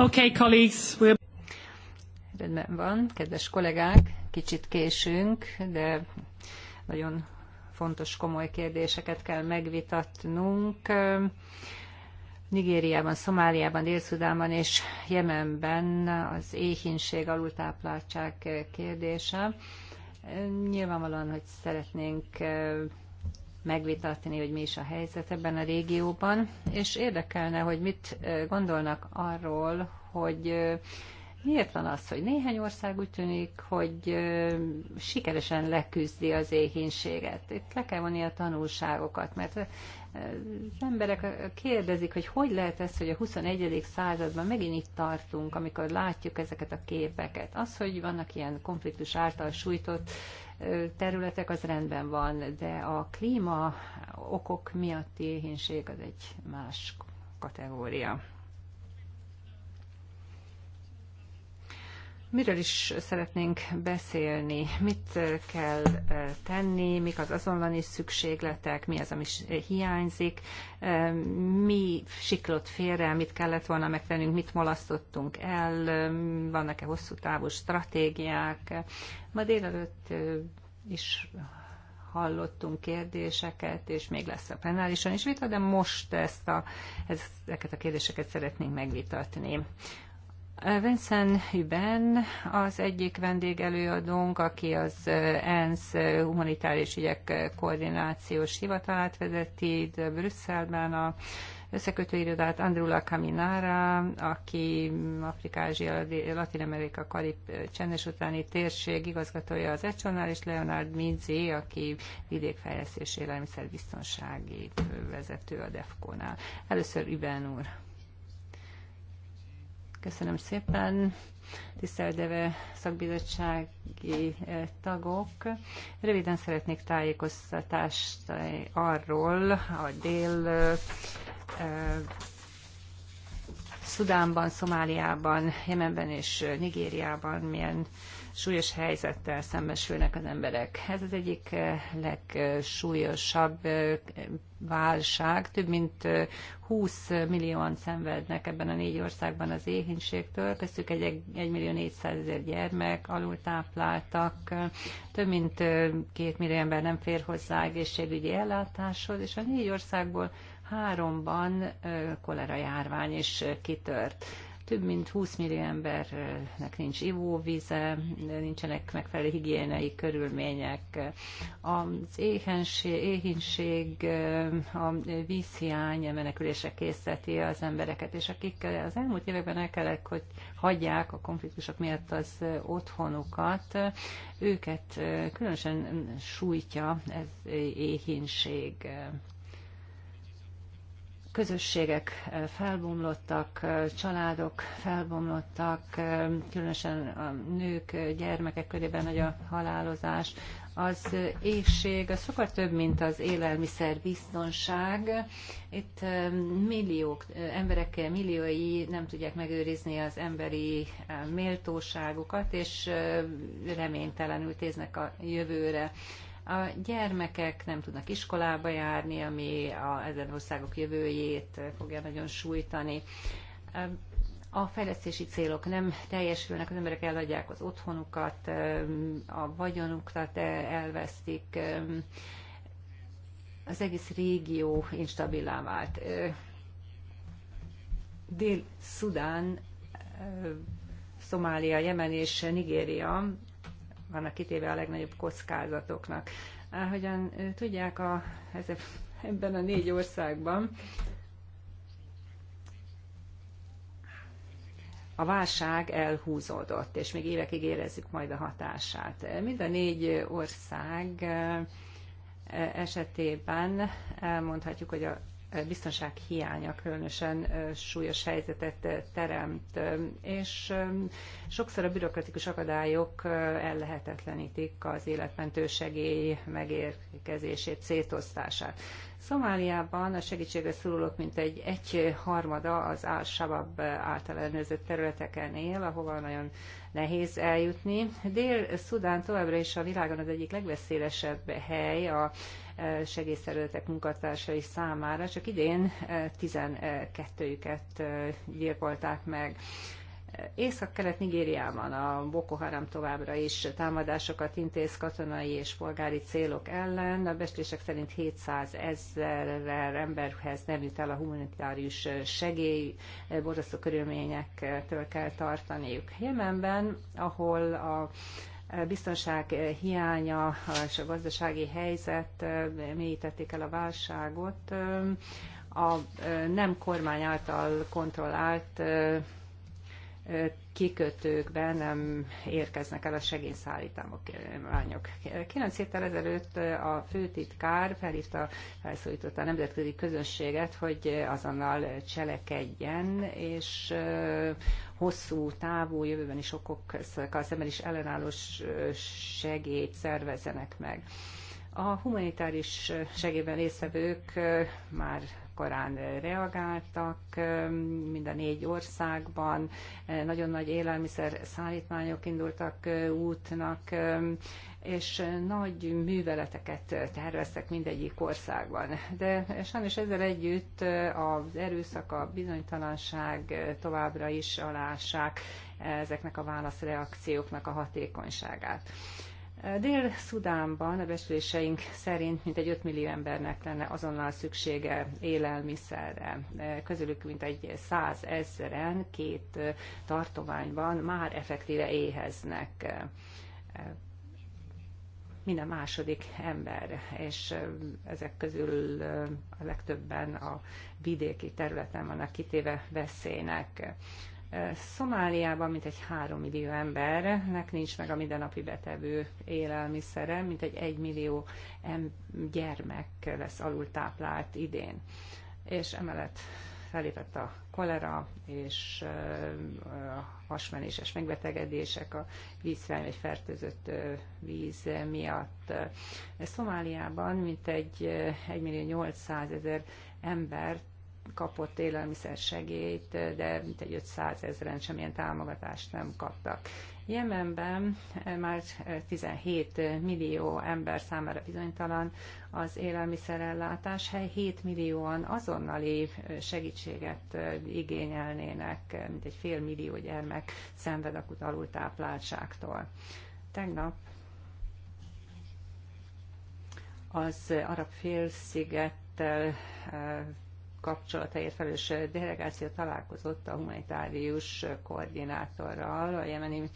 Okay, colleagues, we're... Rendben van, kedves kollégák, kicsit késünk, de nagyon fontos, komoly kérdéseket kell megvitatnunk. Nigériában, Szomáliában, Dél-Szudánban és Jemenben az éhínség, alultápláltság kérdése. Nyilvánvalóan, hogy szeretnénk megvitatni, hogy mi is a helyzet ebben a régióban, és érdekelne, hogy mit gondolnak arról, hogy Miért van az, hogy néhány ország úgy tűnik, hogy sikeresen leküzdi az éhínséget? Itt le kell vonni a tanulságokat, mert az emberek kérdezik, hogy hogy lehet ez, hogy a 21. században megint itt tartunk, amikor látjuk ezeket a képeket. Az, hogy vannak ilyen konfliktus által sújtott területek, az rendben van, de a klíma okok miatti éhénység az egy más kategória. Miről is szeretnénk beszélni? Mit kell tenni? Mik az azonlani szükségletek? Mi az, ami hiányzik? Mi siklott félre? Mit kellett volna megtennünk? Mit molasztottunk el? Vannak-e hosszú távú stratégiák? Ma délelőtt is hallottunk kérdéseket, és még lesz a penálison is vita, de most ezt a, ezeket a kérdéseket szeretnénk megvitatni. Vincent Hüben az egyik vendégelőadónk, aki az ENSZ humanitárius ügyek koordinációs hivatalát vezeti itt Brüsszelben a összekötőirodát Andrula Caminara, aki afrika Latin-Amerika, Karib csendes utáni térség igazgatója az Ecsonnál, és Leonard Minzi, aki vidékfejlesztés élelmiszerbiztonsági vezető a DEFCO-nál. Először Üben úr. Köszönöm szépen. Tisztelt szakbizottsági eh, tagok, röviden szeretnék tájékoztatást eh, arról, a dél eh, Szudánban, Szomáliában, Jemenben és Nigériában milyen súlyos helyzettel szembesülnek az emberek. Ez az egyik eh, legsúlyosabb eh, válság. Több mint 20 eh, millióan szenvednek ebben a négy országban az éhénységtől, köztük egy egy millió 400 ezer gyermek, alultápláltak, több mint két millió ember nem fér hozzá egészségügyi ellátáshoz, és a négy országból háromban kolera járvány is kitört. Több mint 20 millió embernek nincs ivóvíze, nincsenek megfelelő higiéniai körülmények. Az éhenség, éhínség, a vízhiány menekülésre készíteti az embereket, és akik az elmúlt években el kellett, hogy hagyják a konfliktusok miatt az otthonukat, őket különösen sújtja ez éhínség közösségek felbomlottak, családok felbomlottak, különösen a nők, gyermekek körében nagy a halálozás. Az éjség az sokkal több, mint az élelmiszer biztonság. Itt milliók, emberek milliói nem tudják megőrizni az emberi méltóságukat, és reménytelenül téznek a jövőre a gyermekek nem tudnak iskolába járni, ami a, ezen országok jövőjét fogja nagyon sújtani. A fejlesztési célok nem teljesülnek, az emberek eladják az otthonukat, a vagyonukat e, elvesztik, az egész régió instabilá vált. Dél-Szudán, Szomália, Jemen és Nigéria vannak kitéve a legnagyobb kockázatoknak. Ahogyan tudják, a, ebben a négy országban a válság elhúzódott, és még évekig érezzük majd a hatását. Mind a négy ország esetében elmondhatjuk, hogy a biztonság hiánya különösen súlyos helyzetet teremt, és sokszor a bürokratikus akadályok ellehetetlenítik az életmentő segély megérkezését, szétosztását. Szomáliában a segítségre szorulók mintegy egy harmada az Al-Shabaab által ellenőrzött területeken él, ahova nagyon nehéz eljutni. Dél-Szudán továbbra is a világon az egyik legveszélyesebb hely a segélyszervezetek munkatársai számára, csak idén 12-jüket gyilkolták meg. Észak-kelet Nigériában a Boko Haram továbbra is támadásokat intéz katonai és polgári célok ellen. A bestések szerint 700 ezer emberhez nem jut el a humanitárius segély, borzasztó körülményektől kell tartaniuk. Jemenben, ahol a biztonság hiánya és a gazdasági helyzet mélyítették el a válságot. A nem kormány által kontrollált kikötőkben nem érkeznek el a segélyszállítmányok. Kilenc héttel ezelőtt a főtitkár felhívta, felszólította a nemzetközi közönséget, hogy azonnal cselekedjen, és hosszú távú, jövőben is okokkal szemben is ellenállós segélyt szervezzenek meg. A humanitáris segélyben részvevők már korán reagáltak mind a négy országban, nagyon nagy élelmiszer szállítmányok indultak útnak, és nagy műveleteket terveztek mindegyik országban. De sajnos ezzel együtt az erőszak, a bizonytalanság továbbra is alássák ezeknek a válaszreakcióknak a hatékonyságát. Dél-Szudánban a becsléseink szerint mintegy 5 millió embernek lenne azonnal szüksége élelmiszerre. Közülük mintegy 100 ezeren két tartományban már effektíve éheznek minden második ember, és ezek közül a legtöbben a vidéki területen vannak kitéve veszélynek. Szomáliában mintegy 3 millió embernek nincs meg a mindennapi betevő élelmiszere, mintegy 1 millió gyermek lesz alultáplált idén. És emellett felépett a kolera és hasmenéses megbetegedések a vízfelm egy fertőzött víz miatt. Szomáliában mintegy 1 millió 800 ezer embert kapott segélyt, de mintegy 500 ezeren semmilyen támogatást nem kaptak. Jemenben már 17 millió ember számára bizonytalan az élelmiszerellátás, hely 7 millióan azonnali segítséget igényelnének, mint egy fél millió gyermek szenved akut alultápláltságtól. Tegnap az arab félszigettel kapcsolataért felelős delegáció találkozott a humanitárius koordinátorral, a jemeni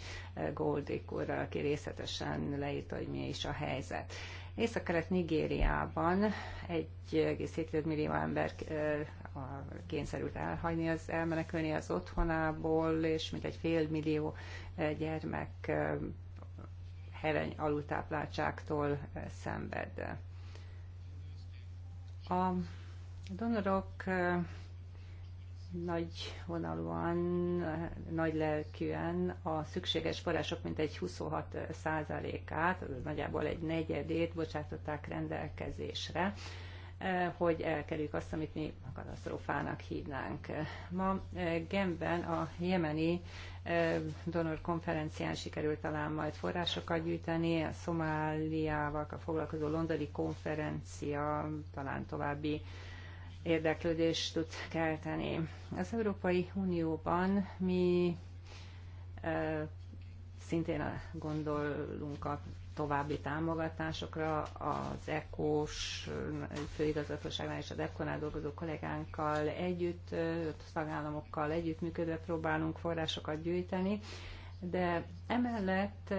Goldik úrral, aki részletesen leírta, hogy mi is a helyzet. Észak-kelet Nigériában 1,7 millió ember kényszerült elhagyni, az, elmenekülni az otthonából, és mintegy fél millió gyermek hereny alultápláltságtól szenved. A a donorok nagy vonalúan, nagy lelkűen a szükséges források mintegy 26 százalékát, azaz nagyjából egy negyedét bocsátották rendelkezésre, hogy elkerüljük azt, amit mi a katasztrófának hívnánk. Ma Genben a jemeni donor konferencián sikerült talán majd forrásokat gyűjteni, a Szomáliával a foglalkozó londoni konferencia talán további érdeklődést tud kelteni. Az Európai Unióban mi szintén gondolunk a további támogatásokra az ECO-s főigazgatóságnál és az ECO-nál dolgozó kollégánkkal együtt, tagállamokkal együttműködve próbálunk forrásokat gyűjteni, de emellett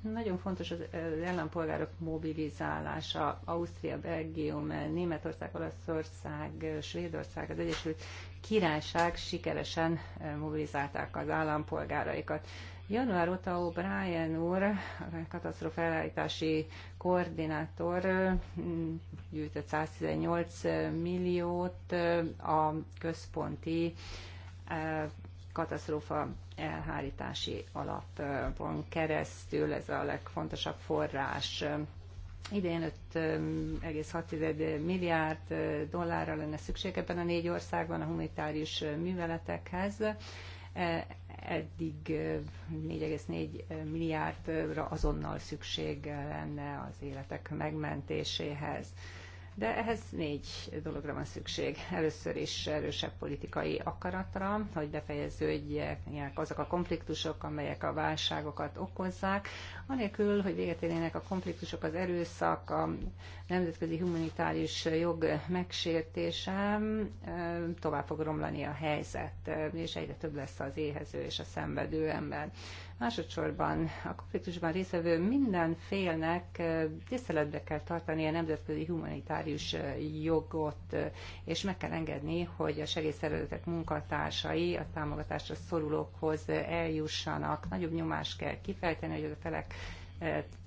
nagyon fontos az ellenpolgárok mobilizálása. Ausztria, Belgium, Németország, Olaszország, Svédország, az Egyesült Királyság sikeresen mobilizálták az állampolgáraikat. Január óta O'Brien úr, a katasztrófa koordinátor gyűjtött 118 milliót a központi katasztrófa elhárítási alapon keresztül, ez a legfontosabb forrás. Idén 5,6 milliárd dollárra lenne szükség ebben a négy országban a humanitárius műveletekhez. E, eddig 4,4 milliárdra azonnal szükség lenne az életek megmentéséhez. De ehhez négy dologra van szükség. Először is erősebb politikai akaratra, hogy befejeződjenek azok a konfliktusok, amelyek a válságokat okozzák, anélkül, hogy véget érjenek a konfliktusok, az erőszak, a nemzetközi humanitárius jog megsértése, tovább fog romlani a helyzet, és egyre több lesz az éhező és a szenvedő ember. Másodszorban a konfliktusban részvevő minden félnek tiszteletbe kell tartani a nemzetközi humanitárius jogot, és meg kell engedni, hogy a segélyszervezetek munkatársai a támogatásra szorulókhoz eljussanak. Nagyobb nyomást kell kifejteni, hogy a felek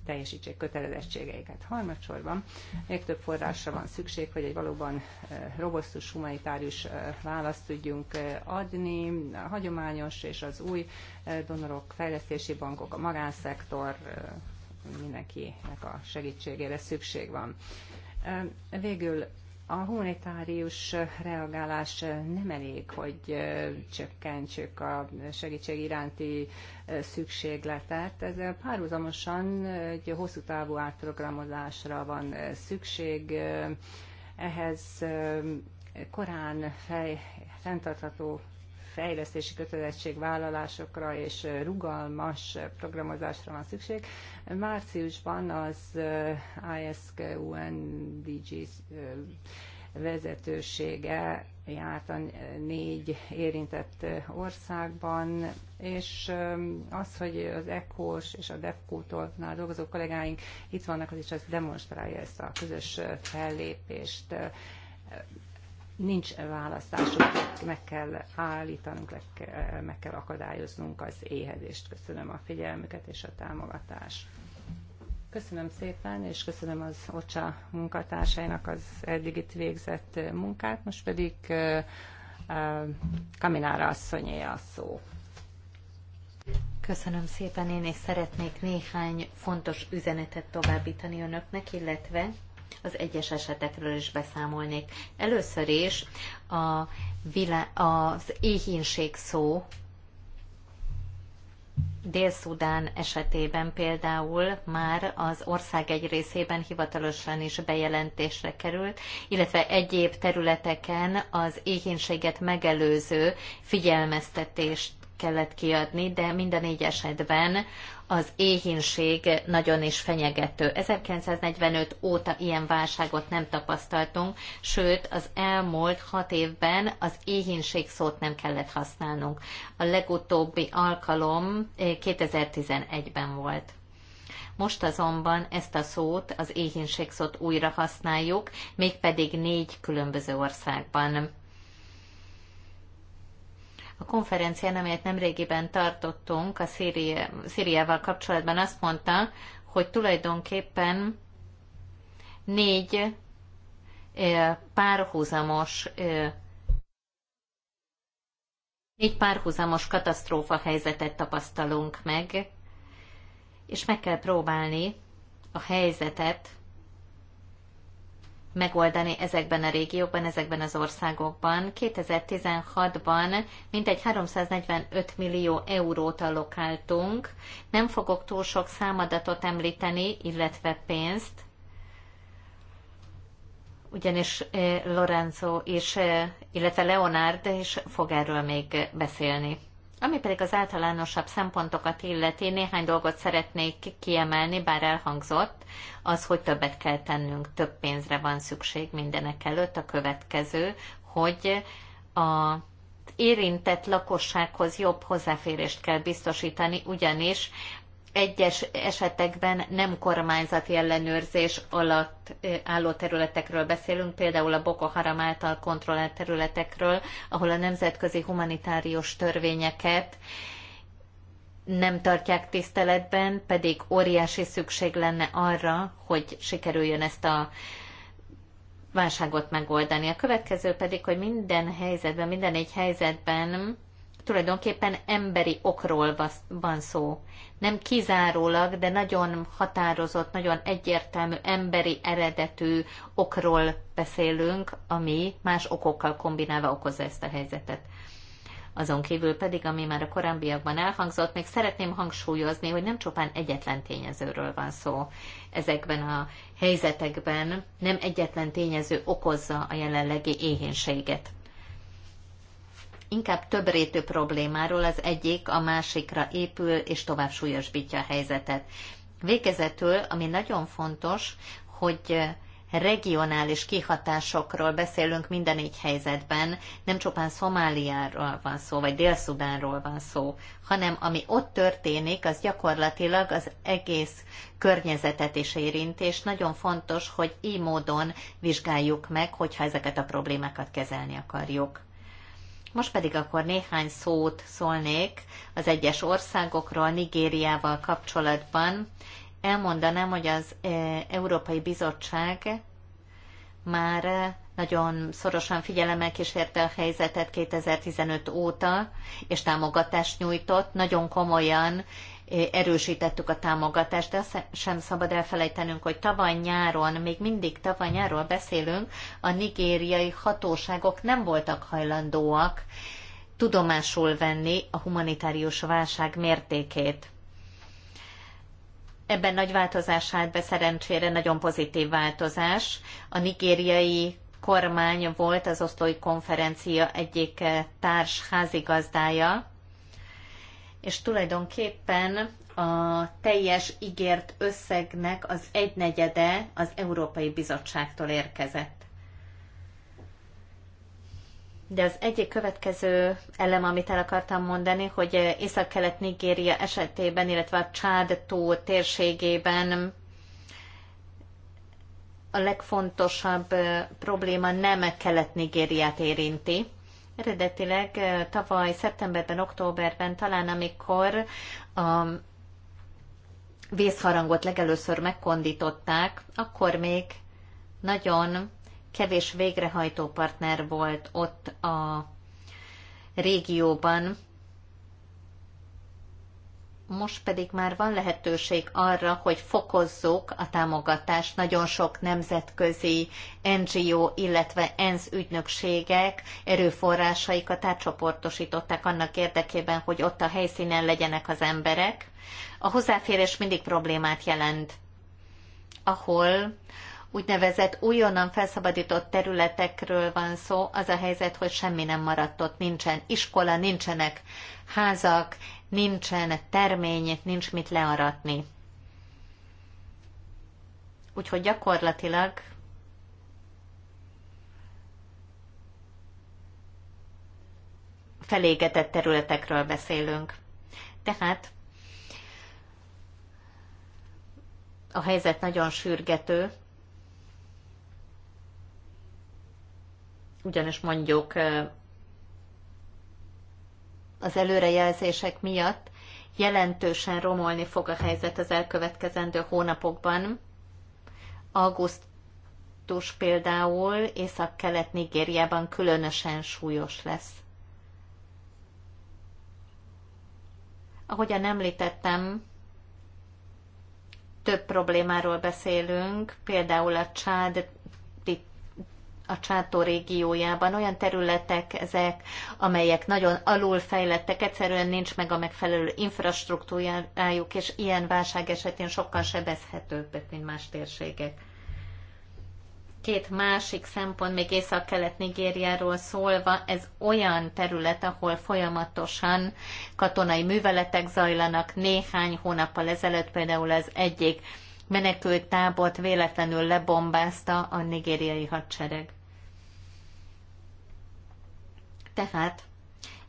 teljesítsék kötelezettségeiket. Harmadsorban még több forrásra van szükség, hogy egy valóban robosztus humanitárius választ tudjunk adni. A hagyományos és az új donorok, fejlesztési bankok, a magánszektor, mindenkinek a segítségére szükség van. Végül a humanitárius reagálás nem elég, hogy csökkentsük a segítség iránti szükségletet. Ez párhuzamosan egy hosszú távú átprogramozásra van szükség. Ehhez korán fej, fenntartható fejlesztési kötelezettségvállalásokra és rugalmas programozásra van szükség. Márciusban az eh, ISKUNDG eh, vezetősége járt a négy érintett országban, és eh, az, hogy az ECHOS és a DEFCO-tól dolgozó kollégáink itt vannak, az is az demonstrálja ezt a közös fellépést nincs választásunk, meg kell állítanunk, meg kell akadályoznunk az éhezést. Köszönöm a figyelmüket és a támogatást. Köszönöm szépen, és köszönöm az OCSA munkatársainak az eddig itt végzett munkát. Most pedig Kaminára asszonyé a szó. Köszönöm szépen, én is szeretnék néhány fontos üzenetet továbbítani önöknek, illetve az egyes esetekről is beszámolnék. Először is a vilá- az éhínség szó Dél-Szudán esetében például már az ország egy részében hivatalosan is bejelentésre került, illetve egyéb területeken az éhénységet megelőző figyelmeztetést kellett kiadni, de minden négy esetben az éhínség nagyon is fenyegető. 1945 óta ilyen válságot nem tapasztaltunk, sőt az elmúlt hat évben az éhínség szót nem kellett használnunk. A legutóbbi alkalom 2011-ben eh, volt. Most azonban ezt a szót, az éhínség szót újra használjuk, mégpedig négy különböző országban. A konferencián, amelyet nemrégiben tartottunk a Szíria, Szíriával kapcsolatban azt mondta, hogy tulajdonképpen négy párhuzamos négy párhuzamos katasztrófa helyzetet tapasztalunk meg, és meg kell próbálni a helyzetet megoldani ezekben a régiókban, ezekben az országokban. 2016-ban mintegy 345 millió eurót allokáltunk. Nem fogok túl sok számadatot említeni, illetve pénzt, ugyanis eh, Lorenzo és, eh, illetve Leonard is fog erről még beszélni. Ami pedig az általánosabb szempontokat illeti, néhány dolgot szeretnék kiemelni, bár elhangzott, az, hogy többet kell tennünk, több pénzre van szükség mindenek előtt. A következő, hogy a érintett lakossághoz jobb hozzáférést kell biztosítani, ugyanis egyes esetekben nem kormányzati ellenőrzés alatt álló területekről beszélünk, például a Boko Haram által kontrollált területekről, ahol a nemzetközi humanitárius törvényeket nem tartják tiszteletben, pedig óriási szükség lenne arra, hogy sikerüljön ezt a válságot megoldani. A következő pedig, hogy minden helyzetben, minden egy helyzetben tulajdonképpen emberi okról van szó. Nem kizárólag, de nagyon határozott, nagyon egyértelmű emberi eredetű okról beszélünk, ami más okokkal kombinálva okozza ezt a helyzetet. Azon kívül pedig, ami már a korábbiakban elhangzott, még szeretném hangsúlyozni, hogy nem csupán egyetlen tényezőről van szó ezekben a helyzetekben, nem egyetlen tényező okozza a jelenlegi éhénységet inkább több rétű problémáról, az egyik a másikra épül és tovább súlyosbítja a helyzetet. Végezetül, ami nagyon fontos, hogy regionális kihatásokról beszélünk minden így helyzetben, nem csupán Szomáliáról van szó, vagy Dél-Szudánról van szó, hanem ami ott történik, az gyakorlatilag az egész környezetet is érint, és nagyon fontos, hogy így módon vizsgáljuk meg, hogyha ezeket a problémákat kezelni akarjuk. Most pedig akkor néhány szót szólnék az egyes országokról, Nigériával kapcsolatban. Elmondanám, hogy az e, Európai Bizottság már nagyon szorosan figyelemmel kísérte a helyzetet 2015 óta, és támogatást nyújtott, nagyon komolyan erősítettük a támogatást, de azt sem szabad elfelejtenünk, hogy tavaly nyáron, még mindig tavaly nyáról beszélünk, a nigériai hatóságok nem voltak hajlandóak tudomásul venni a humanitárius válság mértékét. Ebben nagy változás állt be, szerencsére nagyon pozitív változás. A nigériai kormány volt az osztói konferencia egyik eh, társ házigazdája, és tulajdonképpen a teljes ígért összegnek az egynegyede az Európai Bizottságtól érkezett. De az egyik következő elem, amit el akartam mondani, hogy észak-kelet Nigéria esetében, illetve a Csád tó térségében a legfontosabb eh, probléma nem Kelet-Nigériát érinti, Eredetileg tavaly szeptemberben, októberben talán, amikor a vészharangot legelőször megkondították, akkor még nagyon kevés végrehajtó partner volt ott a régióban, most pedig már van lehetőség arra, hogy fokozzuk a támogatást. Nagyon sok nemzetközi NGO, illetve ENSZ ügynökségek erőforrásaikat átcsoportosították annak érdekében, hogy ott a helyszínen legyenek az emberek. A hozzáférés mindig problémát jelent, ahol úgynevezett újonnan felszabadított területekről van szó, az a helyzet, hogy semmi nem maradt ott, nincsen iskola, nincsenek házak, nincsen termény, nincs mit learatni. Úgyhogy gyakorlatilag felégetett területekről beszélünk. Tehát a helyzet nagyon sürgető, ugyanis mondjuk az előrejelzések miatt jelentősen romolni fog a helyzet az elkövetkezendő hónapokban. Augusztus például észak-kelet Nigériában különösen súlyos lesz. Ahogyan említettem, több problémáról beszélünk, például a csád a Csátó régiójában olyan területek ezek, amelyek nagyon alulfejlettek, egyszerűen nincs meg a megfelelő infrastruktúrájuk, és ilyen válság esetén sokkal sebezhetőbbek, mint más térségek. Két másik szempont, még észak-kelet Nigériáról szólva, ez olyan terület, ahol folyamatosan katonai műveletek zajlanak. Néhány hónappal ezelőtt például az egyik menekült tábort véletlenül lebombázta a nigériai hadsereg. Tehát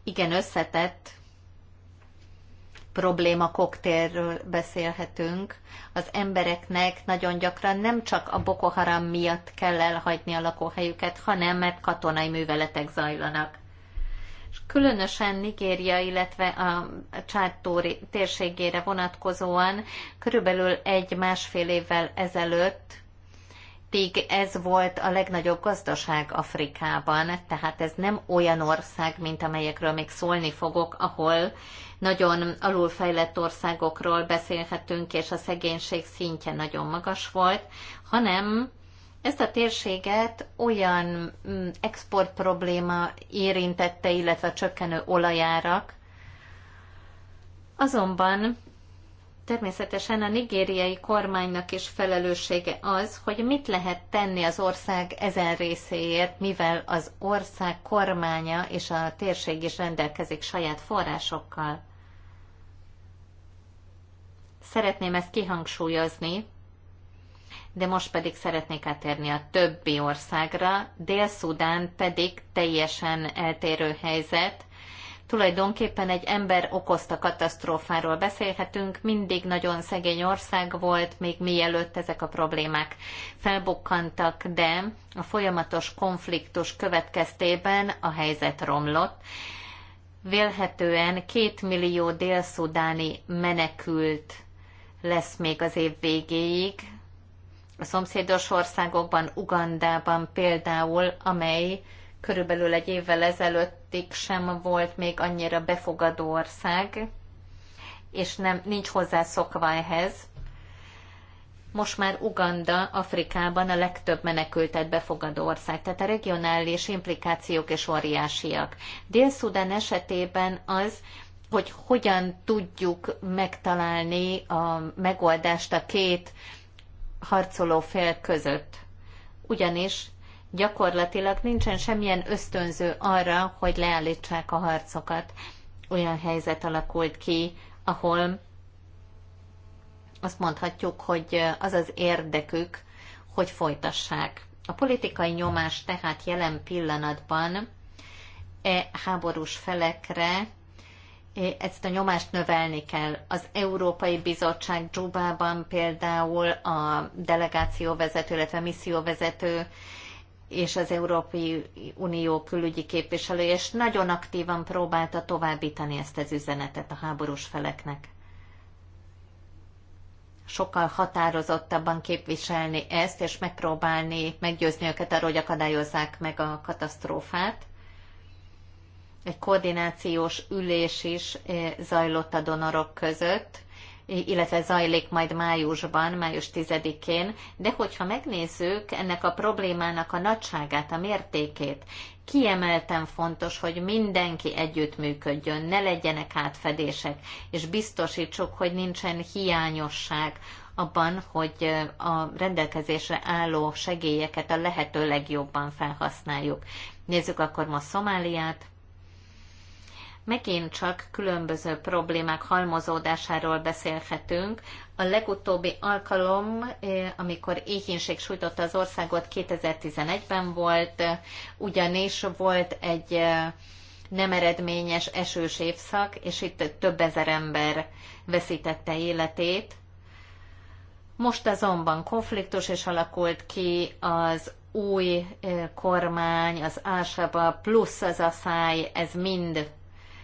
igen összetett probléma koktélről beszélhetünk. Az embereknek nagyon gyakran nem csak a Boko Haram miatt kell elhagyni a lakóhelyüket, hanem mert katonai műveletek zajlanak. És különösen Nigéria, illetve a Csátó térségére vonatkozóan körülbelül egy-másfél évvel ezelőtt Tig ez volt a legnagyobb gazdaság Afrikában, tehát ez nem olyan ország, mint amelyekről még szólni fogok, ahol nagyon alulfejlett országokról beszélhetünk, és a szegénység szintje nagyon magas volt, hanem ezt a térséget olyan mm, export probléma érintette, illetve csökkenő olajárak, Azonban Természetesen a nigériai kormánynak is felelőssége az, hogy mit lehet tenni az ország ezen részéért, mivel az ország kormánya és a térség is rendelkezik saját forrásokkal. Szeretném ezt kihangsúlyozni, de most pedig szeretnék átérni a többi országra, Dél-Szudán pedig teljesen eltérő helyzet, Tulajdonképpen egy ember okozta katasztrófáról beszélhetünk, mindig nagyon szegény ország volt, még mielőtt ezek a problémák felbukkantak, de a folyamatos konfliktus következtében a helyzet romlott. Vélhetően két millió délszudáni menekült lesz még az év végéig, a szomszédos országokban, Ugandában például, amely körülbelül egy évvel ezelőttig sem volt még annyira befogadó ország, és nem, nincs hozzászokva ehhez. Most már Uganda Afrikában a legtöbb menekültet befogadó ország, tehát a regionális implikációk és óriásiak. Dél-Szudán esetében az, hogy hogyan tudjuk megtalálni a megoldást a két harcoló fél között. Ugyanis gyakorlatilag nincsen semmilyen ösztönző arra, hogy leállítsák a harcokat. Olyan helyzet alakult ki, ahol azt mondhatjuk, hogy az az érdekük, hogy folytassák. A politikai nyomás tehát jelen pillanatban e háborús felekre e ezt a nyomást növelni kell. Az Európai Bizottság Dzsubában például a delegáció vezető, illetve misszióvezető és az Európai Unió külügyi képviselője, és nagyon aktívan próbálta továbbítani ezt az üzenetet a háborús feleknek. Sokkal határozottabban képviselni ezt, és megpróbálni meggyőzni őket arról, hogy akadályozzák meg a katasztrófát. Egy koordinációs ülés is eh, zajlott a donorok között, illetve zajlik majd májusban, május 10-én, de hogyha megnézzük ennek a problémának a nagyságát, a mértékét, kiemelten fontos, hogy mindenki együttműködjön, ne legyenek átfedések, és biztosítsuk, hogy nincsen hiányosság abban, hogy a rendelkezésre álló segélyeket a lehető legjobban felhasználjuk. Nézzük akkor ma Szomáliát megint csak különböző problémák halmozódásáról beszélhetünk. A legutóbbi alkalom, eh, amikor éhínség sújtotta az országot, 2011-ben volt, ugyanis volt egy eh, nem eredményes esős évszak, és itt több ezer ember veszítette életét. Most azonban konfliktus is alakult ki az új eh, kormány, az Ásaba plusz az asszály, ez mind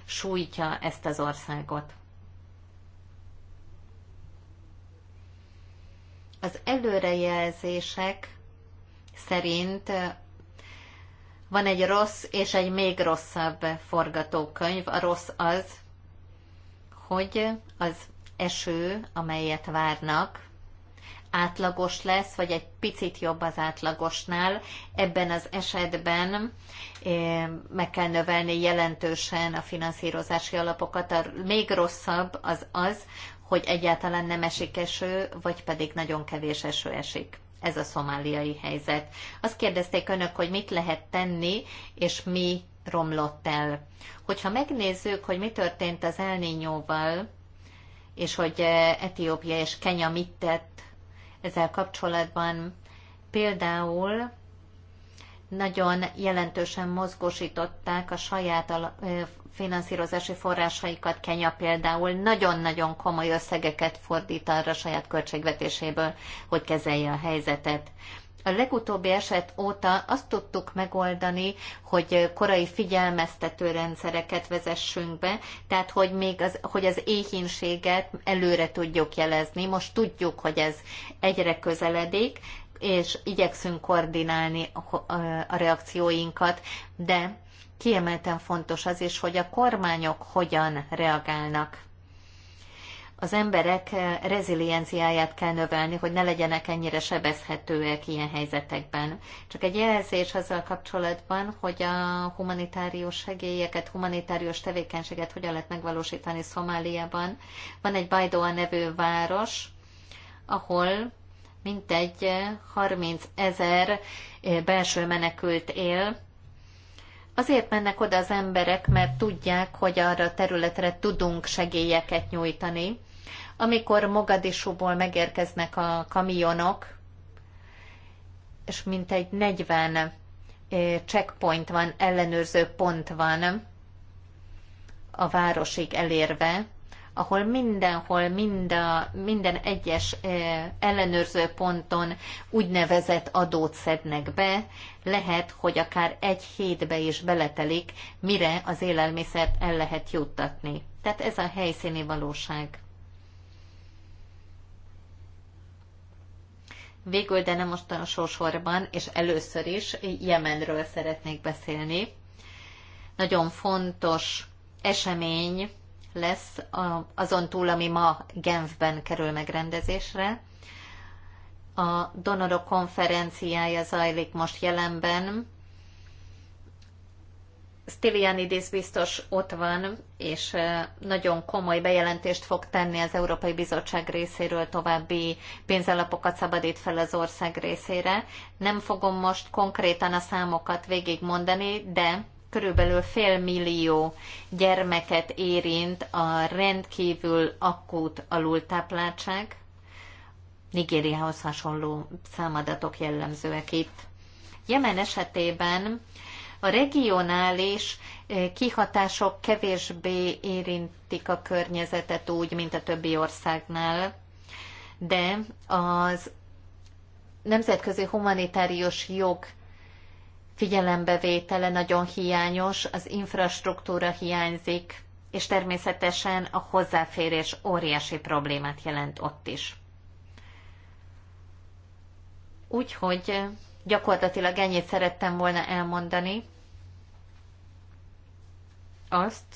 sújtja ezt az országot. Az előrejelzések szerint van egy rossz és egy még rosszabb forgatókönyv. A rossz az, hogy az eső, amelyet várnak, átlagos lesz, vagy egy picit jobb az átlagosnál. Ebben az esetben eh, meg kell növelni jelentősen a finanszírozási alapokat. A még rosszabb az az, hogy egyáltalán nem esik eső, vagy pedig nagyon kevés eső esik. Ez a szomáliai helyzet. Azt kérdezték önök, hogy mit lehet tenni, és mi romlott el. Hogyha megnézzük, hogy mi történt az elnyóval, és hogy eh, Etiópia és Kenya mit tett ezzel kapcsolatban. Például nagyon jelentősen mozgósították a saját finanszírozási forrásaikat. Kenya például nagyon-nagyon komoly összegeket fordít arra a saját költségvetéséből, hogy kezelje a helyzetet. A legutóbbi eset óta azt tudtuk megoldani, hogy korai figyelmeztető rendszereket vezessünk be, tehát hogy még az, hogy az éhínséget előre tudjuk jelezni. Most tudjuk, hogy ez egyre közeledik, és igyekszünk koordinálni a reakcióinkat, de kiemelten fontos az is, hogy a kormányok hogyan reagálnak az emberek eh, rezilienciáját kell növelni, hogy ne legyenek ennyire sebezhetőek ilyen helyzetekben. Csak egy jelzés azzal kapcsolatban, hogy a humanitárius segélyeket, humanitárius tevékenységet hogyan lehet megvalósítani Szomáliában. Van egy Bajdoa nevű város, ahol mintegy 30 eh, ezer eh, belső menekült él, Azért mennek oda az emberek, mert tudják, hogy arra a területre tudunk segélyeket nyújtani, amikor Mogadisúból megérkeznek a kamionok, és mintegy 40 eh, checkpoint van, ellenőrző pont van a városig elérve, ahol mindenhol, mind a, minden egyes eh, ellenőrző ponton úgynevezett adót szednek be, lehet, hogy akár egy hétbe is beletelik, mire az élelmiszert el lehet juttatni. Tehát ez a helyszíni valóság. Végül, de nem most olyan sorsorban, és először is Jemenről szeretnék beszélni. Nagyon fontos esemény lesz azon túl, ami ma Genfben kerül megrendezésre. A donorok konferenciája zajlik most jelenben, Stylianidis biztos ott van, és nagyon komoly bejelentést fog tenni az Európai Bizottság részéről további pénzalapokat szabadít fel az ország részére. Nem fogom most konkrétan a számokat végigmondani, de körülbelül fél millió gyermeket érint a rendkívül akut alultápláltság. Nigériához hasonló számadatok jellemzőek itt. Jemen esetében a regionális eh, kihatások kevésbé érintik a környezetet úgy, mint a többi országnál, de az nemzetközi humanitárius jog figyelembevétele nagyon hiányos, az infrastruktúra hiányzik, és természetesen a hozzáférés óriási problémát jelent ott is. Úgyhogy gyakorlatilag ennyit szerettem volna elmondani azt,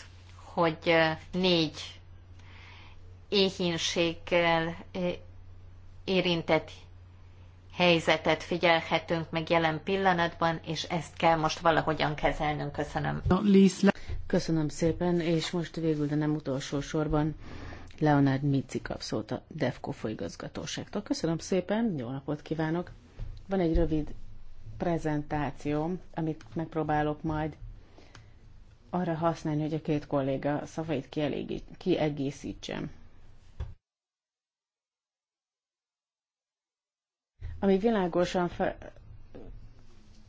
hogy négy éhínséggel érintett helyzetet figyelhetünk meg jelen pillanatban, és ezt kell most valahogyan kezelnünk. Köszönöm. Köszönöm szépen, és most végül, de nem utolsó sorban, Leonard Mici kapszolt a DEFCO főigazgatóságtól. Köszönöm szépen, jó napot kívánok! Van egy rövid prezentációm, amit megpróbálok majd arra használni, hogy a két kolléga szavait kiegészítsem. Ami világosan fe-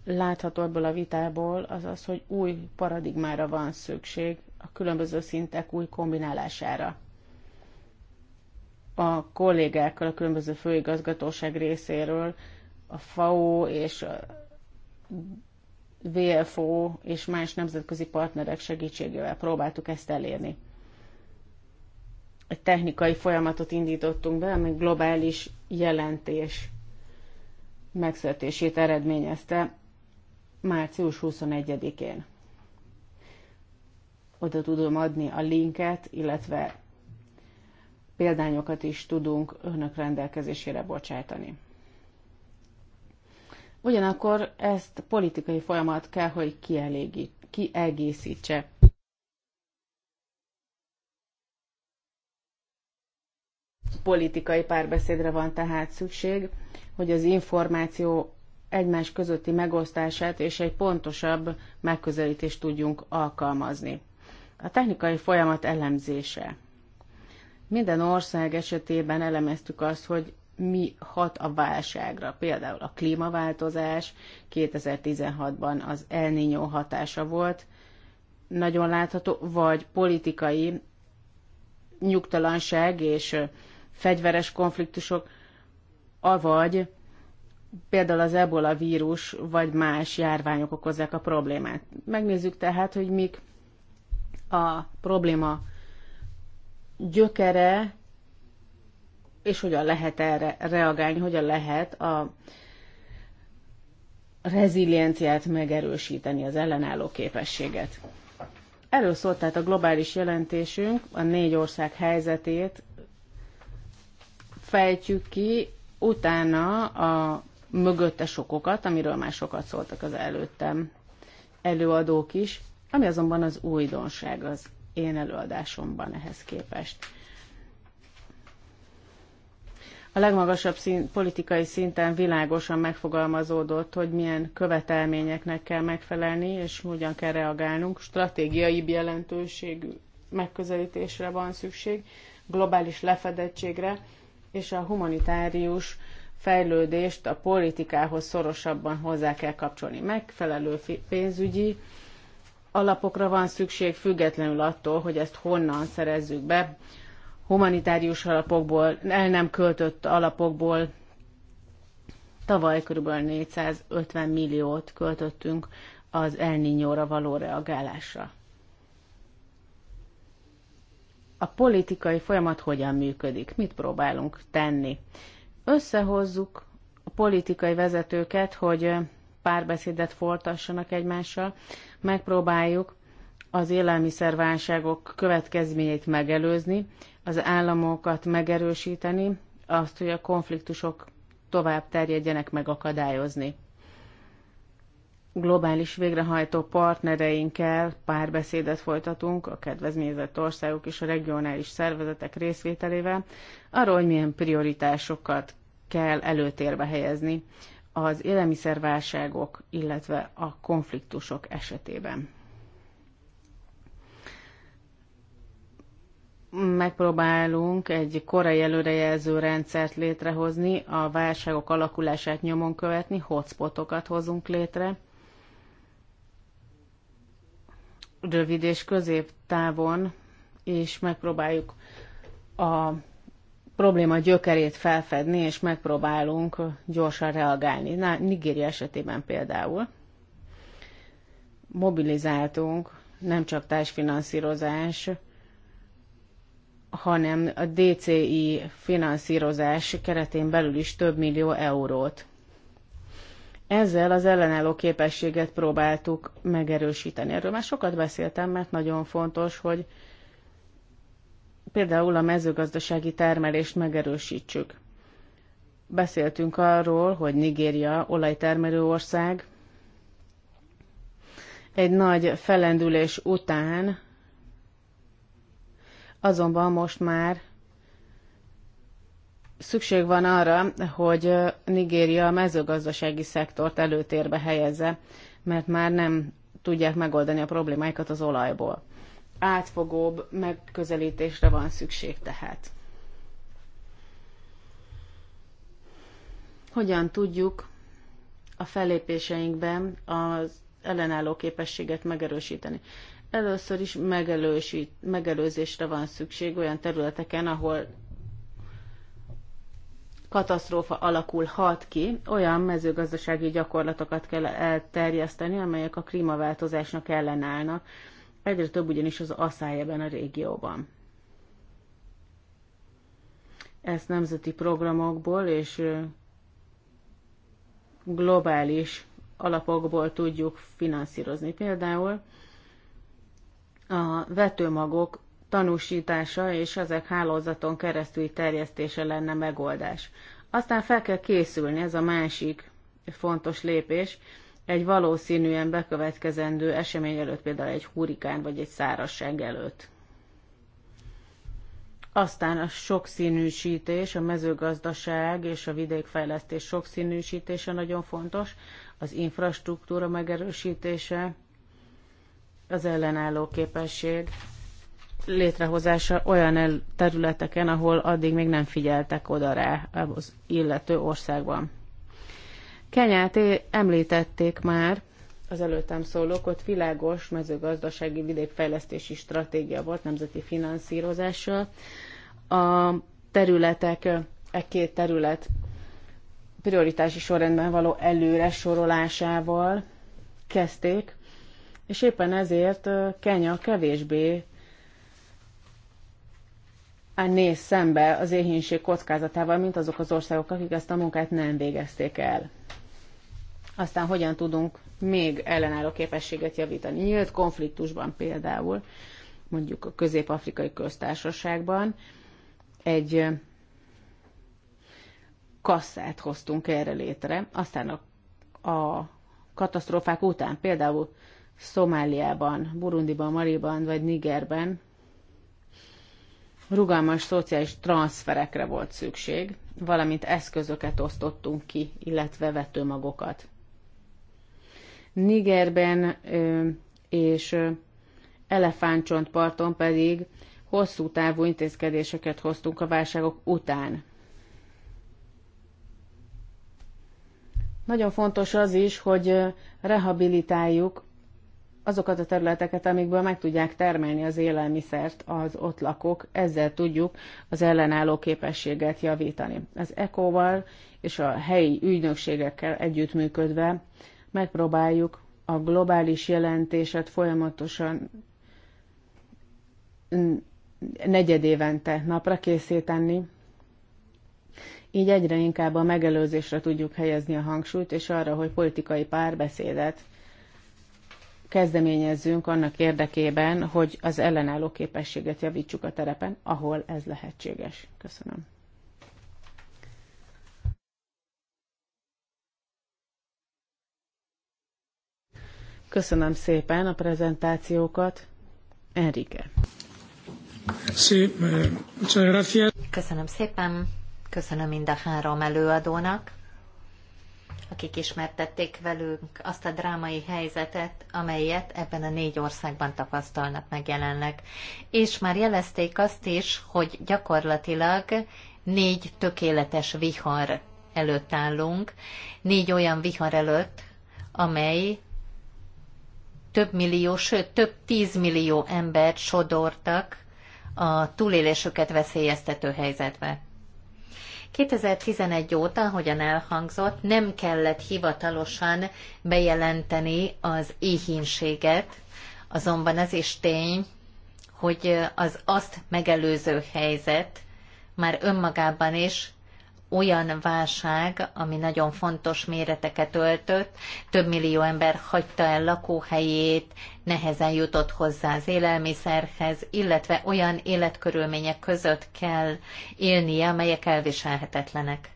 látható ebből a vitából, az az, hogy új paradigmára van szükség, a különböző szintek új kombinálására. A kollégákkal a különböző főigazgatóság részéről, a FAO és a VFO és más nemzetközi partnerek segítségével próbáltuk ezt elérni. Egy technikai folyamatot indítottunk be, ami globális jelentés megszületését eredményezte március 21-én. Oda tudom adni a linket, illetve példányokat is tudunk önök rendelkezésére bocsájtani. Ugyanakkor ezt politikai folyamat kell, hogy kielégít, kiegészítse. Politikai párbeszédre van tehát szükség, hogy az információ egymás közötti megosztását és egy pontosabb megközelítést tudjunk alkalmazni. A technikai folyamat elemzése. Minden ország esetében elemeztük azt, hogy mi hat a válságra. Például a klímaváltozás 2016-ban az elnényó hatása volt, nagyon látható, vagy politikai nyugtalanság és fegyveres konfliktusok, avagy például az ebola vírus vagy más járványok okozzák a problémát. Megnézzük tehát, hogy mik a probléma gyökere, és hogyan lehet erre reagálni, hogyan lehet a rezilienciát megerősíteni, az ellenálló képességet. Erről szólt tehát a globális jelentésünk, a négy ország helyzetét fejtjük ki, utána a mögöttes okokat, amiről már sokat szóltak az előttem előadók is, ami azonban az újdonság az én előadásomban ehhez képest a legmagasabb szín, politikai szinten világosan megfogalmazódott, hogy milyen követelményeknek kell megfelelni, és hogyan kell reagálnunk. Stratégiai jelentőségű megközelítésre van szükség, globális lefedettségre, és a humanitárius fejlődést a politikához szorosabban hozzá kell kapcsolni. Megfelelő pénzügyi alapokra van szükség, függetlenül attól, hogy ezt honnan szerezzük be, humanitárius alapokból, el nem költött alapokból tavaly kb. 450 milliót költöttünk az El Niñóra való reagálásra. A politikai folyamat hogyan működik? Mit próbálunk tenni? Összehozzuk a politikai vezetőket, hogy párbeszédet folytassanak egymással, megpróbáljuk az élelmiszerválságok következményeit megelőzni, az államokat megerősíteni, azt, hogy a konfliktusok tovább terjedjenek megakadályozni. Globális végrehajtó partnereinkkel párbeszédet folytatunk, a kedvezményezett országok és a regionális szervezetek részvételével, arról, hogy milyen prioritásokat kell előtérbe helyezni az élelmiszerválságok, illetve a konfliktusok esetében. megpróbálunk egy korai előrejelző rendszert létrehozni, a válságok alakulását nyomon követni, hotspotokat hozunk létre. Rövid és középtávon és megpróbáljuk a probléma gyökerét felfedni, és megpróbálunk gyorsan reagálni. Na, Nigéria esetében például mobilizáltunk nem csak társfinanszírozás, hanem a DCI finanszírozás keretén belül is több millió eurót. Ezzel az ellenálló képességet próbáltuk megerősíteni. Erről már sokat beszéltem, mert nagyon fontos, hogy például a mezőgazdasági termelést megerősítsük. Beszéltünk arról, hogy Nigéria olajtermelő ország, egy nagy felendülés után Azonban most már szükség van arra, hogy Nigéria a mezőgazdasági szektort előtérbe helyezze, mert már nem tudják megoldani a problémáikat az olajból. Átfogóbb megközelítésre van szükség tehát. Hogyan tudjuk a fellépéseinkben az ellenálló képességet megerősíteni? Először is megelőzésre van szükség olyan területeken, ahol katasztrófa alakulhat ki, olyan mezőgazdasági gyakorlatokat kell elterjeszteni, amelyek a klímaváltozásnak ellenállnak. Egyre több ugyanis az asszály ebben a régióban. Ezt nemzeti programokból és globális alapokból tudjuk finanszírozni. Például a vetőmagok tanúsítása és ezek hálózaton keresztül terjesztése lenne megoldás. Aztán fel kell készülni, ez a másik fontos lépés, egy valószínűen bekövetkezendő esemény előtt, például egy hurikán vagy egy szárazság előtt. Aztán a sokszínűsítés, a mezőgazdaság és a vidékfejlesztés sokszínűsítése nagyon fontos, az infrastruktúra megerősítése, az ellenálló képesség létrehozása olyan területeken, ahol addig még nem figyeltek oda rá az illető országban. Kenyát említették már az előttem szólók, ott világos mezőgazdasági vidékfejlesztési stratégia volt nemzeti finanszírozással. A területek, e két terület prioritási sorrendben való előre sorolásával kezdték és éppen ezért Kenya kevésbé néz szembe az éhénység kockázatával, mint azok az országok, akik ezt a munkát nem végezték el. Aztán hogyan tudunk még ellenálló képességet javítani? Nyílt konfliktusban például, mondjuk a Közép-Afrikai Köztársaságban egy kasszát hoztunk erre létre, aztán a, a katasztrófák után például Szomáliában, Burundiban, Maliban vagy Nigerben rugalmas szociális transferekre volt szükség, valamint eszközöket osztottunk ki, illetve vetőmagokat. Nigerben és Elefántcsontparton pedig hosszú távú intézkedéseket hoztunk a válságok után. Nagyon fontos az is, hogy rehabilitáljuk azokat a területeket, amikből meg tudják termelni az élelmiszert az ott lakók, ezzel tudjuk az ellenálló képességet javítani. Az ECO-val és a helyi ügynökségekkel együttműködve megpróbáljuk a globális jelentéset folyamatosan negyedévente napra készíteni, így egyre inkább a megelőzésre tudjuk helyezni a hangsúlyt, és arra, hogy politikai párbeszédet kezdeményezzünk annak érdekében, hogy az ellenálló képességet javítsuk a terepen, ahol ez lehetséges. Köszönöm. Köszönöm szépen a prezentációkat. Enrique. Eh, Köszönöm szépen. Köszönöm mind a három előadónak akik ismertették velünk azt a drámai helyzetet, amelyet ebben a négy országban tapasztalnak meg jelenleg. És már jelezték azt is, hogy gyakorlatilag négy tökéletes vihar előtt állunk, négy olyan vihar előtt, amely több millió, sőt több tízmillió embert sodortak a túlélésüket veszélyeztető helyzetbe. 2011 óta, ahogyan elhangzott, nem kellett hivatalosan bejelenteni az éhínséget, azonban ez is tény, hogy az azt megelőző helyzet már önmagában is olyan válság, ami nagyon fontos méreteket öltött, több millió ember hagyta el lakóhelyét, nehezen jutott hozzá az élelmiszerhez, illetve olyan életkörülmények között kell élnie, amelyek elviselhetetlenek.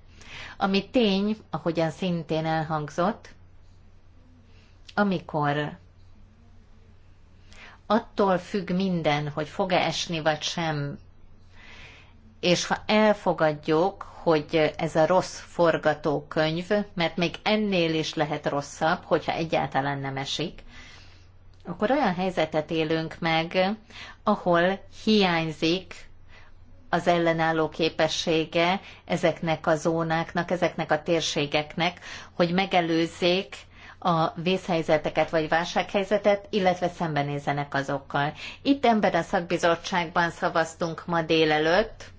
Ami tény, ahogyan szintén elhangzott, amikor attól függ minden, hogy fog-e esni vagy sem, és ha elfogadjuk, hogy ez a rossz forgatókönyv, mert még ennél is lehet rosszabb, hogyha egyáltalán nem esik, akkor olyan helyzetet élünk meg, ahol hiányzik az ellenálló képessége ezeknek a zónáknak, ezeknek a térségeknek, hogy megelőzzék a vészhelyzeteket vagy válsághelyzetet, illetve szembenézenek azokkal. Itt ebben a szakbizottságban szavaztunk ma délelőtt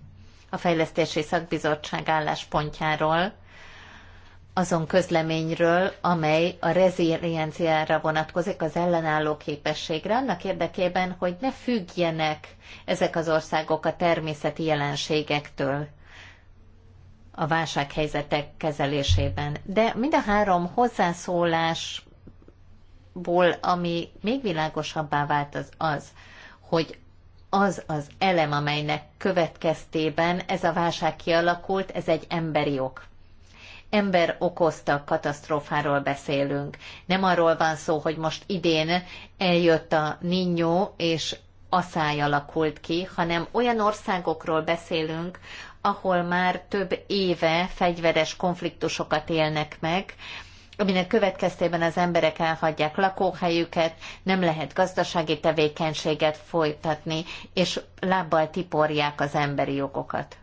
a Fejlesztési Szakbizottság álláspontjáról, azon közleményről, amely a rezilienciára vonatkozik, az ellenálló képességre, annak érdekében, hogy ne függjenek ezek az országok a természeti jelenségektől a válsághelyzetek kezelésében. De mind a három hozzászólásból, ami még világosabbá vált az az, hogy az az elem, amelynek következtében ez a válság kialakult, ez egy emberi ok. Ember okozta katasztrófáról beszélünk. Nem arról van szó, hogy most idén eljött a ninyó, és asszály alakult ki, hanem olyan országokról beszélünk, ahol már több éve fegyveres konfliktusokat élnek meg, aminek következtében az emberek elhagyják lakóhelyüket, nem lehet gazdasági tevékenységet folytatni, és lábbal tiporják az emberi jogokat.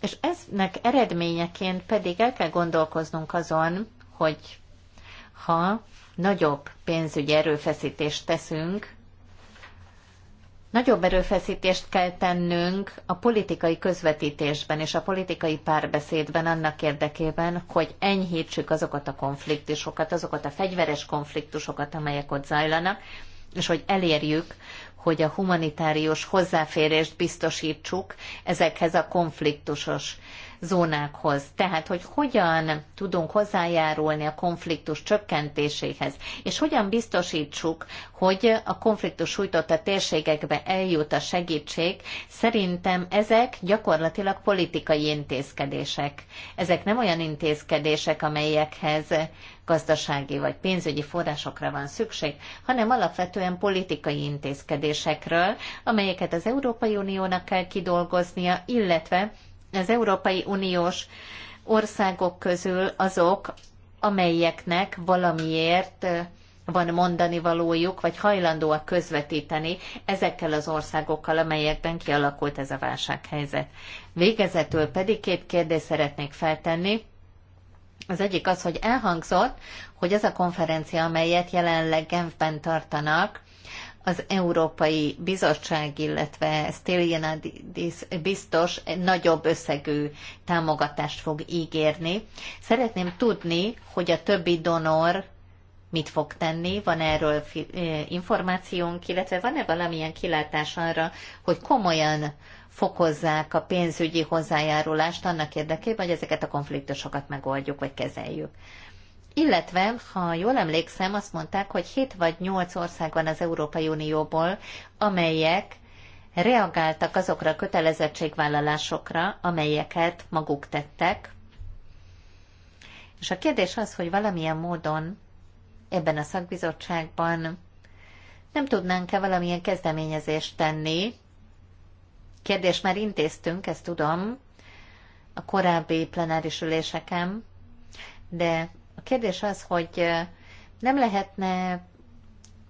És eznek eredményeként pedig el kell gondolkoznunk azon, hogy ha nagyobb pénzügyi erőfeszítést teszünk Nagyobb erőfeszítést kell tennünk a politikai közvetítésben és a politikai párbeszédben annak érdekében, hogy enyhítsük azokat a konfliktusokat, azokat a fegyveres konfliktusokat, amelyek ott zajlanak, és hogy elérjük, hogy a humanitárius hozzáférést biztosítsuk ezekhez a konfliktusos zónákhoz. Tehát, hogy hogyan tudunk hozzájárulni a konfliktus csökkentéséhez, és hogyan biztosítsuk, hogy a konfliktus a térségekbe eljut a segítség, szerintem ezek gyakorlatilag politikai intézkedések. Ezek nem olyan intézkedések, amelyekhez gazdasági vagy pénzügyi forrásokra van szükség, hanem alapvetően politikai intézkedésekről, amelyeket az Európai Uniónak kell kidolgoznia, illetve az Európai Uniós országok közül azok, amelyeknek valamiért van mondani valójuk, vagy hajlandóak közvetíteni ezekkel az országokkal, amelyekben kialakult ez a válsághelyzet. Végezetül pedig két kérdést szeretnék feltenni. Az egyik az, hogy elhangzott, hogy az a konferencia, amelyet jelenleg Genfben tartanak, az Európai Bizottság, illetve Stylianidis biztos nagyobb összegű támogatást fog ígérni. Szeretném tudni, hogy a többi donor mit fog tenni, van erről információnk, illetve van-e valamilyen kilátás arra, hogy komolyan fokozzák a pénzügyi hozzájárulást annak érdekében, hogy ezeket a konfliktusokat megoldjuk vagy kezeljük. Illetve, ha jól emlékszem, azt mondták, hogy 7 vagy 8 ország van az Európai Unióból, amelyek reagáltak azokra a kötelezettségvállalásokra, amelyeket maguk tettek. És a kérdés az, hogy valamilyen módon ebben a szakbizottságban nem tudnánk-e valamilyen kezdeményezést tenni. Kérdés, már intéztünk, ezt tudom, a korábbi plenáris üléseken, de kérdés az, hogy nem lehetne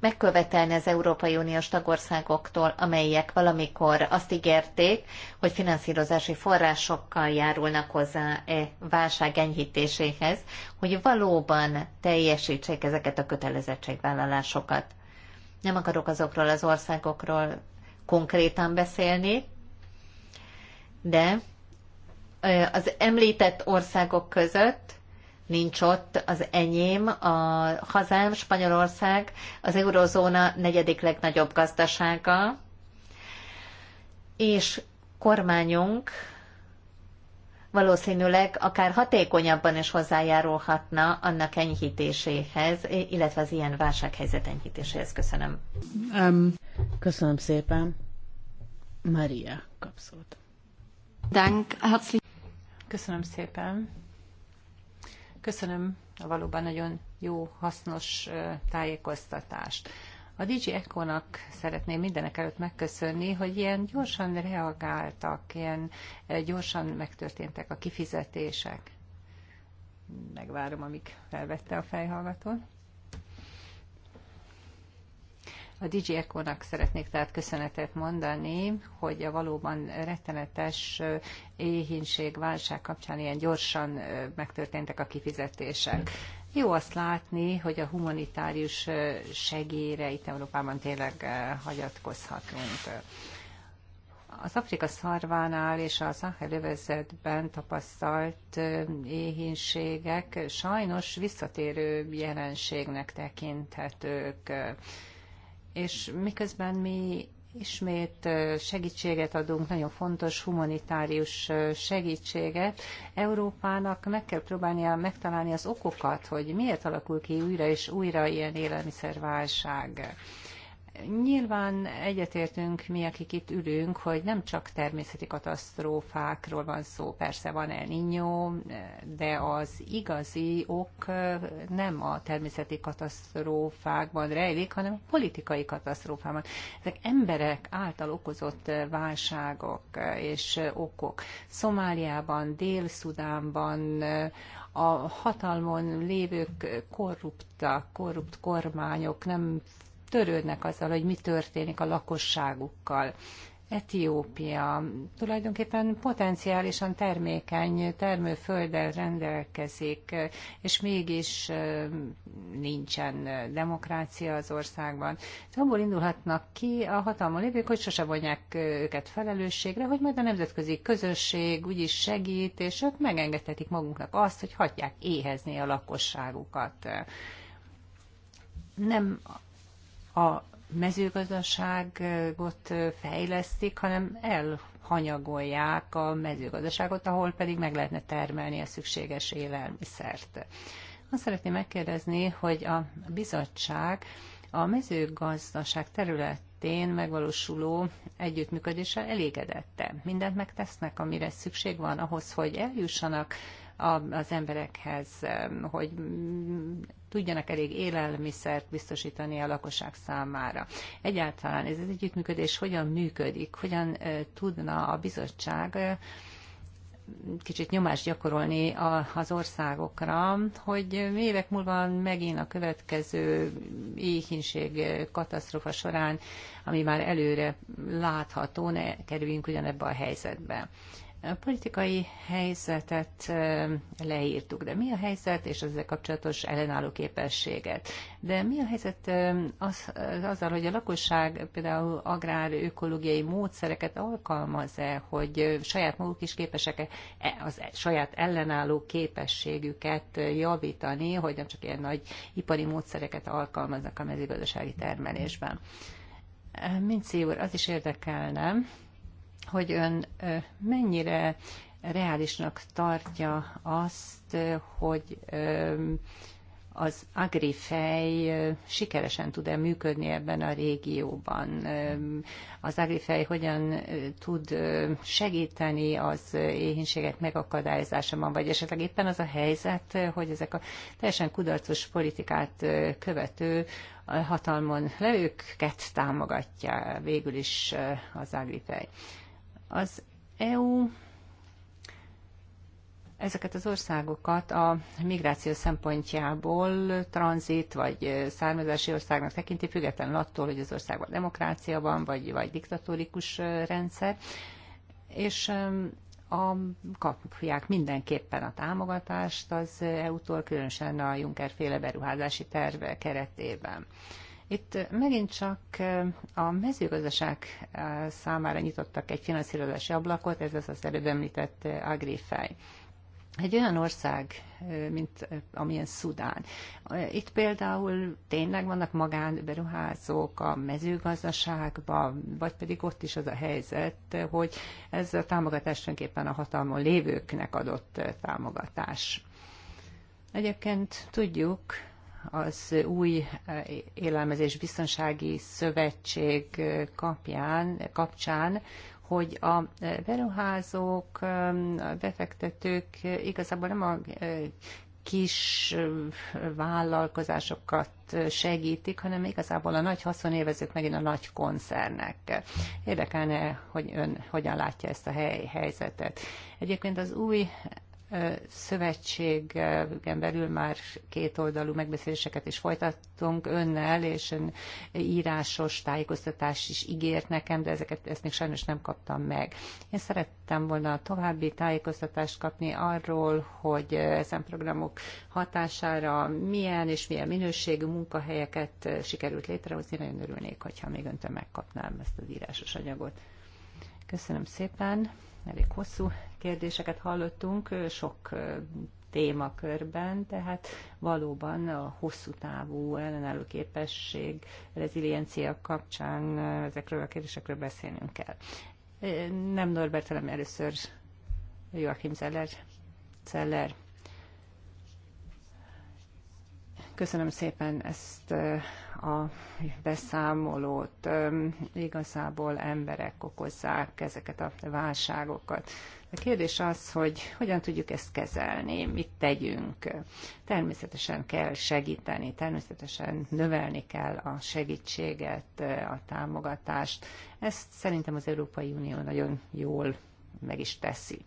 megkövetelni az Európai Uniós tagországoktól, amelyek valamikor azt ígérték, hogy finanszírozási forrásokkal járulnak hozzá e válság enyhítéséhez, hogy valóban teljesítsék ezeket a kötelezettségvállalásokat. Nem akarok azokról az országokról konkrétan beszélni, de az említett országok között nincs ott, az enyém, a hazám, Spanyolország, az eurozóna negyedik legnagyobb gazdasága, és kormányunk valószínűleg akár hatékonyabban is hozzájárulhatna annak enyhítéséhez, illetve az ilyen válsághelyzet enyhítéséhez. Köszönöm. Um, köszönöm szépen. Maria kapszót. Dank, Köszönöm szépen. Köszönöm a valóban nagyon jó, hasznos tájékoztatást. A DJ Econak szeretném mindenek előtt megköszönni, hogy ilyen gyorsan reagáltak, ilyen gyorsan megtörténtek a kifizetések. Megvárom, amíg felvette a fejhallgatót. A DJ Eco-nak szeretnék tehát köszönetet mondani, hogy a valóban rettenetes éhínség válság kapcsán ilyen gyorsan megtörténtek a kifizetések. Jó azt látni, hogy a humanitárius segélyre itt Európában tényleg hagyatkozhatunk. Az Afrika szarvánál és a Száhel övezetben tapasztalt éhínségek sajnos visszatérő jelenségnek tekinthetők és miközben mi ismét segítséget adunk, nagyon fontos humanitárius segítséget. Európának meg kell próbálnia megtalálni az okokat, hogy miért alakul ki újra és újra ilyen élelmiszerválság. Nyilván egyetértünk mi, akik itt ülünk, hogy nem csak természeti katasztrófákról van szó, persze van El Niño, de az igazi ok nem a természeti katasztrófákban rejlik, hanem a politikai katasztrófában. Ezek emberek által okozott válságok és okok. Szomáliában, Dél-Szudánban, a hatalmon lévők korruptak, korrupt kormányok nem törődnek azzal, hogy mi történik a lakosságukkal. Etiópia tulajdonképpen potenciálisan termékeny termőfölddel rendelkezik, és mégis nincsen demokrácia az országban. Abból indulhatnak ki a hatalma lévők, hogy sose vonják őket felelősségre, hogy majd a nemzetközi közösség úgyis segít, és ők megengedhetik magunknak azt, hogy hagyják éhezni a lakosságukat nem a mezőgazdaságot fejlesztik, hanem elhanyagolják a mezőgazdaságot, ahol pedig meg lehetne termelni a szükséges élelmiszert. Azt szeretném megkérdezni, hogy a bizottság a mezőgazdaság területén megvalósuló együttműködéssel elégedette. Mindent megtesznek, amire szükség van ahhoz, hogy eljussanak az emberekhez, hogy tudjanak elég élelmiszert biztosítani a lakosság számára. Egyáltalán ez az együttműködés hogyan működik, hogyan tudna a bizottság kicsit nyomást gyakorolni az országokra, hogy évek múlva megint a következő éhínség katasztrofa során, ami már előre látható, ne kerüljünk ugyanebbe a helyzetbe. A politikai helyzetet leírtuk, de mi a helyzet, és ezzel kapcsolatos ellenálló képességet. De mi a helyzet az, azzal, hogy a lakosság például agrár-ökológiai módszereket alkalmaz-e, hogy saját maguk is képesek-e e, az e, saját ellenálló képességüket javítani, hogy nem csak ilyen nagy ipari módszereket alkalmaznak a mezőgazdasági termelésben. Minci úr, az is érdekelne, hogy ön mennyire reálisnak tartja azt, hogy az agrifej sikeresen tud-e működni ebben a régióban? Az agrifej hogyan tud segíteni az éhénységek megakadályozásában, vagy esetleg éppen az a helyzet, hogy ezek a teljesen kudarcos politikát követő hatalmon levőket támogatja végül is az agrifej. Az EU ezeket az országokat a migráció szempontjából tranzit vagy származási országnak tekinti, függetlenül attól, hogy az országban demokrácia van, vagy, vagy diktatórikus rendszer, és a, kapják mindenképpen a támogatást az EU-tól, különösen a Juncker féle beruházási terve keretében. Itt megint csak a mezőgazdaság számára nyitottak egy finanszírozási ablakot, ez az az előbb említett Agrifej egy olyan ország, mint amilyen Szudán. Itt például tényleg vannak magánberuházók a mezőgazdaságban, vagy pedig ott is az a helyzet, hogy ez a támogatás tulajdonképpen a hatalmon lévőknek adott támogatás. Egyébként tudjuk, az új eh, élelmezés biztonsági szövetség eh, kapján, kapcsán, hogy a eh, beruházók, a befektetők igazából nem a kis vállalkozásokat segítik, hanem igazából a nagy haszonévezők megint a nagy koncernek. Érdekelne, hogy ön hogyan látja ezt a hely, helyzetet. Egyébként az új szövetségen belül már két oldalú megbeszéléseket is folytattunk önnel, és ön írásos tájékoztatás is ígért nekem, de ezeket ezt még sajnos nem kaptam meg. Én szerettem volna további tájékoztatást kapni arról, hogy ezen programok hatására milyen és milyen minőségű munkahelyeket sikerült létrehozni. Nagyon örülnék, hogyha még öntől megkapnám ezt az írásos anyagot. Köszönöm szépen, elég hosszú kérdéseket hallottunk sok témakörben, tehát valóban a hosszú távú ellenálló képesség, reziliencia kapcsán ezekről a kérdésekről beszélnünk kell. Nem Norbert, hanem először Joachim Zeller. Zeller. Köszönöm szépen ezt a beszámolót. Igazából emberek okozzák ezeket a válságokat. A kérdés az, hogy hogyan tudjuk ezt kezelni, mit tegyünk. Természetesen kell segíteni, természetesen növelni kell a segítséget, a támogatást. Ezt szerintem az Európai Unió nagyon jól meg is teszi.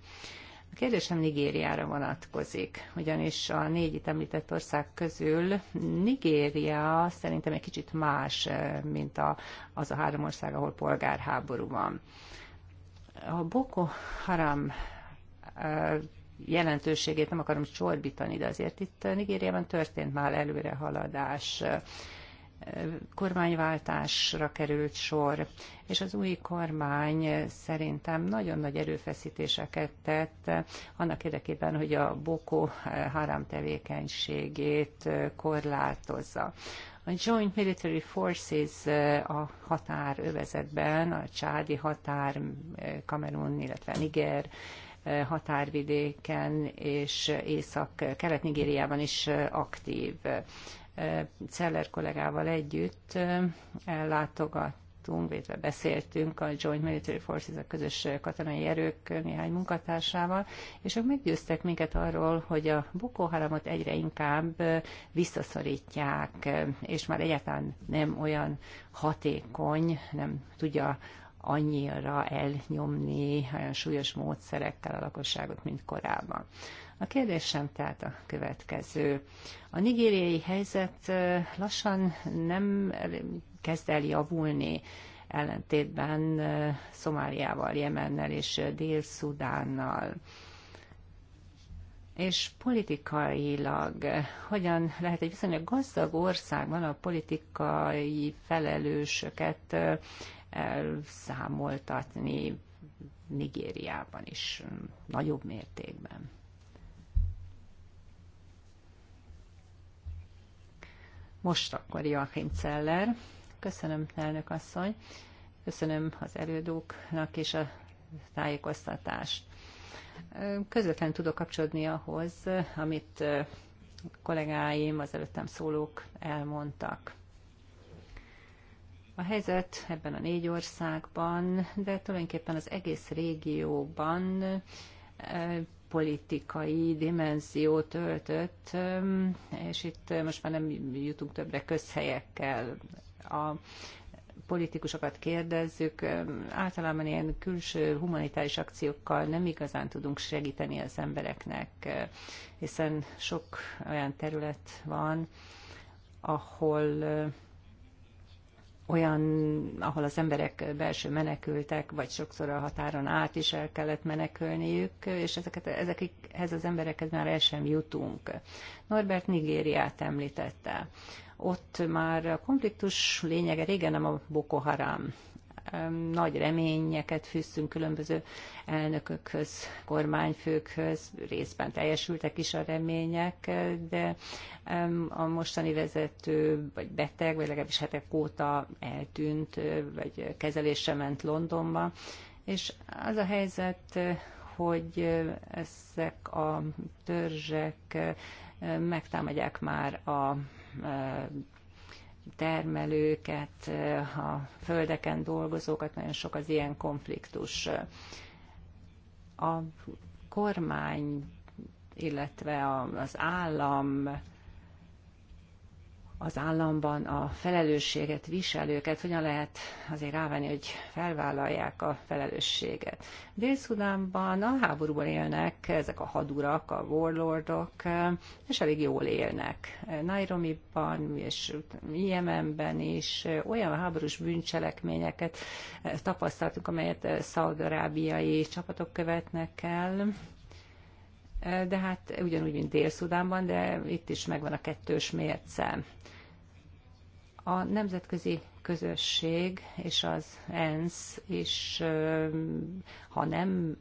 A kérdésem Nigériára vonatkozik, ugyanis a négy itt említett ország közül Nigéria szerintem egy kicsit más, mint a, az a három ország, ahol polgárháború van. A Boko Haram jelentőségét nem akarom csorbítani, de azért itt Nigériában történt már előrehaladás kormányváltásra került sor, és az új kormány szerintem nagyon nagy erőfeszítéseket tett annak érdekében, hogy a Boko Haram tevékenységét korlátozza. A Joint Military Forces eh, a határövezetben, a csádi határ, eh, Kamerun, illetve Niger, eh, határvidéken és Észak-Kelet-Nigériában is aktív. Celler kollégával együtt ellátogat vitáztunk, illetve beszéltünk a Joint Military Forces, a közös katonai erők néhány munkatársával, és ők meggyőztek minket arról, hogy a Boko Haramot egyre inkább visszaszorítják, és már egyáltalán nem olyan hatékony, nem tudja annyira elnyomni olyan súlyos módszerekkel a lakosságot, mint korábban. A kérdésem tehát a következő. A nigériai helyzet lassan nem kezd el javulni, ellentétben Szomáliával, Jemennel és Dél-Szudánnal és politikailag hogyan lehet egy viszonylag gazdag országban a politikai felelősöket számoltatni Nigériában is nagyobb mértékben. Most akkor Joachim Zeller. Köszönöm, elnök asszony. Köszönöm az előadóknak és a tájékoztatást. Közvetlen tudok kapcsolódni ahhoz, amit kollégáim, az előttem szólók elmondtak. A helyzet ebben a négy országban, de tulajdonképpen az egész régióban politikai dimenziót öltött, és itt most már nem jutunk többre közhelyekkel a politikusokat kérdezzük, általában ilyen külső humanitáris akciókkal nem igazán tudunk segíteni az embereknek, hiszen sok olyan terület van, ahol olyan, ahol az emberek belső menekültek, vagy sokszor a határon át is el kellett menekülniük, és ezeket, ezekhez az emberekhez már el sem jutunk. Norbert Nigériát említette. Ott már a konfliktus lényege régen nem a Boko Haram, nagy reményeket fűztünk különböző elnökökhöz, kormányfőkhöz, részben teljesültek is a remények, de a mostani vezető vagy beteg, vagy legalábbis hetek óta eltűnt, vagy kezelésre ment Londonba, és az a helyzet, hogy ezek a törzsek megtámadják már a termelőket, a földeken dolgozókat, nagyon sok az ilyen konfliktus. A kormány, illetve az állam az államban a felelősséget viselőket, hogyan lehet azért rávenni, hogy felvállalják a felelősséget. Dél-Szudánban a háborúban élnek ezek a hadurak, a warlordok, és elég jól élnek. Nairobi-ban és Jemenben is olyan háborús bűncselekményeket tapasztaltunk, amelyet szaudarábiai csapatok követnek el, de hát ugyanúgy, mint Dél-Szudánban, de itt is megvan a kettős mérce. A nemzetközi közösség és az ENSZ is, ha nem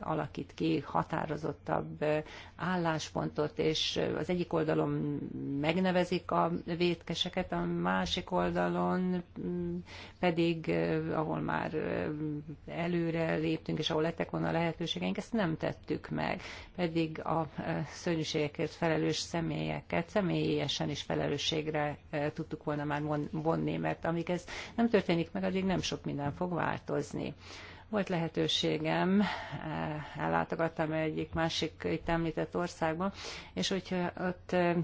alakít ki határozottabb álláspontot, és az egyik oldalon megnevezik a vétkeseket, a másik oldalon mm, pedig, ahol már előre léptünk, és ahol lettek volna a lehetőségeink, ezt nem tettük meg. Pedig a szörnyűségekért felelős személyeket személyesen is felelősségre tudtuk volna már vonni, mert amíg ez nem történik meg, addig nem sok minden fog változni. Volt lehetőségem, eh, ellátogattam egyik másik itt említett országba, és hogyha ott eh,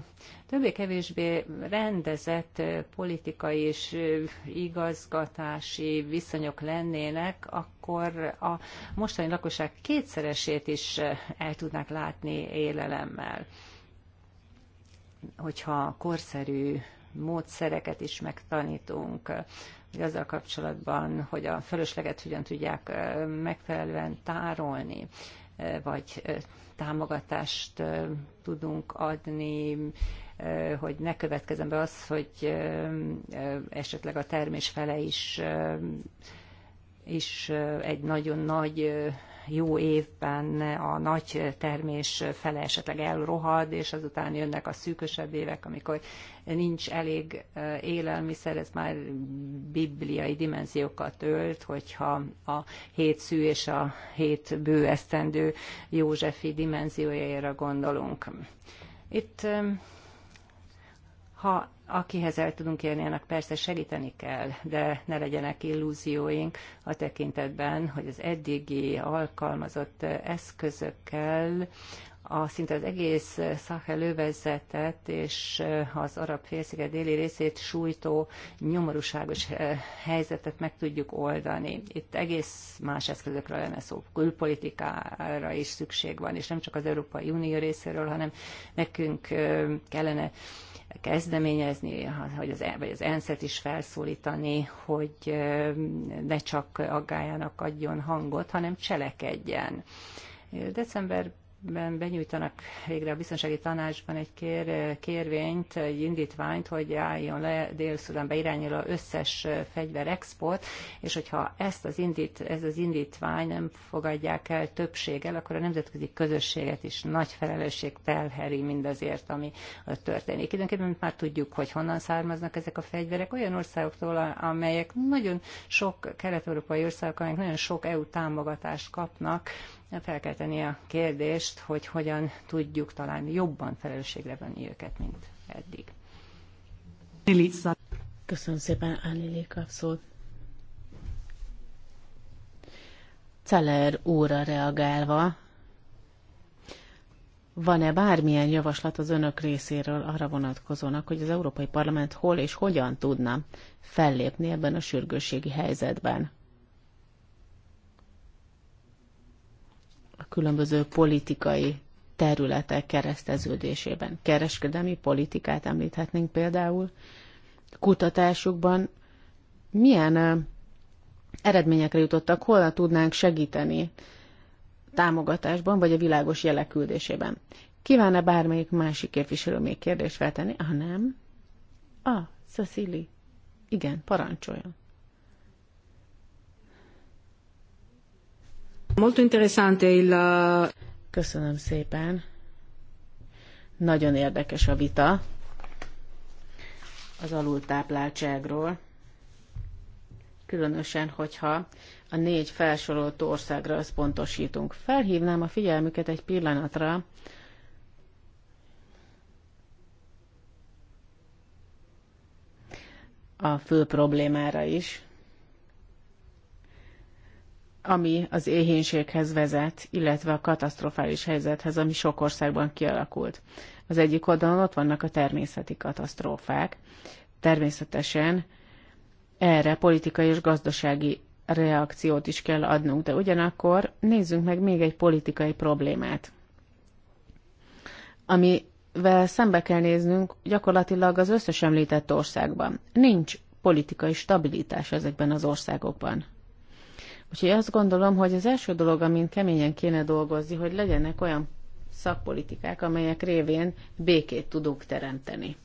többé-kevésbé rendezett eh, politikai és igazgatási viszonyok lennének, akkor a mostani lakosság kétszeresét is el tudnák látni élelemmel hogyha korszerű módszereket is megtanítunk, hogy ezzel kapcsolatban, hogy a fölösleget hogyan tudják megfelelően tárolni, vagy támogatást tudunk adni, hogy ne következzen be az, hogy esetleg a termés fele is, is egy nagyon nagy jó évben a nagy termés fele esetleg elrohad, és azután jönnek a szűkösebb évek, amikor nincs elég élelmiszer, ez már bibliai dimenziókat ölt, hogyha a hét szű és a hét bő esztendő Józsefi dimenziójára gondolunk. Itt ha akihez el tudunk érni, annak persze segíteni kell, de ne legyenek illúzióink a tekintetben, hogy az eddigi alkalmazott eszközökkel a szinte az egész Szahel övezetet és az arab félsziget déli részét sújtó nyomorúságos helyzetet meg tudjuk oldani. Itt egész más eszközökre lenne szó, külpolitikára is szükség van, és nem csak az Európai Unió részéről, hanem nekünk kellene kezdeményezni, hogy az, e- vagy az ENSZ-et is felszólítani, hogy ne csak aggájának adjon hangot, hanem cselekedjen. December ben benyújtanak végre a biztonsági tanácsban egy kér, kérvényt, egy indítványt, hogy álljon le Dél-Szudánba irányuló összes fegyverexport, és hogyha ezt az indít, ez az indítvány nem fogadják el többséggel, akkor a nemzetközi közösséget is nagy felelősség telheri mindazért, ami történik. Időnként már tudjuk, hogy honnan származnak ezek a fegyverek, olyan országoktól, amelyek nagyon sok kelet-európai országok, amelyek nagyon sok EU támogatást kapnak, fel kell tenni a kérdést, hogy hogyan tudjuk talán jobban felelősségre venni őket, mint eddig. Köszönöm szépen, Anneli kapszót. Celer úra reagálva, van-e bármilyen javaslat az önök részéről arra vonatkozónak, hogy az Európai Parlament hol és hogyan tudna fellépni ebben a sürgősségi helyzetben? a különböző politikai területek kereszteződésében. Kereskedelmi politikát említhetnénk például, kutatásukban milyen eredményekre jutottak, hol tudnánk segíteni támogatásban, vagy a világos jelek küldésében. Kíván-e bármelyik másik képviselő még kérdést feltenni? Ha nem, a ah, Cecily. Igen, parancsoljon. Molto interessante il... Köszönöm szépen. Nagyon érdekes a vita az alultápláltságról. Különösen, hogyha a négy felsorolt országra összpontosítunk. Felhívnám a figyelmüket egy pillanatra, a fő problémára is, ami az éhénységhez vezet, illetve a katasztrofális helyzethez, ami sok országban kialakult. Az egyik oldalon ott vannak a természeti katasztrófák. Természetesen erre politikai és gazdasági reakciót is kell adnunk, de ugyanakkor nézzünk meg még egy politikai problémát, amivel szembe kell néznünk gyakorlatilag az összes említett országban. Nincs politikai stabilitás ezekben az országokban. Úgyhogy azt gondolom, hogy az első dolog, amin keményen kéne dolgozni, hogy legyenek olyan szakpolitikák, amelyek révén békét tudunk teremteni.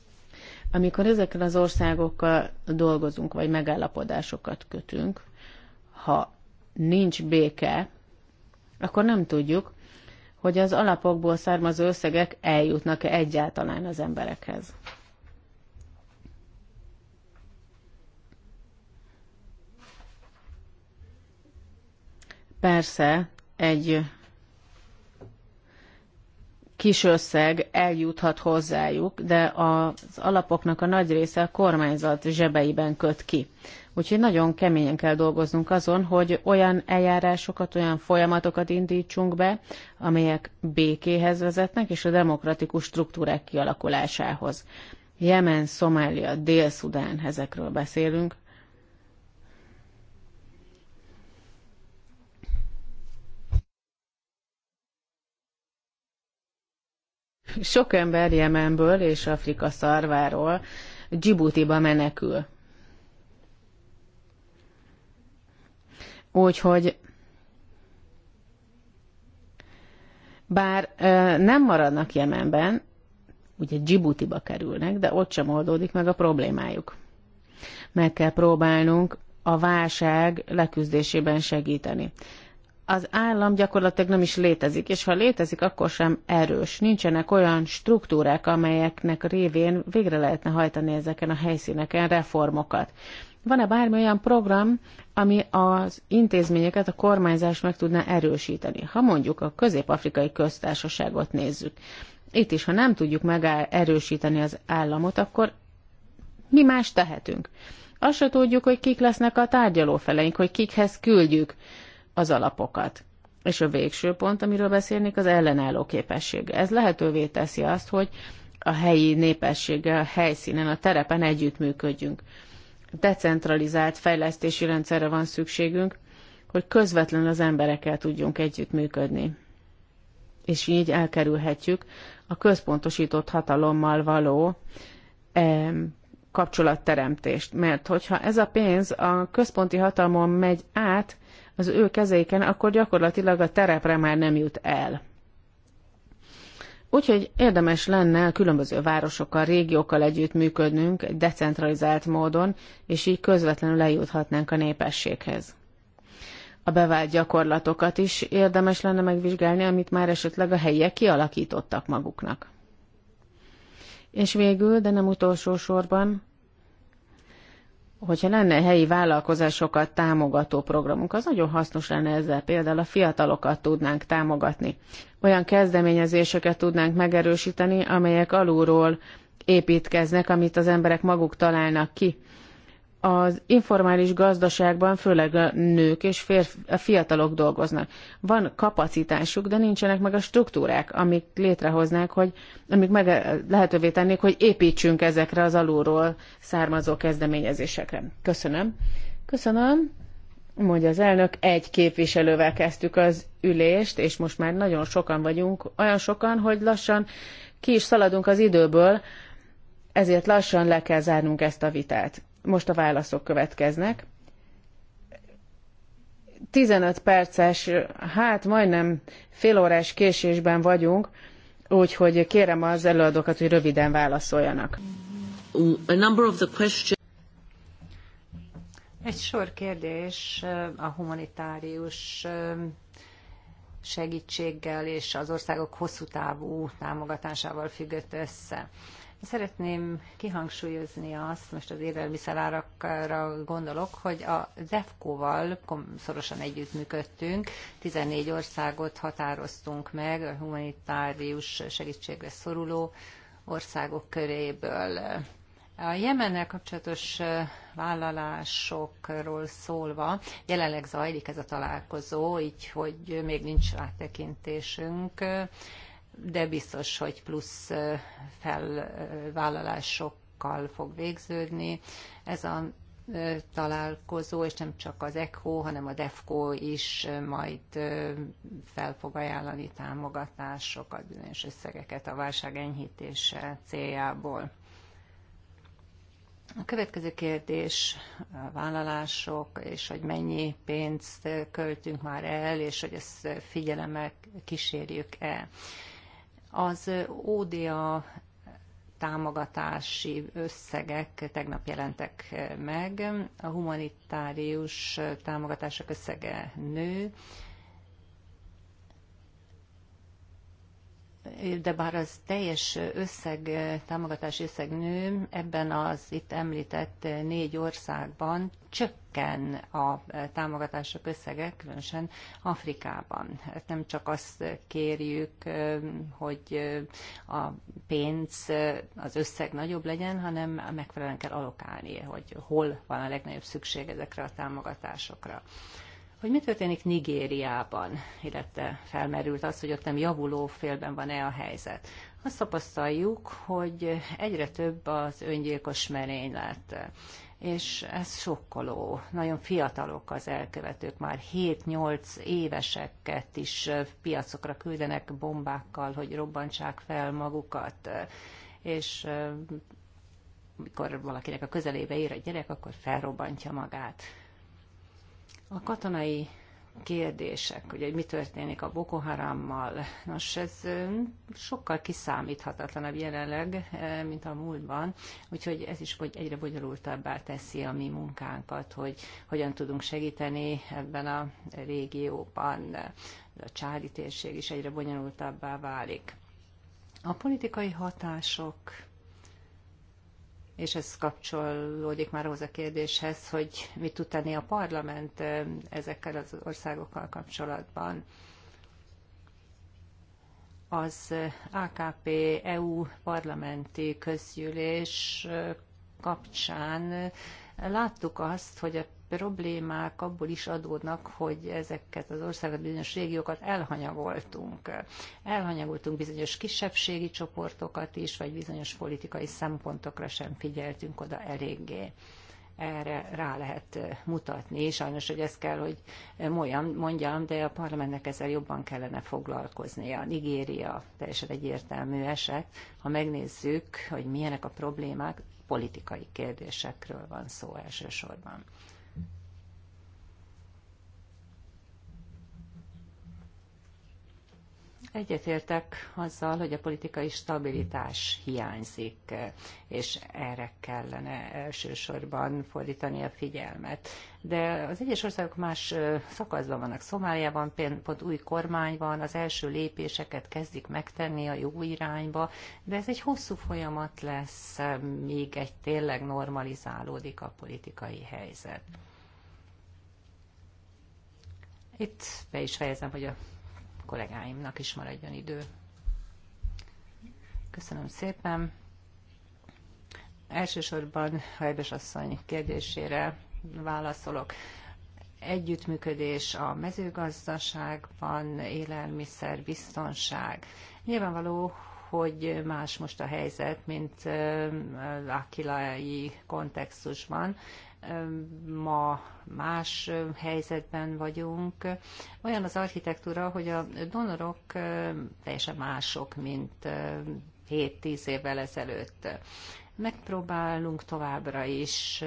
Amikor ezekkel az országokkal dolgozunk, vagy megállapodásokat kötünk, ha nincs béke, akkor nem tudjuk, hogy az alapokból származó összegek eljutnak-e egyáltalán az emberekhez. Persze egy kis összeg eljuthat hozzájuk, de az alapoknak a nagy része a kormányzat zsebeiben köt ki. Úgyhogy nagyon keményen kell dolgoznunk azon, hogy olyan eljárásokat, olyan folyamatokat indítsunk be, amelyek békéhez vezetnek és a demokratikus struktúrák kialakulásához. Jemen, Szomália, Dél-Szudán, ezekről beszélünk. Sok ember Jemenből és Afrika szarváról Djiboutiba ba menekül. Úgyhogy bár ö, nem maradnak Jemenben, ugye Djiboutiba ba kerülnek, de ott sem oldódik meg a problémájuk. Meg kell próbálnunk a válság leküzdésében segíteni az állam gyakorlatilag nem is létezik, és ha létezik, akkor sem erős. Nincsenek olyan struktúrák, amelyeknek révén végre lehetne hajtani ezeken a helyszíneken reformokat. Van-e bármi olyan program, ami az intézményeket, a kormányzást meg tudná erősíteni? Ha mondjuk a közép-afrikai köztársaságot nézzük, itt is, ha nem tudjuk megerősíteni az államot, akkor mi más tehetünk? Azt se tudjuk, hogy kik lesznek a tárgyalófeleink, hogy kikhez küldjük az alapokat. És a végső pont, amiről beszélnék, az ellenálló képessége. Ez lehetővé teszi azt, hogy a helyi népességgel, a helyszínen, a terepen együttműködjünk. Decentralizált fejlesztési rendszerre van szükségünk, hogy közvetlenül az emberekkel tudjunk együttműködni. És így elkerülhetjük a központosított hatalommal való eh, kapcsolatteremtést. Mert hogyha ez a pénz a központi hatalmon megy át, az ő kezeiken, akkor gyakorlatilag a terepre már nem jut el. Úgyhogy érdemes lenne a különböző városokkal, régiókkal együttműködnünk decentralizált módon, és így közvetlenül lejuthatnánk a népességhez. A bevált gyakorlatokat is érdemes lenne megvizsgálni, amit már esetleg a helyiek kialakítottak maguknak. És végül, de nem utolsó sorban, hogyha lenne helyi vállalkozásokat támogató programunk, az nagyon hasznos lenne ezzel. Például a fiatalokat tudnánk támogatni. Olyan kezdeményezéseket tudnánk megerősíteni, amelyek alulról építkeznek, amit az emberek maguk találnak ki az informális gazdaságban főleg a nők és férfi, a fiatalok dolgoznak. Van kapacitásuk, de nincsenek meg a struktúrák, amik létrehoznák, hogy amik meg lehetővé tennék, hogy építsünk ezekre az alulról származó kezdeményezésekre. Köszönöm. Köszönöm, mondja az elnök. Egy képviselővel kezdtük az ülést, és most már nagyon sokan vagyunk, olyan sokan, hogy lassan ki is szaladunk az időből, ezért lassan le kell zárnunk ezt a vitát most a válaszok következnek. 15 perces, hát majdnem órás késésben vagyunk, úgyhogy kérem az előadókat, hogy röviden válaszoljanak. A number of the Egy sor kérdés a humanitárius segítséggel és az országok hosszú távú támogatásával függött össze. Szeretném kihangsúlyozni azt, most az élelmiszerárakra gondolok, hogy a DEFCO-val szorosan együttműködtünk, 14 országot határoztunk meg a humanitárius segítségre szoruló országok köréből. A Jemennel kapcsolatos vállalásokról szólva, jelenleg zajlik ez a találkozó, így hogy még nincs áttekintésünk de biztos, hogy plusz felvállalásokkal fog végződni. Ez a találkozó, és nem csak az ECHO, hanem a DEFCO is majd fel fog ajánlani támogatásokat, bizonyos összegeket a válság enyhítése céljából. A következő kérdés a vállalások, és hogy mennyi pénzt költünk már el, és hogy ezt figyelemmel kísérjük-e. Az ODA támogatási összegek tegnap jelentek meg. A humanitárius támogatások összege nő, de bár az teljes összeg, támogatási összeg nő, ebben az itt említett négy országban csökken a támogatások összege, különösen Afrikában. Hát nem csak azt kérjük, hogy a pénz, az összeg nagyobb legyen, hanem megfelelően kell alokálni, hogy hol van a legnagyobb szükség ezekre a támogatásokra hogy mi történik Nigériában, illetve felmerült az, hogy ott nem javuló félben van-e a helyzet. Azt tapasztaljuk, hogy egyre több az öngyilkos merénylet, és ez sokkoló. Nagyon fiatalok az elkövetők, már 7-8 éveseket is piacokra küldenek bombákkal, hogy robbantsák fel magukat, és mikor valakinek a közelébe ér a gyerek, akkor felrobbantja magát. A katonai kérdések, ugye, hogy mi történik a Boko Harammal. Nos, ez sokkal kiszámíthatatlanabb jelenleg, mint a múltban, úgyhogy ez is hogy egyre bonyolultabbá teszi a mi munkánkat, hogy hogyan tudunk segíteni ebben a régióban. A csádi térség is egyre bonyolultabbá válik. A politikai hatások és ez kapcsolódik már ahhoz a kérdéshez, hogy mit tud tenni a parlament ezekkel az országokkal kapcsolatban. Az AKP EU parlamenti közgyűlés kapcsán Láttuk azt, hogy a problémák abból is adódnak, hogy ezeket az országot bizonyos régiókat elhanyagoltunk. Elhanyagoltunk bizonyos kisebbségi csoportokat is, vagy bizonyos politikai szempontokra sem figyeltünk oda eléggé erre rá lehet mutatni. Sajnos, hogy ezt kell, hogy mondjam, de a parlamentnek ezzel jobban kellene foglalkoznia. Nigéria teljesen egyértelmű eset. Ha megnézzük, hogy milyenek a problémák, politikai kérdésekről van szó elsősorban. Egyetértek azzal, hogy a politikai stabilitás hiányzik, és erre kellene elsősorban fordítani a figyelmet. De az egyes országok más szakaszban vannak. Szomáliában pont új kormány van, az első lépéseket kezdik megtenni a jó irányba, de ez egy hosszú folyamat lesz, míg egy tényleg normalizálódik a politikai helyzet. Itt be is fejezem, hogy a kollégáimnak is maradjon idő. Köszönöm szépen. Elsősorban Hajbes asszony kérdésére válaszolok. Együttműködés a mezőgazdaságban, élelmiszer, biztonság. Nyilvánvaló, hogy más most a helyzet, mint akilai kontextusban, ma más helyzetben vagyunk. Olyan az architektúra, hogy a donorok teljesen mások, mint 7-10 évvel ezelőtt. Megpróbálunk továbbra is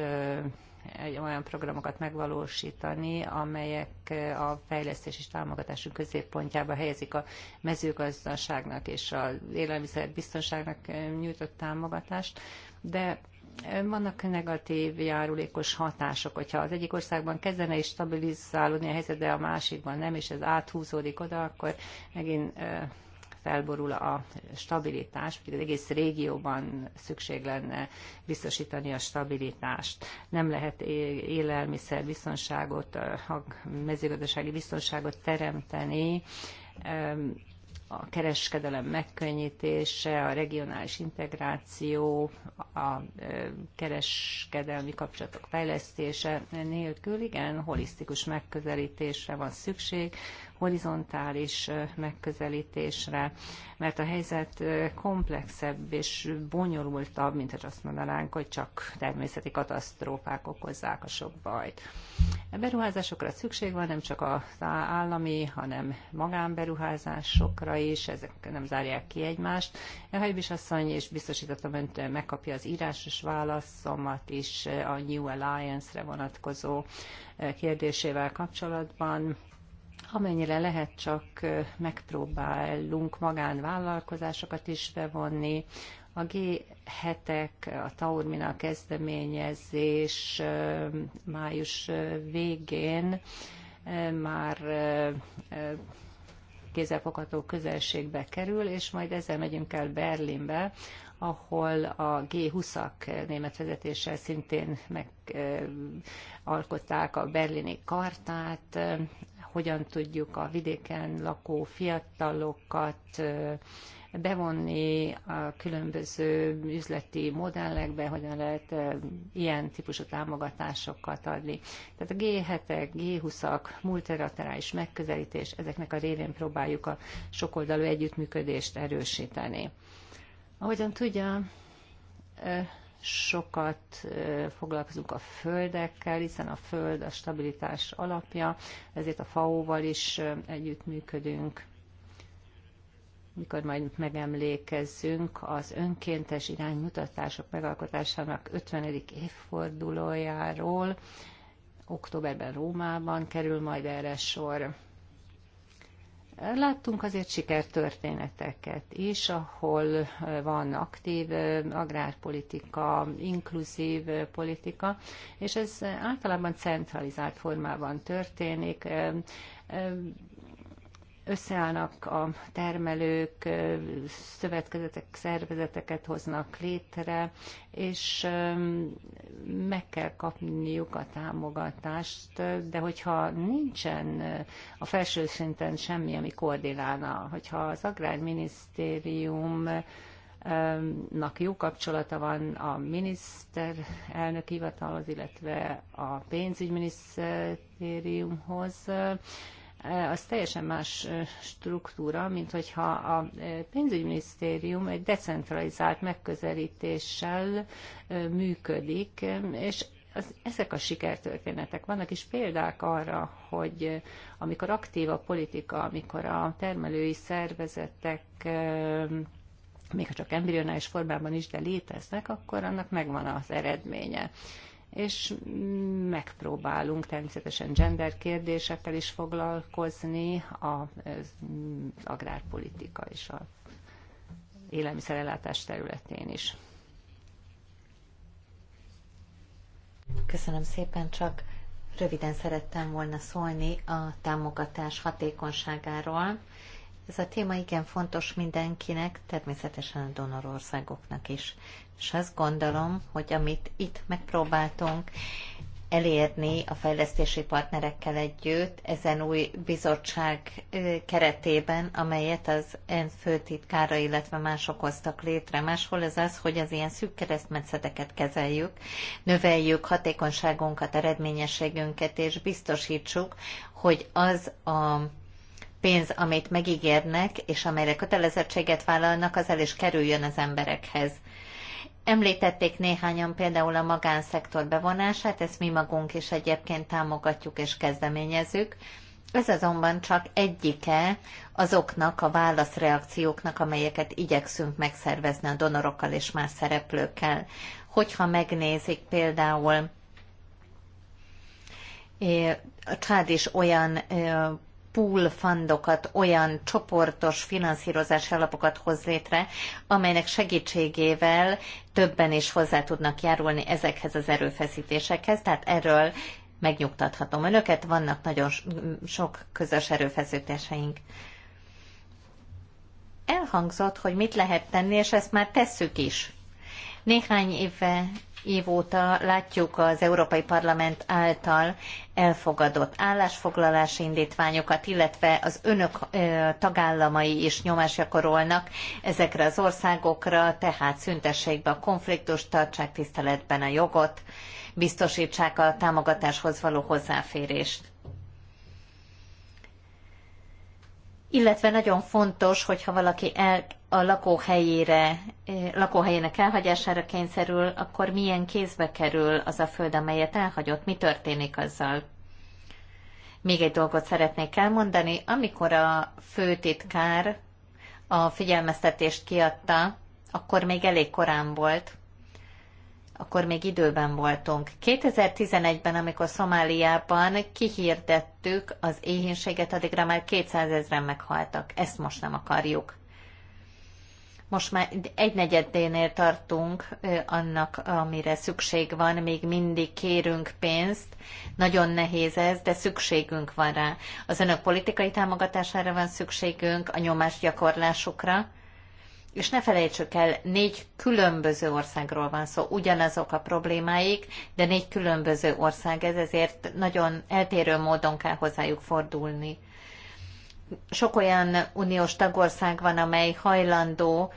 olyan programokat megvalósítani, amelyek a fejlesztés és támogatásunk középpontjába helyezik a mezőgazdaságnak és az élelmiszerbiztonságnak nyújtott támogatást, de vannak negatív járulékos hatások, hogyha az egyik országban kezdene is stabilizálódni a helyzet, de a másikban nem, és ez áthúzódik oda, akkor megint felborul a stabilitás, pedig az egész régióban szükség lenne biztosítani a stabilitást. Nem lehet élelmiszer biztonságot, mezőgazdasági biztonságot teremteni, a kereskedelem megkönnyítése, a regionális integráció, a kereskedelmi kapcsolatok fejlesztése nélkül, igen, holisztikus megközelítésre van szükség, horizontális megközelítésre, mert a helyzet komplexebb és bonyolultabb, mint hogy azt mondanánk, hogy csak természeti katasztrófák okozzák a sok bajt. A beruházásokra szükség van, nem csak az állami, hanem magánberuházásokra is, ezek nem zárják ki egymást. E, Hajbis asszony, és biztosítottam önt, megkapja az írásos válaszomat is a New Alliance-re vonatkozó kérdésével kapcsolatban amennyire lehet csak megpróbálunk magánvállalkozásokat is bevonni. A G7-ek, a Taurmina kezdeményezés május végén már kézzelfogható közelségbe kerül, és majd ezzel megyünk el Berlinbe, ahol a G20-ak német vezetéssel szintén megalkották a berlini kartát, hogyan tudjuk a vidéken lakó fiatalokat bevonni a különböző üzleti modellekbe, hogyan lehet ilyen típusú támogatásokat adni. Tehát a G7-ek, G20-ak, multilaterális megközelítés, ezeknek a révén próbáljuk a sokoldalú együttműködést erősíteni. Ahogyan tudja, sokat foglalkozunk a földekkel, hiszen a föld a stabilitás alapja, ezért a FAO-val is együttműködünk mikor majd megemlékezzünk az önkéntes iránymutatások megalkotásának 50. évfordulójáról. Októberben Rómában kerül majd erre sor. Láttunk azért sikertörténeteket is, ahol eh, van aktív eh, agrárpolitika, inkluzív eh, politika, és ez általában centralizált formában történik összeállnak a termelők, szövetkezetek, szervezeteket hoznak létre, és meg kell kapniuk a támogatást, de hogyha nincsen a felső szinten semmi, ami koordinálna, hogyha az Agrárminisztérium nak jó kapcsolata van a miniszter elnök hivatalhoz, illetve a pénzügyminisztériumhoz, az teljesen más struktúra, mint hogyha a pénzügyminisztérium egy decentralizált megközelítéssel működik, és az, ezek a sikertörténetek. Vannak is példák arra, hogy amikor aktív a politika, amikor a termelői szervezetek még ha csak embrionális formában is, de léteznek, akkor annak megvan az eredménye és megpróbálunk természetesen gender kérdésekkel is foglalkozni, az agrárpolitika és az élelmiszerellátás területén is. Köszönöm szépen, csak röviden szerettem volna szólni a támogatás hatékonyságáról. Ez a téma igen fontos mindenkinek, természetesen a donorországoknak is. És azt gondolom, hogy amit itt megpróbáltunk elérni a fejlesztési partnerekkel együtt, ezen új bizottság keretében, amelyet az en főtitkára, illetve mások hoztak létre. Máshol ez az, hogy az ilyen szűk keresztmetszeteket kezeljük, növeljük hatékonyságunkat, eredményességünket, és biztosítsuk, hogy az a pénz, amit megígérnek, és amelyre kötelezettséget vállalnak, az el is kerüljön az emberekhez. Említették néhányan például a magánszektor bevonását, ezt mi magunk is egyébként támogatjuk és kezdeményezünk. Ez azonban csak egyike azoknak a válaszreakcióknak, amelyeket igyekszünk megszervezni a donorokkal és más szereplőkkel. Hogyha megnézik például eh, a csád is olyan eh, pool fundokat, olyan csoportos finanszírozási alapokat hoz létre, amelynek segítségével többen is hozzá tudnak járulni ezekhez az erőfeszítésekhez, tehát erről megnyugtathatom önöket, vannak nagyon sok közös erőfeszítéseink. Elhangzott, hogy mit lehet tenni, és ezt már tesszük is. Néhány éve év óta látjuk az Európai Parlament által elfogadott állásfoglalási indítványokat, illetve az önök tagállamai is nyomást gyakorolnak ezekre az országokra, tehát szüntessék be a konfliktust, tartsák tiszteletben a jogot, biztosítsák a támogatáshoz való hozzáférést. Illetve nagyon fontos, hogyha valaki el a lakóhelyére, eh, lakóhelyének elhagyására kényszerül, akkor milyen kézbe kerül az a föld, amelyet elhagyott, mi történik azzal? Még egy dolgot szeretnék elmondani, amikor a főtitkár a figyelmeztetést kiadta, akkor még elég korán volt, akkor még időben voltunk. 2011-ben, amikor Szomáliában kihirdettük az éhénységet, addigra már 200 ezeren meghaltak. Ezt most nem akarjuk most már egy negyedénél tartunk annak, amire szükség van, még mindig kérünk pénzt, nagyon nehéz ez, de szükségünk van rá. Az önök politikai támogatására van szükségünk, a gyakorlásukra, és ne felejtsük el, négy különböző országról van szó, ugyanazok a problémáik, de négy különböző ország ez, ezért nagyon eltérő módon kell hozzájuk fordulni sok olyan uniós tagország van, amely hajlandó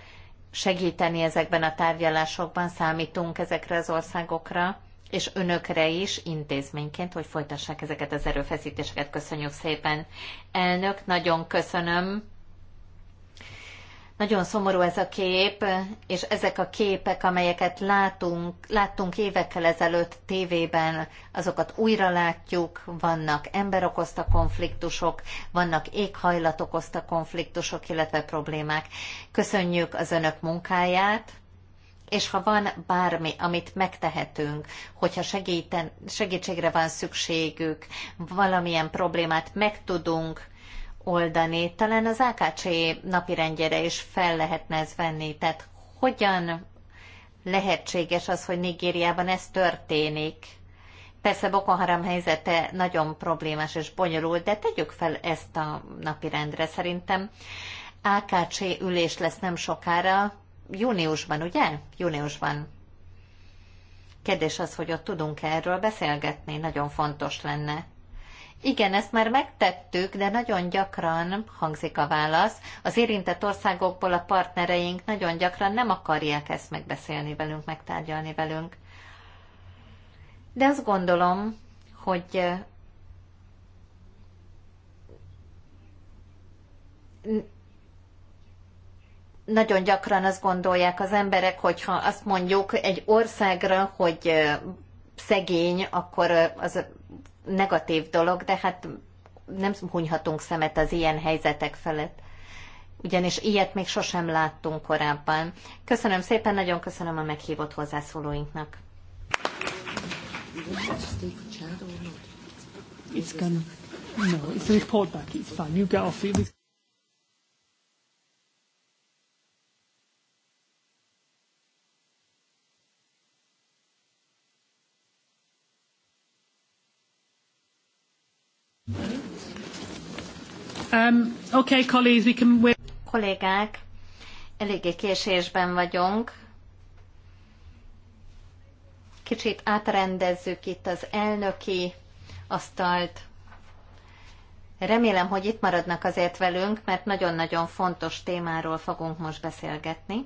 segíteni ezekben a tárgyalásokban, számítunk ezekre az országokra, és önökre is intézményként, hogy folytassák ezeket az erőfeszítéseket. Köszönjük szépen. Elnök, nagyon köszönöm. Nagyon szomorú ez a kép, és ezek a képek, amelyeket látunk, láttunk évekkel ezelőtt tévében, azokat újra látjuk, vannak ember okozta konfliktusok, vannak éghajlat okozta konfliktusok, illetve problémák. Köszönjük az önök munkáját, és ha van bármi, amit megtehetünk, hogyha segíten, segítségre van szükségük, valamilyen problémát meg tudunk oldani. Talán az AKC napirendjére is fel lehetne ez venni. Tehát hogyan lehetséges az, hogy Nigériában ez történik? Persze Boko Haram helyzete nagyon problémás és bonyolult, de tegyük fel ezt a napirendre szerintem. AKC ülés lesz nem sokára, júniusban, ugye? Júniusban. Kérdés az, hogy ott tudunk -e erről beszélgetni, nagyon fontos lenne. Igen, ezt már megtettük, de nagyon gyakran hangzik a válasz. Az érintett országokból a partnereink nagyon gyakran nem akarják ezt megbeszélni velünk, megtárgyalni velünk. De azt gondolom, hogy nagyon gyakran azt gondolják az emberek, hogyha azt mondjuk egy országra, hogy szegény, akkor az negatív dolog, de hát nem hunyhatunk szemet az ilyen helyzetek felett. Ugyanis ilyet még sosem láttunk korábban. Köszönöm szépen, nagyon köszönöm a meghívott hozzászólóinknak. It's gonna... No, it's a report back. It's fine. You get off. It Um, okay, colleagues, we can... Kollégák, eléggé késésben vagyunk. Kicsit átrendezzük itt az elnöki asztalt. Remélem, hogy itt maradnak azért velünk, mert nagyon-nagyon fontos témáról fogunk most beszélgetni.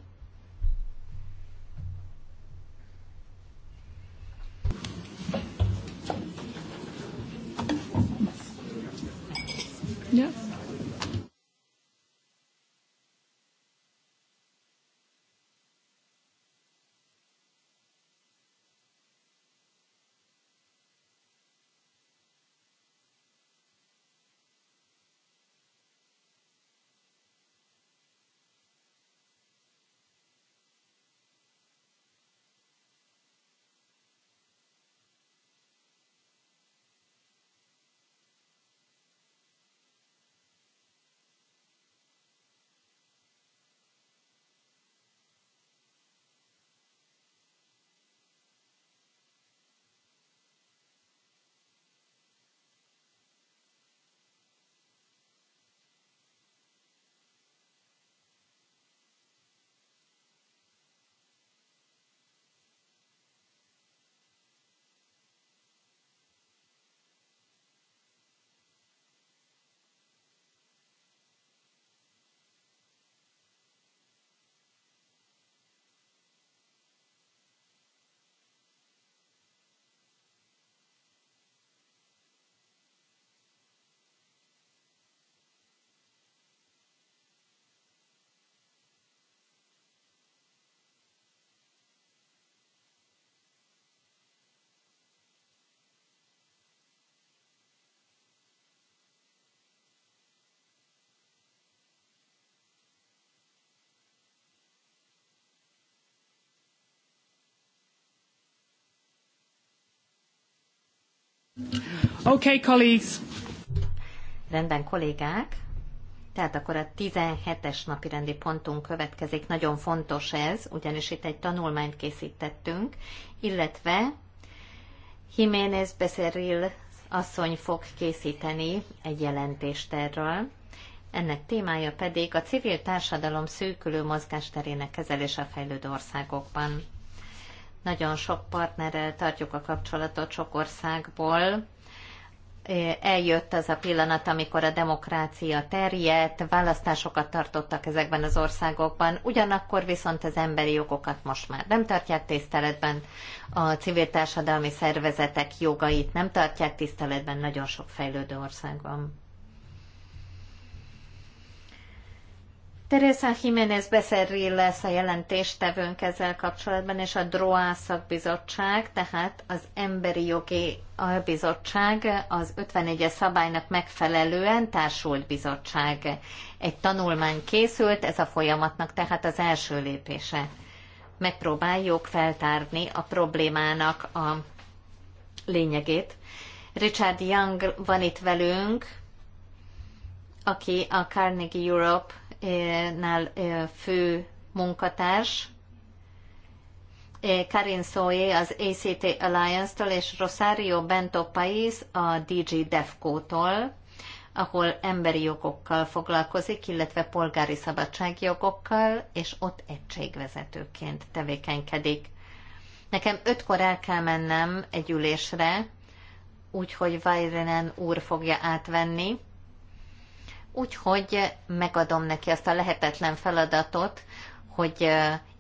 Okay, colleagues. Rendben, kollégák. Tehát akkor a 17-es napi rendi pontunk következik. Nagyon fontos ez, ugyanis itt egy tanulmányt készítettünk, illetve Jiménez Becerril asszony fog készíteni egy jelentést erről. Ennek témája pedig a civil társadalom szűkülő mozgásterének kezelése a fejlődő országokban. Nagyon sok partnerrel tartjuk a kapcsolatot sok országból, eljött az a pillanat, amikor a demokrácia terjedt, választásokat tartottak ezekben az országokban, ugyanakkor viszont az emberi jogokat most már nem tartják tiszteletben, a civil társadalmi szervezetek jogait nem tartják tiszteletben nagyon sok fejlődő országban. Teresa Jiménez Becerril lesz a jelentéstevőnk ezzel kapcsolatban, és a DROA szakbizottság, tehát az Emberi Jogi Bizottság az 51-es szabálynak megfelelően társult bizottság. Egy tanulmány készült, ez a folyamatnak tehát az első lépése. Megpróbáljuk feltárni a problémának a lényegét. Richard Young van itt velünk, aki a Carnegie Europe nál fő munkatárs, Karin Szóé az ACT Alliance-tól és Rosario Bento Pais a DG DEFCO-tól, ahol emberi jogokkal foglalkozik, illetve polgári szabadságjogokkal, és ott egységvezetőként tevékenykedik. Nekem ötkor el kell mennem egy ülésre, úgyhogy Vajrenen úr fogja átvenni, Úgyhogy megadom neki azt a lehetetlen feladatot, hogy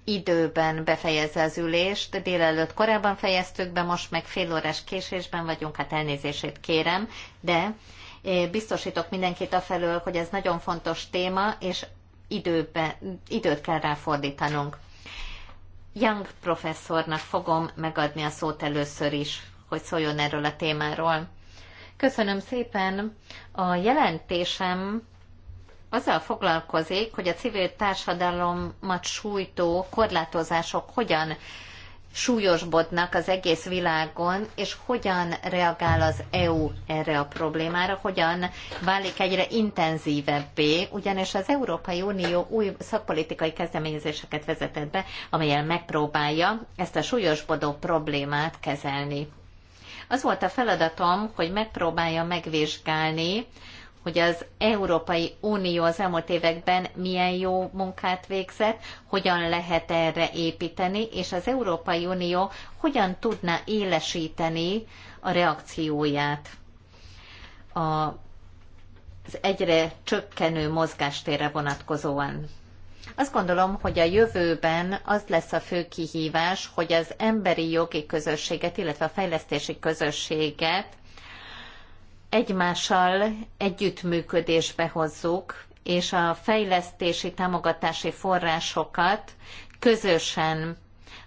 időben befejezze az ülést. Délelőtt korábban fejeztük be, most meg fél órás késésben vagyunk, hát elnézését kérem, de biztosítok mindenkit afelől, hogy ez nagyon fontos téma, és időbe, időt kell ráfordítanunk. Young professzornak fogom megadni a szót először is, hogy szóljon erről a témáról. Köszönöm szépen. A jelentésem azzal foglalkozik, hogy a civil társadalomat sújtó korlátozások hogyan súlyosbodnak az egész világon, és hogyan reagál az EU erre a problémára, hogyan válik egyre intenzívebbé, ugyanis az Európai Unió új szakpolitikai kezdeményezéseket vezetett be, amelyel megpróbálja ezt a súlyosbodó problémát kezelni. Az volt a feladatom, hogy megpróbálja megvizsgálni, hogy az Európai Unió az elmúlt években milyen jó munkát végzett, hogyan lehet erre építeni, és az Európai Unió hogyan tudná élesíteni a reakcióját az egyre csökkenő mozgástérre vonatkozóan. Azt gondolom, hogy a jövőben az lesz a fő kihívás, hogy az emberi jogi közösséget, illetve a fejlesztési közösséget egymással együttműködésbe hozzuk, és a fejlesztési támogatási forrásokat közösen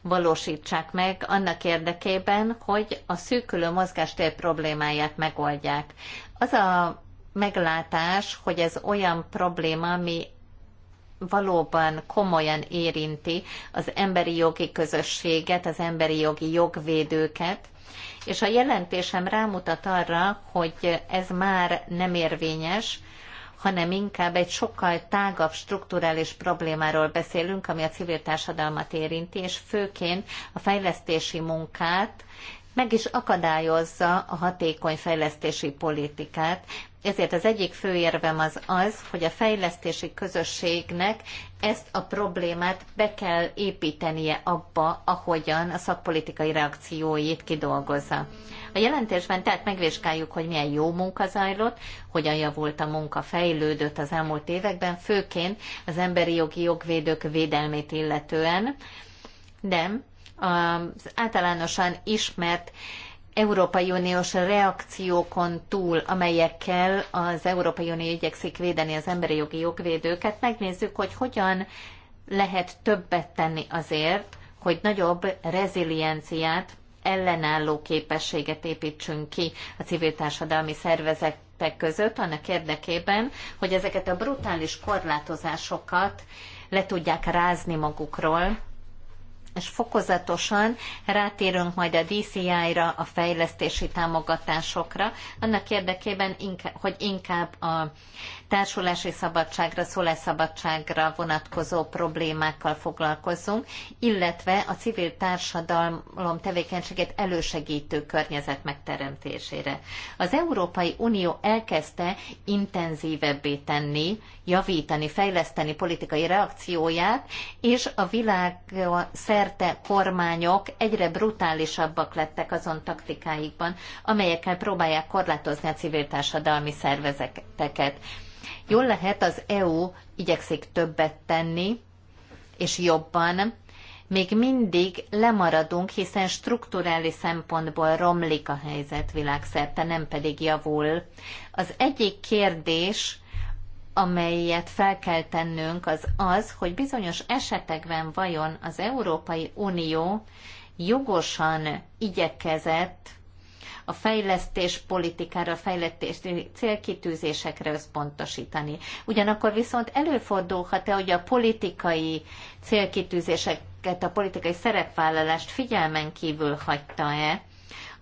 valósítsák meg annak érdekében, hogy a szűkülő mozgástér problémáját megoldják. Az a meglátás, hogy ez olyan probléma, ami valóban komolyan érinti az emberi jogi közösséget, az emberi jogi jogvédőket, és a jelentésem rámutat arra, hogy ez már nem érvényes, hanem inkább egy sokkal tágabb strukturális problémáról beszélünk, ami a civil társadalmat érinti, és főként a fejlesztési munkát meg is akadályozza a hatékony fejlesztési politikát, ezért az egyik fő érvem az az, hogy a fejlesztési közösségnek ezt a problémát be kell építenie abba, ahogyan a szakpolitikai reakcióit kidolgozza. A jelentésben tehát megvizsgáljuk, hogy milyen jó munka zajlott, hogyan javult a munka, fejlődött az elmúlt években, főként az emberi jogi jogvédők védelmét illetően, de um, az általánosan ismert Európai Uniós reakciókon túl, amelyekkel az Európai Unió igyekszik védeni az emberi jogi jogvédőket, megnézzük, hogy hogyan lehet többet tenni azért, hogy nagyobb rezilienciát, ellenálló képességet építsünk ki a civil társadalmi szervezetek között, annak érdekében, hogy ezeket a brutális korlátozásokat le tudják rázni magukról, és fokozatosan rátérünk majd a DCI-ra, a fejlesztési támogatásokra, annak érdekében, hogy inkább a társulási szabadságra, szólásszabadságra vonatkozó problémákkal foglalkozzunk, illetve a civil társadalom tevékenységét elősegítő környezet megteremtésére. Az Európai Unió elkezdte intenzívebbé tenni javítani, fejleszteni politikai reakcióját, és a világ szerte kormányok egyre brutálisabbak lettek azon taktikáikban, amelyekkel próbálják korlátozni a civil társadalmi szervezeteket. Jól lehet, az EU igyekszik többet tenni, és jobban, még mindig lemaradunk, hiszen strukturális szempontból romlik a helyzet világszerte, nem pedig javul. Az egyik kérdés, amelyet fel kell tennünk, az az, hogy bizonyos esetekben vajon az Európai Unió jogosan igyekezett a fejlesztés politikára, a fejlesztési célkitűzésekre összpontosítani. Ugyanakkor viszont előfordulhat-e, hogy a politikai célkitűzéseket, a politikai szerepvállalást figyelmen kívül hagyta-e,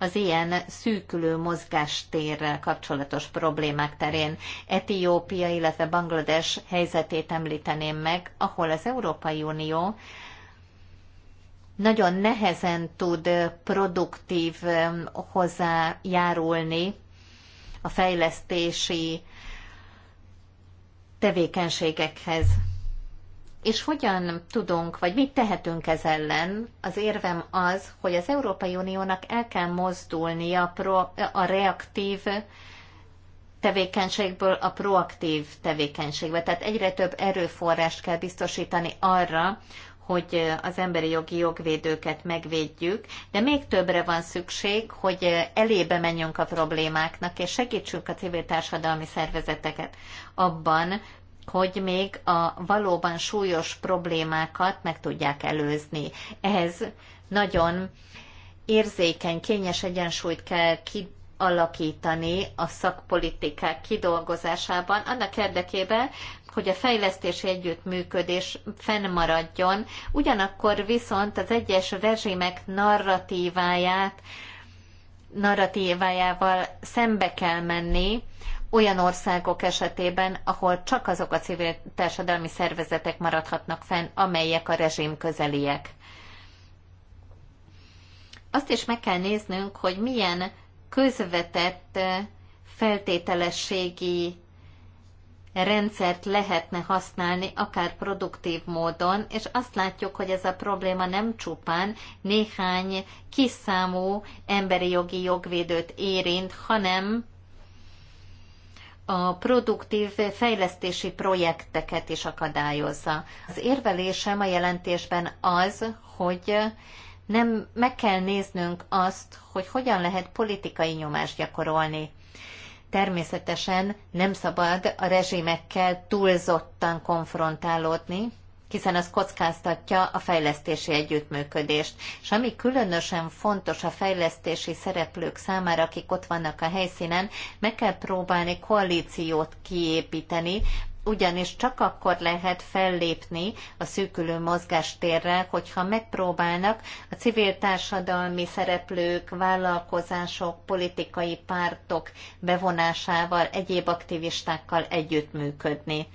az ilyen szűkülő mozgástérrel kapcsolatos problémák terén. Etiópia, illetve Banglades helyzetét említeném meg, ahol az Európai Unió nagyon nehezen tud produktív hozzájárulni a fejlesztési tevékenységekhez. És hogyan tudunk, vagy mit tehetünk ez ellen? Az érvem az, hogy az Európai Uniónak el kell mozdulnia a, pro, a reaktív tevékenységből a proaktív tevékenységbe. Tehát egyre több erőforrást kell biztosítani arra, hogy az emberi jogi jogvédőket megvédjük, de még többre van szükség, hogy elébe menjünk a problémáknak, és segítsünk a civil társadalmi szervezeteket abban, hogy még a valóban súlyos problémákat meg tudják előzni. Ehhez nagyon érzékeny, kényes egyensúlyt kell kialakítani a szakpolitikák kidolgozásában, annak érdekében, hogy a fejlesztési együttműködés fennmaradjon, ugyanakkor viszont az egyes rezsimek narratíváját, narratívájával szembe kell menni, olyan országok esetében, ahol csak azok a civil társadalmi szervezetek maradhatnak fenn, amelyek a rezsim közeliek. Azt is meg kell néznünk, hogy milyen közvetett eh, feltételességi rendszert lehetne használni, akár produktív módon, és azt látjuk, hogy ez a probléma nem csupán néhány kiszámú emberi jogi jogvédőt érint, hanem a produktív fejlesztési projekteket is akadályozza. Az érvelésem a jelentésben az, hogy nem meg kell néznünk azt, hogy hogyan lehet politikai nyomást gyakorolni. Természetesen nem szabad a rezsimekkel túlzottan konfrontálódni, hiszen az kockáztatja a fejlesztési együttműködést. És ami különösen fontos a fejlesztési szereplők számára, akik ott vannak a helyszínen, meg kell próbálni koalíciót kiépíteni, ugyanis csak akkor lehet fellépni a szűkülő mozgástérre, hogyha megpróbálnak a civil társadalmi szereplők, vállalkozások, politikai pártok bevonásával, egyéb aktivistákkal együttműködni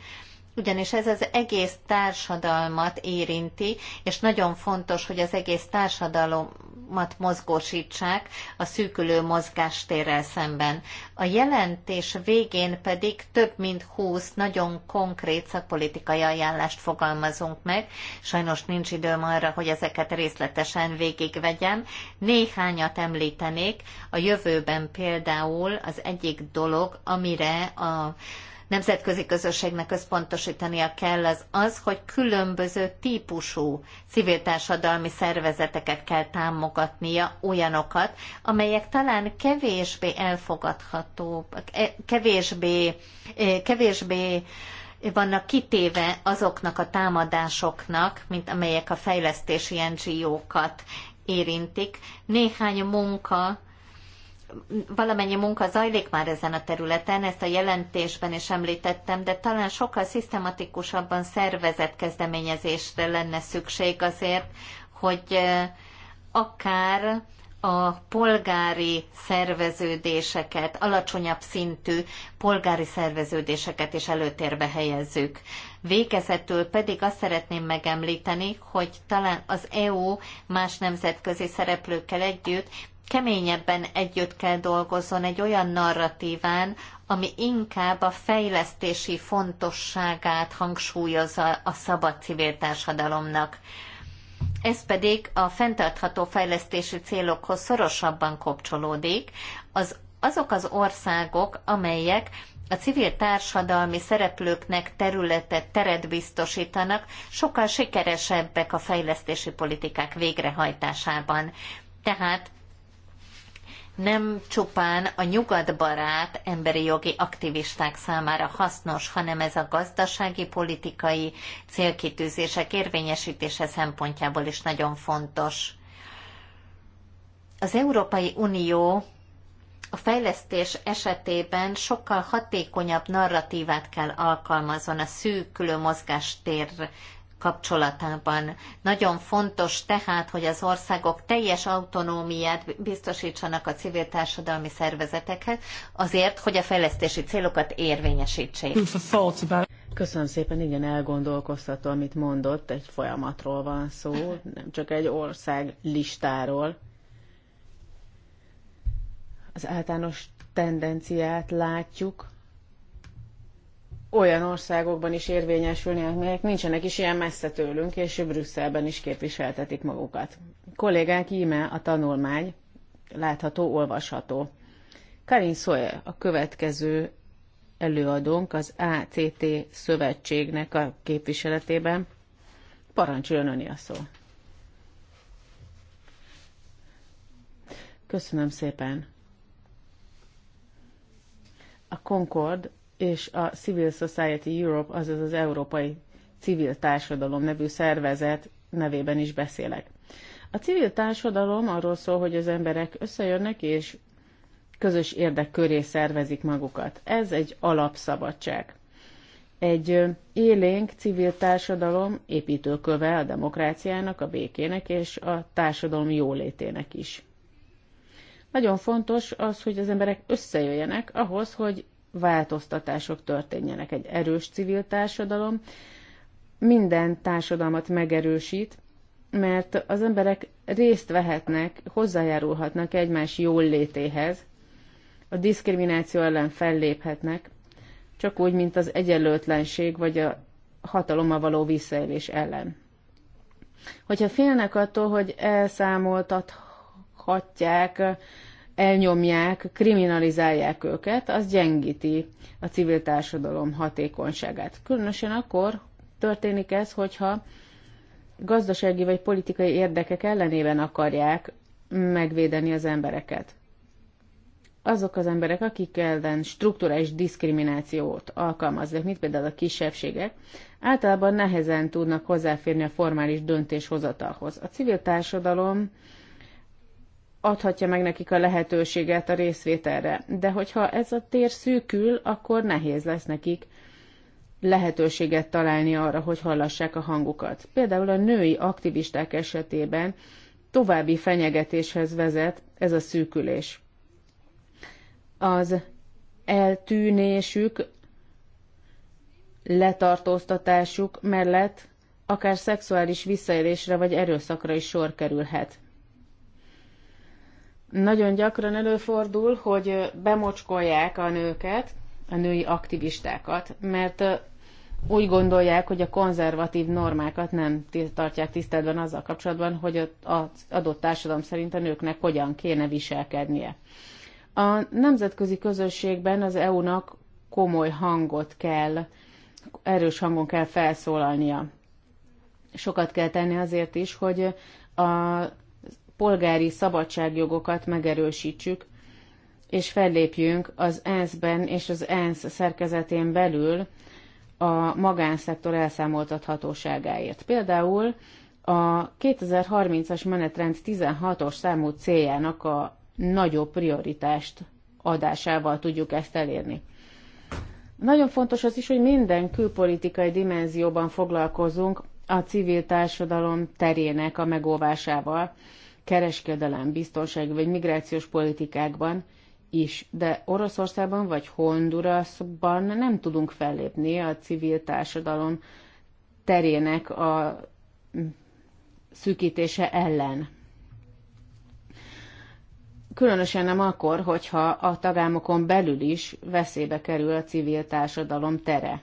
ugyanis ez az egész társadalmat érinti, és nagyon fontos, hogy az egész társadalomat mozgósítsák a szűkülő mozgástérrel szemben. A jelentés végén pedig több mint 20 nagyon konkrét szakpolitikai ajánlást fogalmazunk meg. Sajnos nincs időm arra, hogy ezeket részletesen végigvegyem. Néhányat említenék. A jövőben például az egyik dolog, amire a nemzetközi közösségnek összpontosítania kell, az az, hogy különböző típusú civil társadalmi szervezeteket kell támogatnia, olyanokat, amelyek talán kevésbé elfogadható, eh, kevésbé, eh, kevésbé vannak kitéve azoknak a támadásoknak, mint amelyek a fejlesztési NGO-kat érintik. Néhány munka valamennyi munka zajlik már ezen a területen, ezt a jelentésben is említettem, de talán sokkal szisztematikusabban szervezett kezdeményezésre lenne szükség azért, hogy akár a polgári szerveződéseket, alacsonyabb szintű polgári szerveződéseket is előtérbe helyezzük. Végezetül pedig azt szeretném megemlíteni, hogy talán az EU más nemzetközi szereplőkkel együtt keményebben együtt kell dolgozzon egy olyan narratíván, ami inkább a fejlesztési fontosságát hangsúlyozza a szabad civil társadalomnak. Ez pedig a fenntartható fejlesztési célokhoz szorosabban kapcsolódik. Az, azok az országok, amelyek a civil társadalmi szereplőknek területet, teret biztosítanak, sokkal sikeresebbek a fejlesztési politikák végrehajtásában. Tehát nem csupán a nyugatbarát emberi jogi aktivisták számára hasznos, hanem ez a gazdasági, politikai célkitűzések érvényesítése szempontjából is nagyon fontos. Az Európai Unió a fejlesztés esetében sokkal hatékonyabb narratívát kell alkalmazon a szűkülő mozgástér kapcsolatában. Nagyon fontos tehát, hogy az országok teljes autonómiát biztosítsanak a civil társadalmi szervezetekhez, azért, hogy a fejlesztési célokat érvényesítsék. Köszönöm szépen, igen, elgondolkoztató, amit mondott, egy folyamatról van szó, nem csak egy ország listáról. Az általános tendenciát látjuk, olyan országokban is érvényesülni, amelyek nincsenek is ilyen messze tőlünk, és Brüsszelben is képviseltetik magukat. Kollégák íme a tanulmány, látható, olvasható. Karin Szoyer a következő előadónk az ACT szövetségnek a képviseletében. Parancsoljon öni a szó. Köszönöm szépen. A Concord és a Civil Society Europe, azaz az Európai Civil Társadalom nevű szervezet nevében is beszélek. A civil társadalom arról szól, hogy az emberek összejönnek és közös érdek köré szervezik magukat. Ez egy alapszabadság. Egy élénk civil társadalom építőköve a demokráciának, a békének és a társadalom jólétének is. Nagyon fontos az, hogy az emberek összejöjjenek ahhoz, hogy változtatások történjenek. Egy erős civil társadalom minden társadalmat megerősít, mert az emberek részt vehetnek, hozzájárulhatnak egymás jól létéhez, a diszkrimináció ellen felléphetnek, csak úgy, mint az egyenlőtlenség vagy a hatalommal való visszaélés ellen. Hogyha félnek attól, hogy elszámoltathatják elnyomják, kriminalizálják őket, az gyengíti a civil társadalom hatékonyságát. Különösen akkor történik ez, hogyha gazdasági vagy politikai érdekek ellenében akarják megvédeni az embereket. Azok az emberek, akik ellen strukturális diszkriminációt alkalmaznak, mint például a kisebbségek, általában nehezen tudnak hozzáférni a formális döntéshozatalhoz. A civil társadalom adhatja meg nekik a lehetőséget a részvételre. De hogyha ez a tér szűkül, akkor nehéz lesz nekik lehetőséget találni arra, hogy hallassák a hangukat. Például a női aktivisták esetében további fenyegetéshez vezet ez a szűkülés. Az eltűnésük, letartóztatásuk mellett akár szexuális visszaélésre vagy erőszakra is sor kerülhet. Nagyon gyakran előfordul, hogy bemocskolják a nőket, a női aktivistákat, mert úgy gondolják, hogy a konzervatív normákat nem tartják tiszteletben azzal kapcsolatban, hogy az adott társadalom szerint a nőknek hogyan kéne viselkednie. A nemzetközi közösségben az EU-nak komoly hangot kell, erős hangon kell felszólalnia. Sokat kell tenni azért is, hogy a polgári szabadságjogokat megerősítsük, és fellépjünk az ENSZ-ben és az ENSZ szerkezetén belül a magánszektor elszámoltathatóságáért. Például a 2030-as menetrend 16-os számú céljának a nagyobb prioritást adásával tudjuk ezt elérni. Nagyon fontos az is, hogy minden külpolitikai dimenzióban foglalkozunk a civil társadalom terének a megóvásával, kereskedelem, biztonság vagy migrációs politikákban is, de Oroszországban vagy Hondurasban nem tudunk fellépni a civil társadalom terének a szűkítése ellen. Különösen nem akkor, hogyha a tagállamokon belül is veszélybe kerül a civil társadalom tere.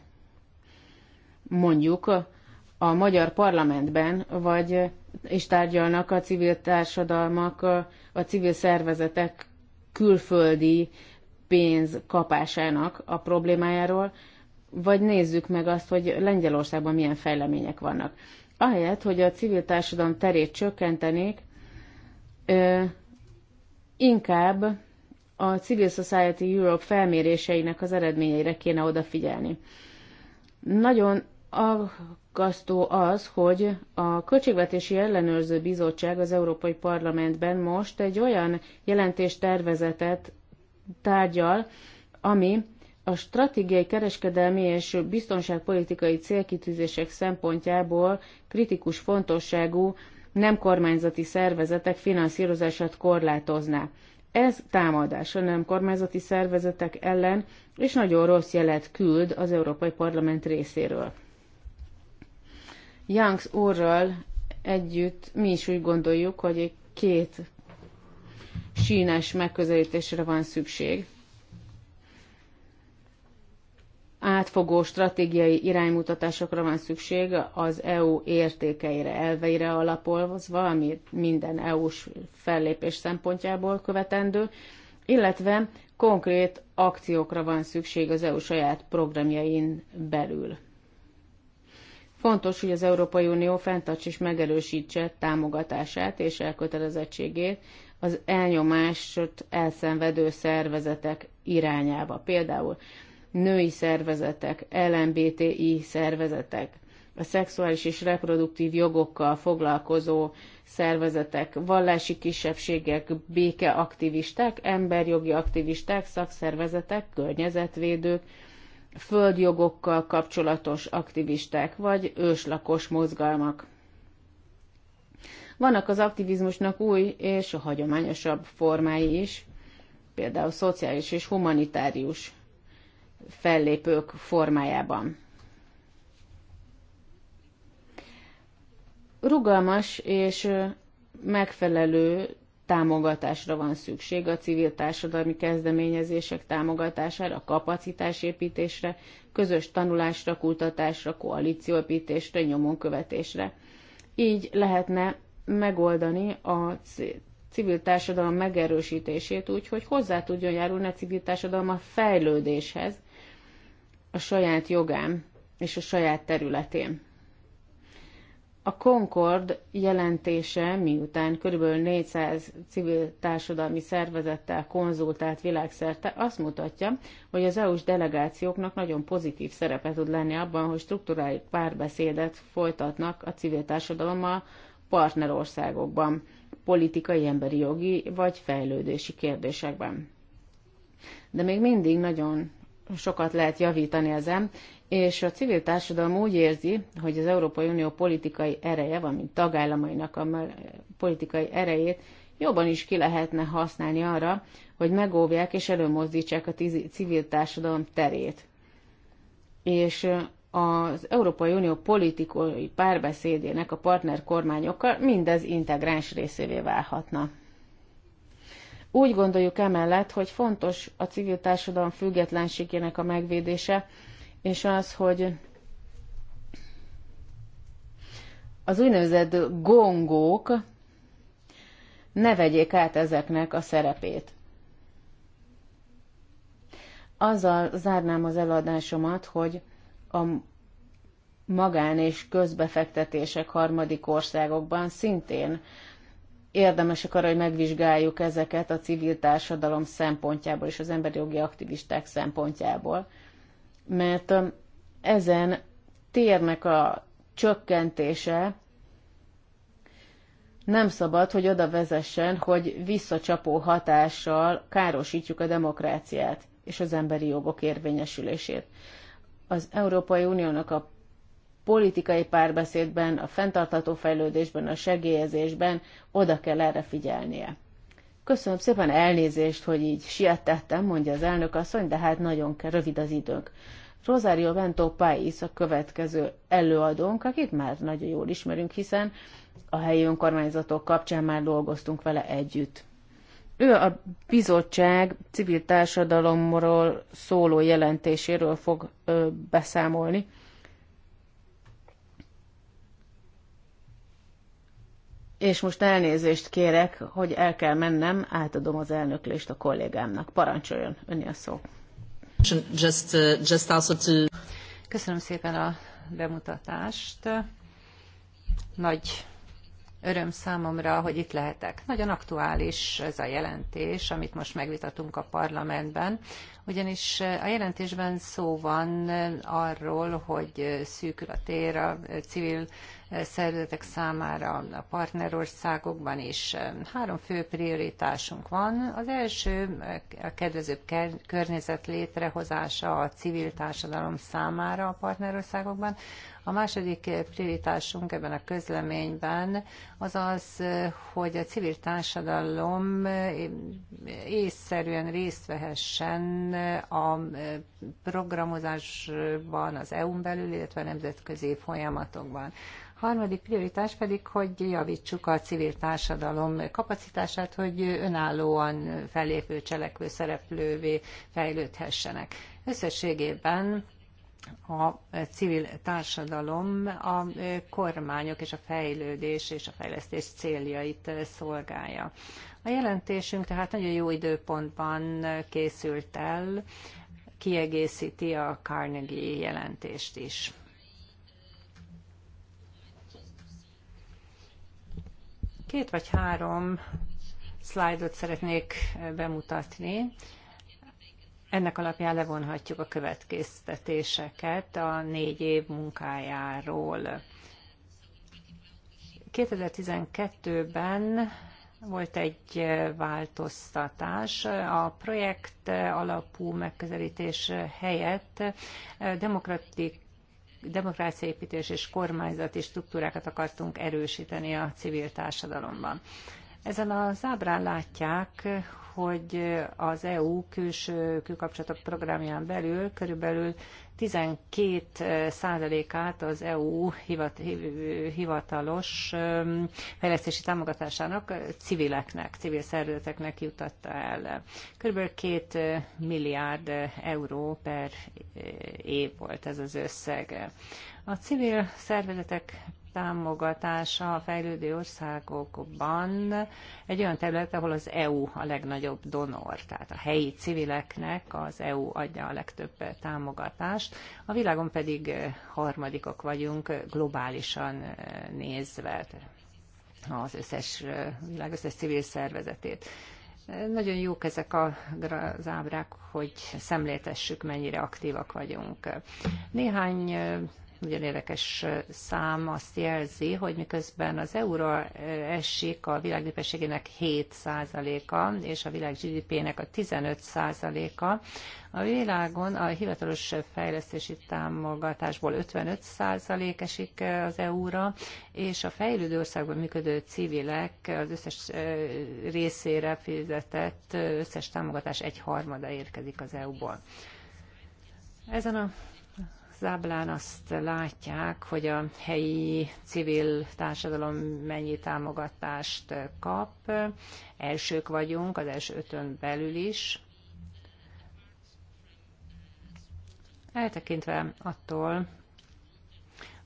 Mondjuk a magyar parlamentben, vagy és tárgyalnak a civil társadalmak, a civil szervezetek külföldi pénz kapásának a problémájáról, vagy nézzük meg azt, hogy Lengyelországban milyen fejlemények vannak. Ahelyett, hogy a civil társadalom terét csökkentenék, inkább a Civil Society Europe felméréseinek az eredményeire kéne odafigyelni. Nagyon aggasztó az, hogy a Költségvetési Ellenőrző Bizottság az Európai Parlamentben most egy olyan jelentéstervezetet tárgyal, ami a stratégiai kereskedelmi és biztonságpolitikai célkitűzések szempontjából kritikus fontosságú nem kormányzati szervezetek finanszírozását korlátozná. Ez támadás a nem kormányzati szervezetek ellen, és nagyon rossz jelet küld az Európai Parlament részéről. Youngs úrral együtt mi is úgy gondoljuk, hogy egy két sínes megközelítésre van szükség. Átfogó stratégiai iránymutatásokra van szükség az EU értékeire, elveire alapolva, ami minden EU-s fellépés szempontjából követendő, illetve konkrét akciókra van szükség az EU saját programjain belül. Fontos, hogy az Európai Unió fenntarts és megerősítse támogatását és elkötelezettségét az elnyomást elszenvedő szervezetek irányába. Például női szervezetek, LMBTI szervezetek, a szexuális és reproduktív jogokkal foglalkozó szervezetek, vallási kisebbségek, békeaktivisták, emberjogi aktivisták, szakszervezetek, környezetvédők, földjogokkal kapcsolatos aktivisták, vagy őslakos mozgalmak. Vannak az aktivizmusnak új és a hagyományosabb formái is, például szociális és humanitárius fellépők formájában. Rugalmas és megfelelő támogatásra van szükség, a civil társadalmi kezdeményezések támogatására, a kapacitásépítésre, közös tanulásra, kutatásra, koalícióépítésre, nyomon követésre. Így lehetne megoldani a civil társadalom megerősítését úgy, hogy hozzá tudjon járulni a civil társadalom a fejlődéshez a saját jogán és a saját területén. A Concord jelentése, miután kb. 400 civil társadalmi szervezettel konzultált világszerte, azt mutatja, hogy az EU-s delegációknak nagyon pozitív szerepe tud lenni abban, hogy struktúráik párbeszédet folytatnak a civil társadalommal partnerországokban, politikai, emberi jogi vagy fejlődési kérdésekben. De még mindig nagyon sokat lehet javítani ezen, és a civil társadalom úgy érzi, hogy az Európai Unió politikai ereje, valamint tagállamainak a politikai erejét jobban is ki lehetne használni arra, hogy megóvják és előmozdítsák a civil társadalom terét. És az Európai Unió politikai párbeszédének a partner kormányokkal mindez integráns részévé válhatna. Úgy gondoljuk emellett, hogy fontos a civil társadalom függetlenségének a megvédése, és az, hogy az úgynevezett gongók ne vegyék át ezeknek a szerepét. Azzal zárnám az eladásomat, hogy a magán és közbefektetések harmadik országokban szintén érdemesek arra, hogy megvizsgáljuk ezeket a civil társadalom szempontjából és az emberi jogi aktivisták szempontjából mert ezen térnek a csökkentése nem szabad, hogy oda vezessen, hogy visszacsapó hatással károsítjuk a demokráciát és az emberi jogok érvényesülését. Az Európai Uniónak a politikai párbeszédben, a fenntartható fejlődésben, a segélyezésben oda kell erre figyelnie. Köszönöm szépen elnézést, hogy így siettettem, mondja az elnök asszony, de hát nagyon rövid az időnk. Rosario Vento Pais a következő előadónk, akit már nagyon jól ismerünk, hiszen a helyi önkormányzatok kapcsán már dolgoztunk vele együtt. Ő a bizottság civil társadalomról szóló jelentéséről fog ö, beszámolni. És most elnézést kérek, hogy el kell mennem, átadom az elnöklést a kollégámnak. Parancsoljon, önni a szó. Just, uh, just also to... Köszönöm szépen a bemutatást. Nagy öröm számomra, hogy itt lehetek. Nagyon aktuális ez a jelentés, amit most megvitatunk a parlamentben, ugyanis a jelentésben szó van uh, arról, hogy uh, szűkül a tér a civil szervezetek számára a partnerországokban is. Három fő prioritásunk van. Az első a kedvezőbb környezet létrehozása a civil társadalom számára a partnerországokban. A második prioritásunk ebben a közleményben az az, hogy a civil társadalom észszerűen részt vehessen a programozásban, az EU-n belül, illetve a nemzetközi folyamatokban. Harmadik prioritás pedig, hogy javítsuk a civil társadalom kapacitását, hogy önállóan fellépő cselekvő szereplővé fejlődhessenek. Összességében a civil társadalom a kormányok és a fejlődés és a fejlesztés céljait szolgálja. A jelentésünk tehát nagyon jó időpontban készült el, kiegészíti a Carnegie jelentést is. Két vagy három szlájdot szeretnék bemutatni. Ennek alapján levonhatjuk a következtetéseket a négy év munkájáról. 2012-ben volt egy változtatás. A projekt alapú megközelítés helyett demokratik demokráciaépítés és kormányzati struktúrákat akartunk erősíteni a civil társadalomban. Ezen az ábrán látják, hogy az EU külső külkapcsolatok programján belül körülbelül 12 át az EU hivat, hivatalos fejlesztési támogatásának civileknek, civil szervezeteknek jutatta el. Körülbelül 2 milliárd euró per év volt ez az összeg. A civil szervezetek támogatása a fejlődő országokban egy olyan terület, ahol az EU a legnagyobb donor, tehát a helyi civileknek az EU adja a legtöbb támogatást, a világon pedig harmadikok vagyunk globálisan nézve az összes világ összes civil szervezetét. Nagyon jók ezek az ábrák, hogy szemléltessük, mennyire aktívak vagyunk. Néhány nagyon érdekes szám azt jelzi, hogy miközben az euró esik a világ népességének 7%-a, és a világ GDP-nek a 15%-a, a világon a hivatalos fejlesztési támogatásból 55% esik az EU-ra, és a fejlődő országban működő civilek az összes részére fizetett összes támogatás egyharmada érkezik az EU-ból. Ezen a táblán azt látják, hogy a helyi civil társadalom mennyi támogatást kap. Elsők vagyunk, az első ötön belül is. Eltekintve attól,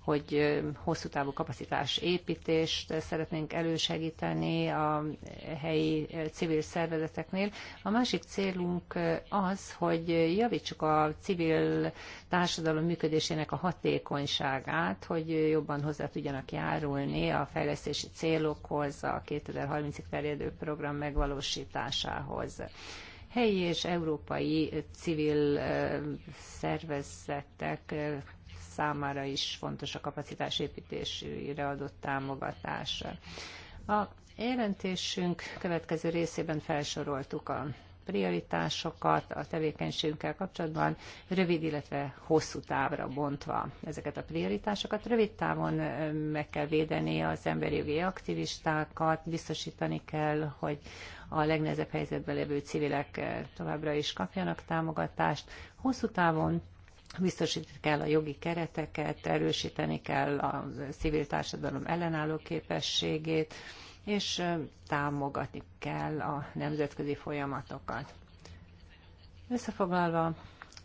hogy hosszú távú kapacitás építést szeretnénk elősegíteni a helyi civil szervezeteknél. A másik célunk az, hogy javítsuk a civil társadalom működésének a hatékonyságát, hogy jobban hozzá tudjanak járulni a fejlesztési célokhoz, a 2030-ig terjedő program megvalósításához helyi és európai civil szervezetek számára is fontos a építésére adott támogatás. A jelentésünk következő részében felsoroltuk a prioritásokat a tevékenységünkkel kapcsolatban, rövid, illetve hosszú távra bontva ezeket a prioritásokat. Rövid távon meg kell védeni az emberi jogi aktivistákat, biztosítani kell, hogy a legnehezebb helyzetben levő civilek továbbra is kapjanak támogatást. Hosszú távon biztosítani kell a jogi kereteket, erősíteni kell a civil társadalom ellenálló képességét, és támogatni kell a nemzetközi folyamatokat. Összefoglalva,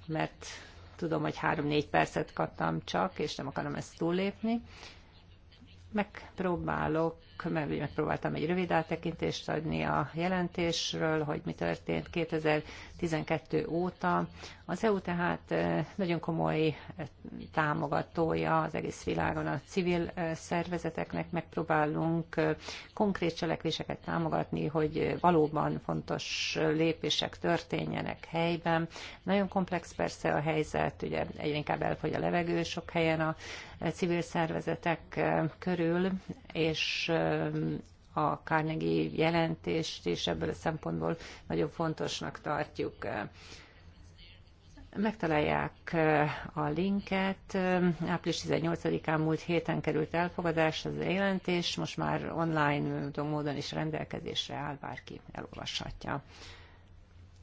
mert tudom, hogy három-négy percet kaptam csak, és nem akarom ezt túllépni, megpróbálok vagyok, mert megpróbáltam egy rövid áttekintést adni a jelentésről, hogy mi történt 2012 óta. Az EU tehát nagyon komoly támogatója az egész világon a civil szervezeteknek, megpróbálunk konkrét cselekvéseket támogatni, hogy valóban fontos lépések történjenek helyben. Nagyon komplex persze a helyzet, ugye egyre inkább elfogy a levegő sok helyen a civil szervezetek körül, és a Carnegie jelentést és ebből a szempontból nagyon fontosnak tartjuk. Megtalálják a linket. Április 18-án múlt héten került elfogadás az jelentés, most már online módon is rendelkezésre áll, bárki elolvashatja.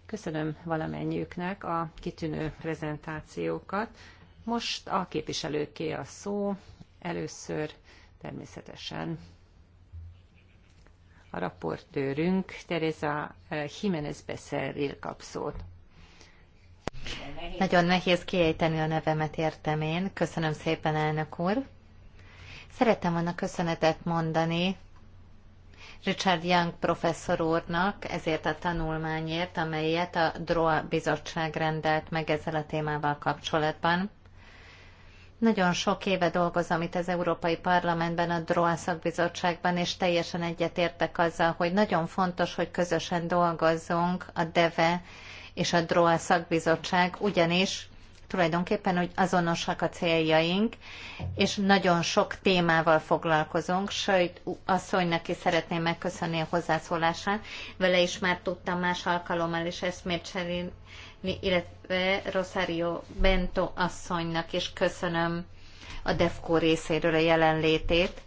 Köszönöm valamennyiüknek a kitűnő prezentációkat. Most a képviselőké a szó. Először természetesen a raportőrünk Teresa eh, Jiménez Becerril kap szót. Nagyon nehéz kiejteni a nevemet, értem én. Köszönöm szépen, elnök úr. Szerettem volna köszönetet mondani Richard Young professzor úrnak ezért a tanulmányért, amelyet a DROA bizottság rendelt meg ezzel a témával kapcsolatban. Nagyon sok éve dolgozom itt az Európai Parlamentben, a DROA szakbizottságban, és teljesen egyetértek azzal, hogy nagyon fontos, hogy közösen dolgozzunk a DEVE és a DROA szakbizottság, ugyanis tulajdonképpen, hogy azonosak a céljaink, és nagyon sok témával foglalkozunk. Sőt, asszonynak is szeretném megköszönni a hozzászólását. Vele is már tudtam más alkalommal is eszmét cserélni illetve Rosario Bento asszonynak is köszönöm a DEFCO részéről a jelenlétét,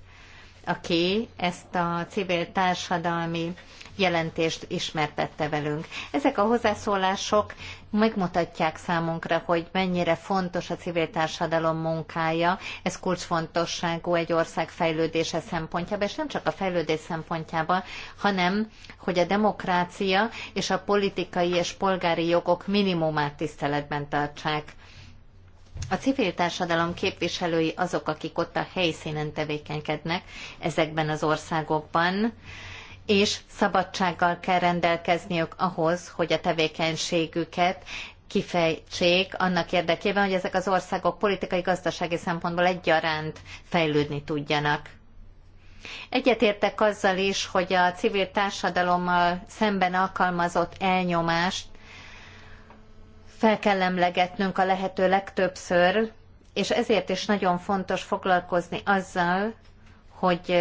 aki ezt a civil társadalmi jelentést ismertette velünk. Ezek a hozzászólások megmutatják számunkra, hogy mennyire fontos a civil társadalom munkája. Ez kulcsfontosságú egy ország fejlődése szempontjában, és nem csak a fejlődés szempontjában, hanem hogy a demokrácia és a politikai és polgári jogok minimumát tiszteletben tartsák. A civil társadalom képviselői azok, akik ott a helyszínen tevékenykednek ezekben az országokban, és szabadsággal kell rendelkezniük ahhoz, hogy a tevékenységüket kifejtsék annak érdekében, hogy ezek az országok politikai-gazdasági szempontból egyaránt fejlődni tudjanak. Egyetértek azzal is, hogy a civil társadalommal szemben alkalmazott elnyomást fel kell emlegetnünk a lehető legtöbbször, és ezért is nagyon fontos foglalkozni azzal, hogy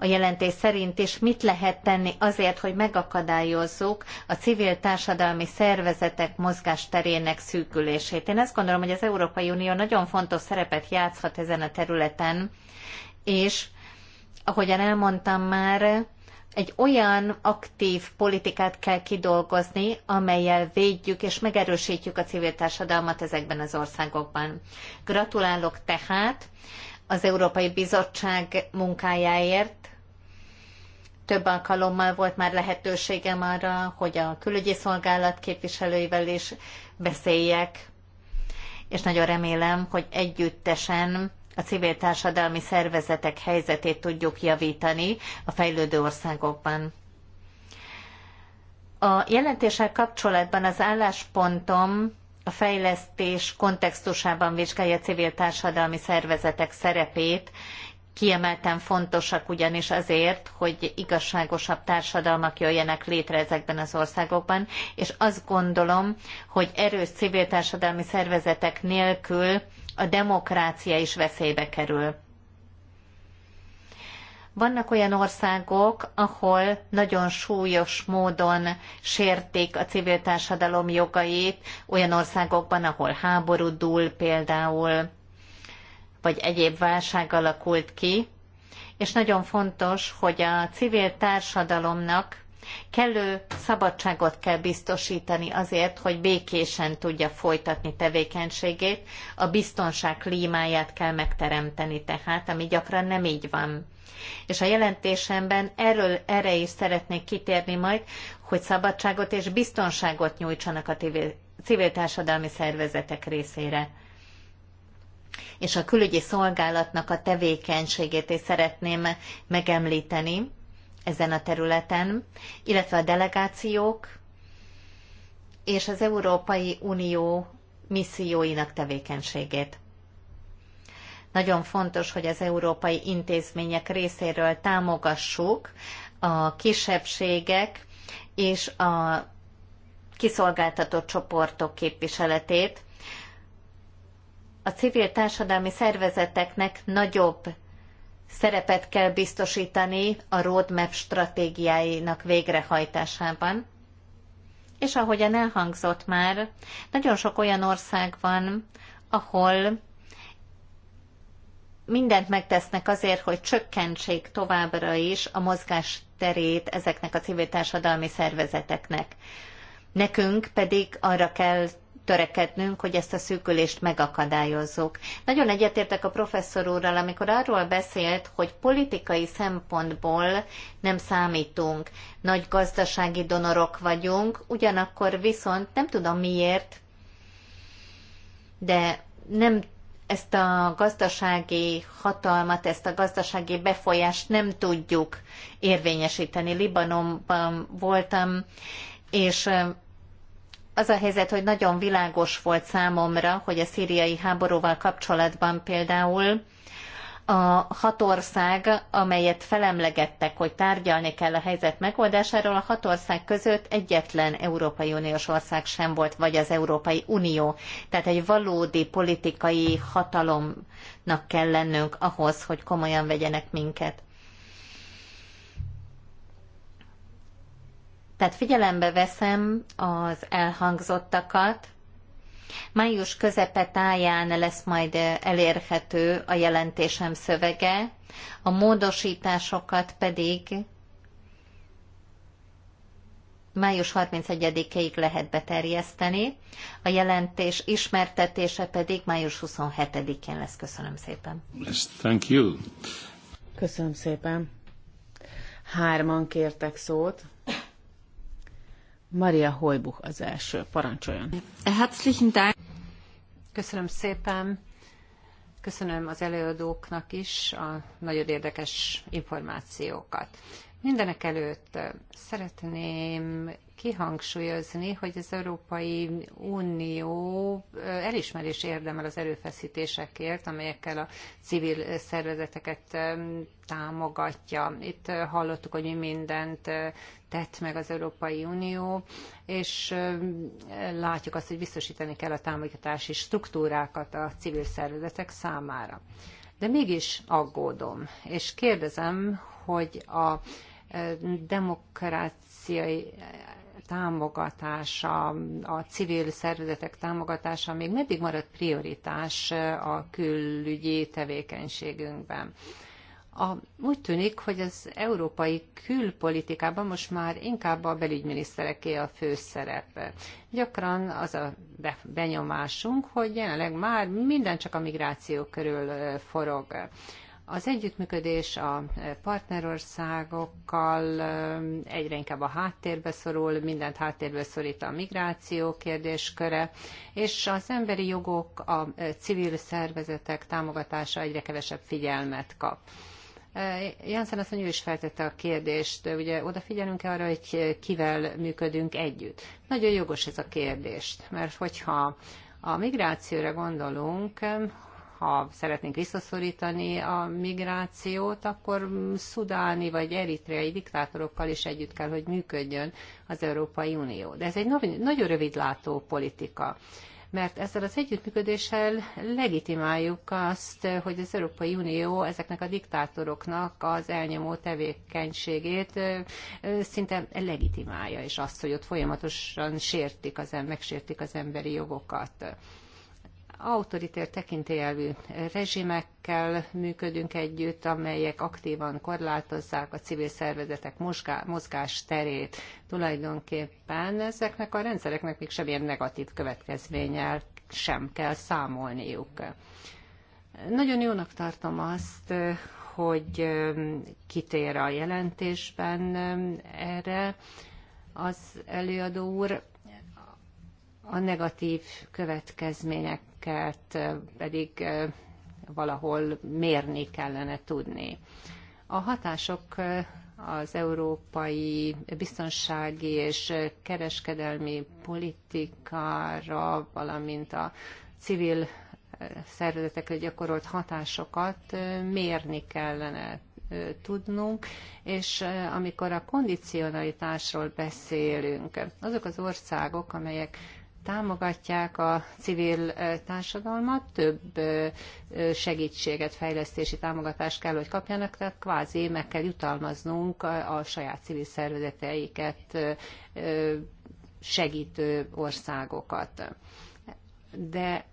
a jelentés szerint, is mit lehet tenni azért, hogy megakadályozzuk a civil társadalmi szervezetek mozgásterének szűkülését. Én azt gondolom, hogy az Európai Unió nagyon fontos szerepet játszhat ezen a területen, és ahogyan elmondtam már, egy olyan aktív politikát kell kidolgozni, amelyel védjük és megerősítjük a civil társadalmat ezekben az országokban. Gratulálok tehát az Európai Bizottság munkájáért. Több alkalommal volt már lehetőségem arra, hogy a külügyi szolgálat képviselőivel is beszéljek, és nagyon remélem, hogy együttesen a civil társadalmi szervezetek helyzetét tudjuk javítani a fejlődő országokban. A jelentéssel kapcsolatban az álláspontom a fejlesztés kontextusában vizsgálja civil társadalmi szervezetek szerepét, kiemelten fontosak ugyanis azért, hogy igazságosabb társadalmak jöjjenek létre ezekben az országokban, és azt gondolom, hogy erős civil társadalmi szervezetek nélkül a demokrácia is veszélybe kerül. Vannak olyan országok, ahol nagyon súlyos módon sértik a civil társadalom jogait, olyan országokban, ahol háború dúl például, vagy egyéb válság alakult ki, és nagyon fontos, hogy a civil társadalomnak kellő szabadságot kell biztosítani azért, hogy békésen tudja folytatni tevékenységét, a biztonság klímáját kell megteremteni tehát, ami gyakran nem így van és a jelentésemben erről, erre is szeretnék kitérni majd, hogy szabadságot és biztonságot nyújtsanak a civil társadalmi szervezetek részére és a külügyi szolgálatnak a tevékenységét is szeretném megemlíteni ezen a területen, illetve a delegációk és az Európai Unió misszióinak tevékenységét. Nagyon fontos, hogy az európai intézmények részéről támogassuk a kisebbségek és a kiszolgáltatott csoportok képviseletét. A civil társadalmi szervezeteknek nagyobb szerepet kell biztosítani a roadmap stratégiáinak végrehajtásában. És ahogyan elhangzott már, nagyon sok olyan ország van, ahol mindent megtesznek azért, hogy csökkentsék továbbra is a mozgás terét ezeknek a civil társadalmi szervezeteknek. Nekünk pedig arra kell törekednünk, hogy ezt a szűkülést megakadályozzuk. Nagyon egyetértek a professzor úrral, amikor arról beszélt, hogy politikai szempontból nem számítunk. Nagy gazdasági donorok vagyunk, ugyanakkor viszont nem tudom miért, de nem ezt a gazdasági hatalmat, ezt a gazdasági befolyást nem tudjuk érvényesíteni. Libanonban voltam, és az a helyzet, hogy nagyon világos volt számomra, hogy a szíriai háborúval kapcsolatban például a hat ország, amelyet felemlegettek, hogy tárgyalni kell a helyzet megoldásáról, a hat ország között egyetlen Európai Uniós ország sem volt, vagy az Európai Unió. Tehát egy valódi politikai hatalomnak kell lennünk ahhoz, hogy komolyan vegyenek minket. Tehát figyelembe veszem az elhangzottakat, Május közepe táján lesz majd elérhető a jelentésem szövege, a módosításokat pedig május 31-ig lehet beterjeszteni, a jelentés ismertetése pedig május 27-én lesz. Köszönöm szépen. Yes, thank you. Köszönöm szépen. Hárman kértek szót. Maria Hojbuch az első. Parancsoljon. Herzlichen Dank. Köszönöm szépen. Köszönöm az előadóknak is a nagyon érdekes információkat. Mindenek előtt szeretném kihangsúlyozni, hogy az Európai Unió elismerés érdemel az erőfeszítésekért, amelyekkel a civil szervezeteket támogatja. Itt hallottuk, hogy mi mindent tett meg az Európai Unió, és látjuk azt, hogy biztosítani kell a támogatási struktúrákat a civil szervezetek számára. De mégis aggódom, és kérdezem, hogy a demokráciai támogatása, a civil szervezetek támogatása még meddig marad prioritás a külügyi tevékenységünkben. A, úgy tűnik, hogy az európai külpolitikában most már inkább a belügyminisztereké a főszerep. Gyakran az a benyomásunk, hogy jelenleg már minden csak a migráció körül forog. Az együttműködés a partnerországokkal egyre inkább a háttérbe szorul, mindent háttérbe szorít a migráció kérdésköre, és az emberi jogok, a civil szervezetek támogatása egyre kevesebb figyelmet kap. Janssen azt mondja, ő is feltette a kérdést, ugye odafigyelünk-e arra, hogy kivel működünk együtt? Nagyon jogos ez a kérdés, mert hogyha a migrációra gondolunk, ha szeretnénk visszaszorítani a migrációt, akkor szudáni vagy eritreai diktátorokkal is együtt kell, hogy működjön az Európai Unió. De ez egy nagyon rövidlátó politika mert ezzel az együttműködéssel legitimáljuk azt, hogy az Európai Unió ezeknek a diktátoroknak az elnyomó tevékenységét szinte legitimálja, és azt, hogy ott folyamatosan sértik az, megsértik az emberi jogokat autoritér tekintélyelvű rezsimekkel működünk együtt, amelyek aktívan korlátozzák a civil szervezetek mozgás terét. Tulajdonképpen ezeknek a rendszereknek még semmilyen negatív következménnyel sem kell számolniuk. Nagyon jónak tartom azt, hogy um, kitér a jelentésben um, erre az előadó úr, a negatív következményeket eh, pedig eh, valahol mérni kellene tudni. A hatások eh, az európai biztonsági és kereskedelmi politikára, valamint a civil szervezetekre gyakorolt hatásokat mérni kellene tudnunk, és amikor a kondicionalitásról beszélünk, azok az országok, amelyek támogatják a civil társadalmat, több segítséget, fejlesztési támogatást kell, hogy kapjanak, tehát kvázi meg kell jutalmaznunk a, saját civil szervezeteiket segítő országokat. De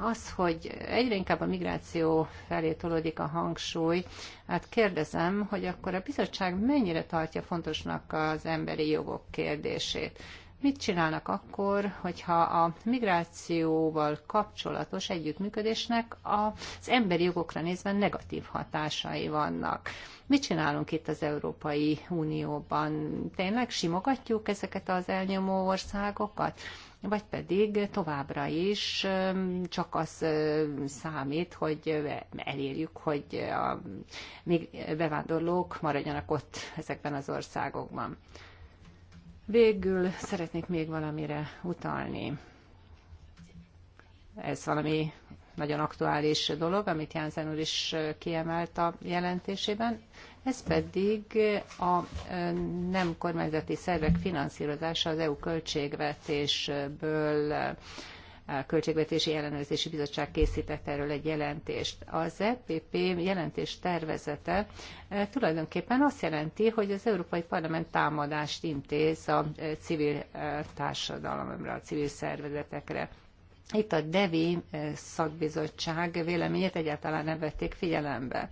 az, hogy egyre inkább a migráció felé tolódik a hangsúly, hát kérdezem, hogy akkor a bizottság mennyire tartja fontosnak az emberi jogok kérdését. Mit csinálnak akkor, hogyha a migrációval kapcsolatos együttműködésnek az emberi jogokra nézve negatív hatásai vannak? Mit csinálunk itt az Európai Unióban? Tényleg simogatjuk ezeket az elnyomó országokat? vagy pedig továbbra is csak az számít, hogy elérjük, hogy a bevándorlók maradjanak ott ezekben az országokban. Végül szeretnék még valamire utalni. Ez valami nagyon aktuális dolog, amit Jánzen úr is kiemelt a jelentésében. Ez pedig a nem kormányzati szervek finanszírozása az EU költségvetésből a Költségvetési Ellenőrzési Bizottság készített erről egy jelentést. Az EPP jelentés tervezete eh, tulajdonképpen azt jelenti, hogy az Európai Parlament támadást intéz a eh, civil eh, társadalomra, a civil szervezetekre. Itt a DEVI szakbizottság véleményét egyáltalán nem vették figyelembe.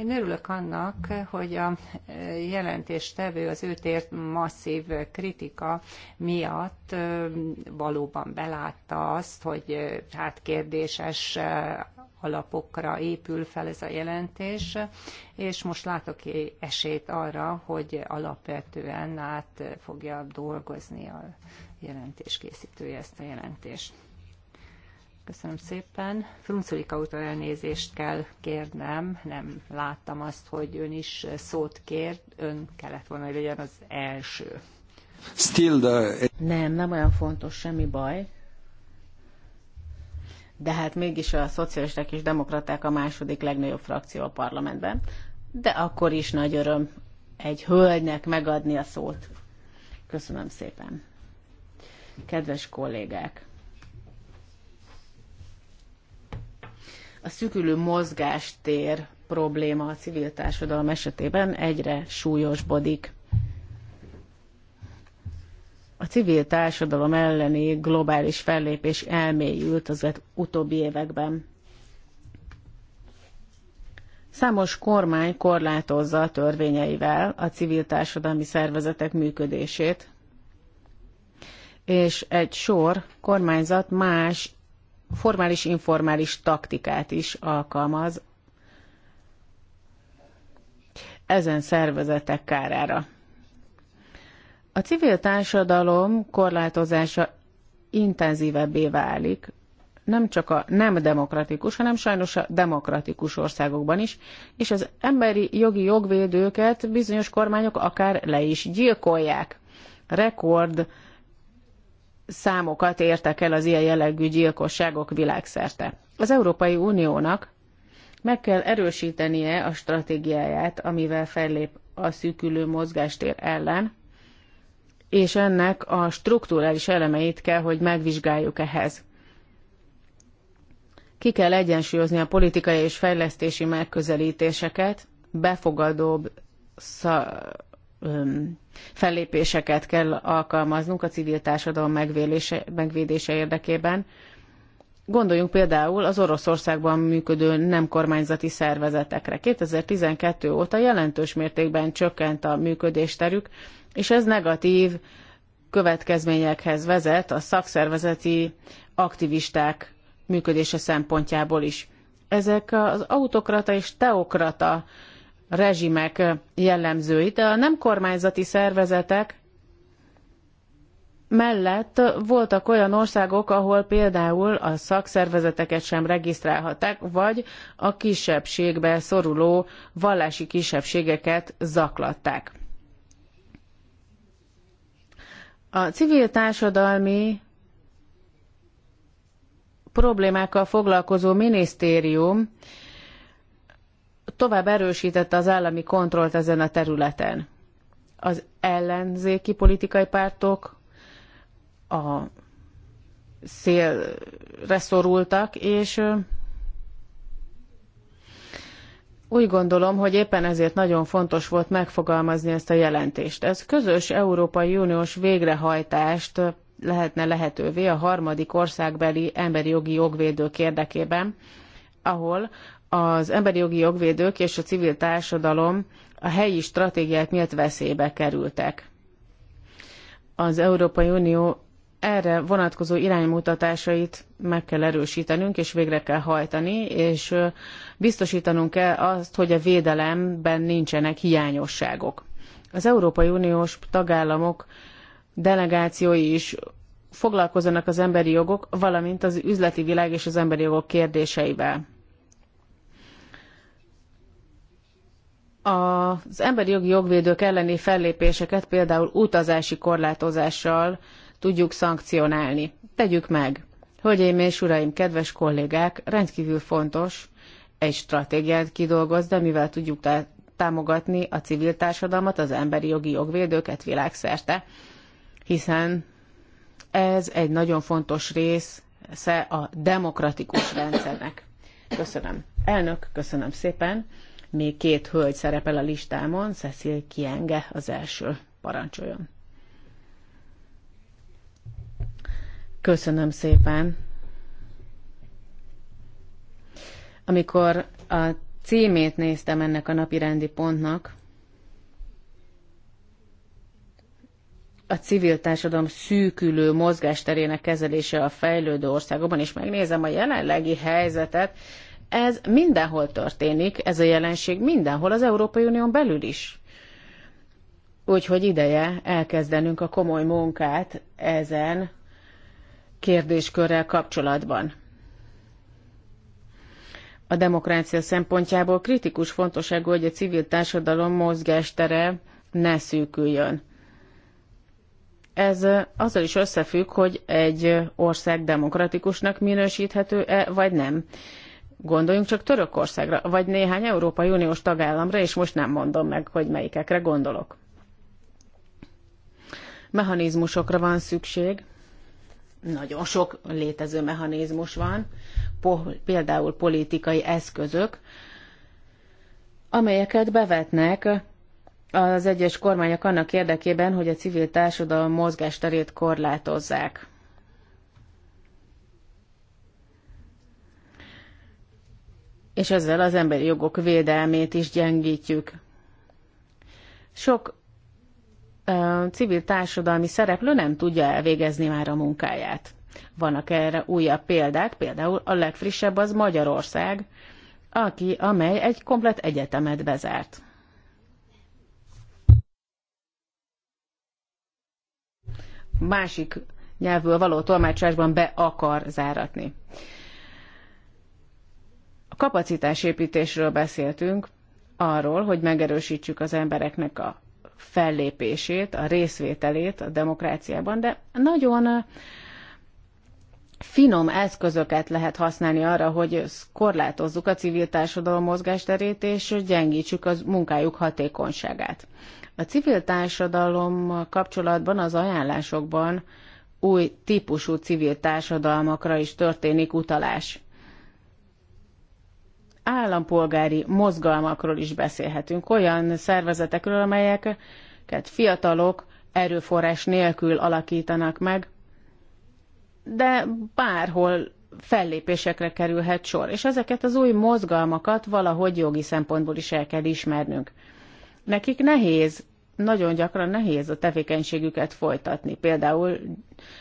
Én örülök annak, hogy a e, jelentéstevő az őt ért masszív kritika miatt e, valóban belátta azt, hogy e, hát kérdéses alapokra épül fel ez a jelentés, és most látok esélyt arra, hogy alapvetően át fogja dolgozni a jelentéskészítője ezt a jelentést. Köszönöm szépen. Frunculika úton elnézést kell kérnem. Nem láttam azt, hogy ön is szót kért. Ön kellett volna, hogy legyen az első. Still the... Nem, nem olyan fontos, semmi baj. De hát mégis a szocialisták és demokraták a második legnagyobb frakció a parlamentben. De akkor is nagy öröm egy hölgynek megadni a szót. Köszönöm szépen. Kedves kollégák! a szűkülő mozgástér probléma a civil társadalom esetében egyre súlyosbodik. A civil társadalom elleni globális fellépés elmélyült az utóbbi években. Számos kormány korlátozza a törvényeivel a civil társadalmi szervezetek működését, és egy sor kormányzat más formális-informális taktikát is alkalmaz ezen szervezetek kárára. A civil társadalom korlátozása intenzívebbé válik, nem csak a nem demokratikus, hanem sajnos a demokratikus országokban is, és az emberi jogi jogvédőket bizonyos kormányok akár le is gyilkolják. Rekord számokat értek el az ilyen jellegű gyilkosságok világszerte. Az Európai Uniónak meg kell erősítenie a stratégiáját, amivel fellép a szűkülő mozgástér ellen, és ennek a strukturális elemeit kell, hogy megvizsgáljuk ehhez. Ki kell egyensúlyozni a politikai és fejlesztési megközelítéseket, befogadóbb fellépéseket kell alkalmaznunk a civil társadalom megvélése, megvédése érdekében. Gondoljunk például az Oroszországban működő nem kormányzati szervezetekre. 2012 óta jelentős mértékben csökkent a működésterük, és ez negatív következményekhez vezet a szakszervezeti aktivisták működése szempontjából is. Ezek az autokrata és teokrata rezsimek jellemzőit. A nem kormányzati szervezetek mellett voltak olyan országok, ahol például a szakszervezeteket sem regisztrálhatták, vagy a kisebbségbe szoruló vallási kisebbségeket zaklatták. A civil társadalmi problémákkal foglalkozó minisztérium tovább erősítette az állami kontrollt ezen a területen. Az ellenzéki politikai pártok a szélre szorultak, és úgy gondolom, hogy éppen ezért nagyon fontos volt megfogalmazni ezt a jelentést. Ez közös Európai Uniós végrehajtást lehetne lehetővé a harmadik országbeli emberi jogi jogvédők érdekében, ahol az emberi jogi jogvédők és a civil társadalom a helyi stratégiák miatt veszélybe kerültek. Az Európai Unió erre vonatkozó iránymutatásait meg kell erősítenünk, és végre kell hajtani, és biztosítanunk kell azt, hogy a védelemben nincsenek hiányosságok. Az Európai Uniós tagállamok delegációi is foglalkozzanak az emberi jogok, valamint az üzleti világ és az emberi jogok kérdéseivel Az emberi jogi jogvédők elleni fellépéseket például utazási korlátozással tudjuk szankcionálni. Tegyük meg! Hölgyeim és uraim, kedves kollégák, rendkívül fontos egy stratégiát kidolgozni, mivel tudjuk támogatni a civil társadalmat, az emberi jogi jogvédőket világszerte, hiszen ez egy nagyon fontos része a demokratikus rendszernek. Köszönöm. Elnök, köszönöm szépen. Még két hölgy szerepel a listámon, Cecil Kienge az első. Parancsoljon! Köszönöm szépen! Amikor a címét néztem ennek a napirendi pontnak, a civil társadalom szűkülő mozgásterének kezelése a fejlődő országokban, és megnézem a jelenlegi helyzetet, ez mindenhol történik, ez a jelenség mindenhol, az Európai Unión belül is. Úgyhogy ideje elkezdenünk a komoly munkát ezen kérdéskörrel kapcsolatban. A demokrácia szempontjából kritikus fontosságú, hogy a civil társadalom mozgástere ne szűküljön. Ez azzal is összefügg, hogy egy ország demokratikusnak minősíthető-e, vagy nem. Gondoljunk csak Törökországra, vagy néhány Európai Uniós tagállamra, és most nem mondom meg, hogy melyikekre gondolok. Mechanizmusokra van szükség. Nagyon sok létező mechanizmus van, például politikai eszközök, amelyeket bevetnek az egyes kormányok annak érdekében, hogy a civil társadalom mozgásterét korlátozzák. és ezzel az emberi jogok védelmét is gyengítjük. Sok ö, civil társadalmi szereplő nem tudja elvégezni már a munkáját. Vannak erre újabb példák, például a legfrissebb az Magyarország, aki, amely egy komplet egyetemet bezárt. Másik nyelvből való tolmácsásban be akar záratni kapacitásépítésről beszéltünk, arról, hogy megerősítsük az embereknek a fellépését, a részvételét a demokráciában, de nagyon finom eszközöket lehet használni arra, hogy korlátozzuk a civil társadalom mozgásterét, és gyengítsük az munkájuk hatékonyságát. A civil társadalom kapcsolatban az ajánlásokban új típusú civil társadalmakra is történik utalás állampolgári mozgalmakról is beszélhetünk, olyan szervezetekről, amelyeket fiatalok erőforrás nélkül alakítanak meg, de bárhol fellépésekre kerülhet sor, és ezeket az új mozgalmakat valahogy jogi szempontból is el kell ismernünk. Nekik nehéz nagyon gyakran nehéz a tevékenységüket folytatni. Például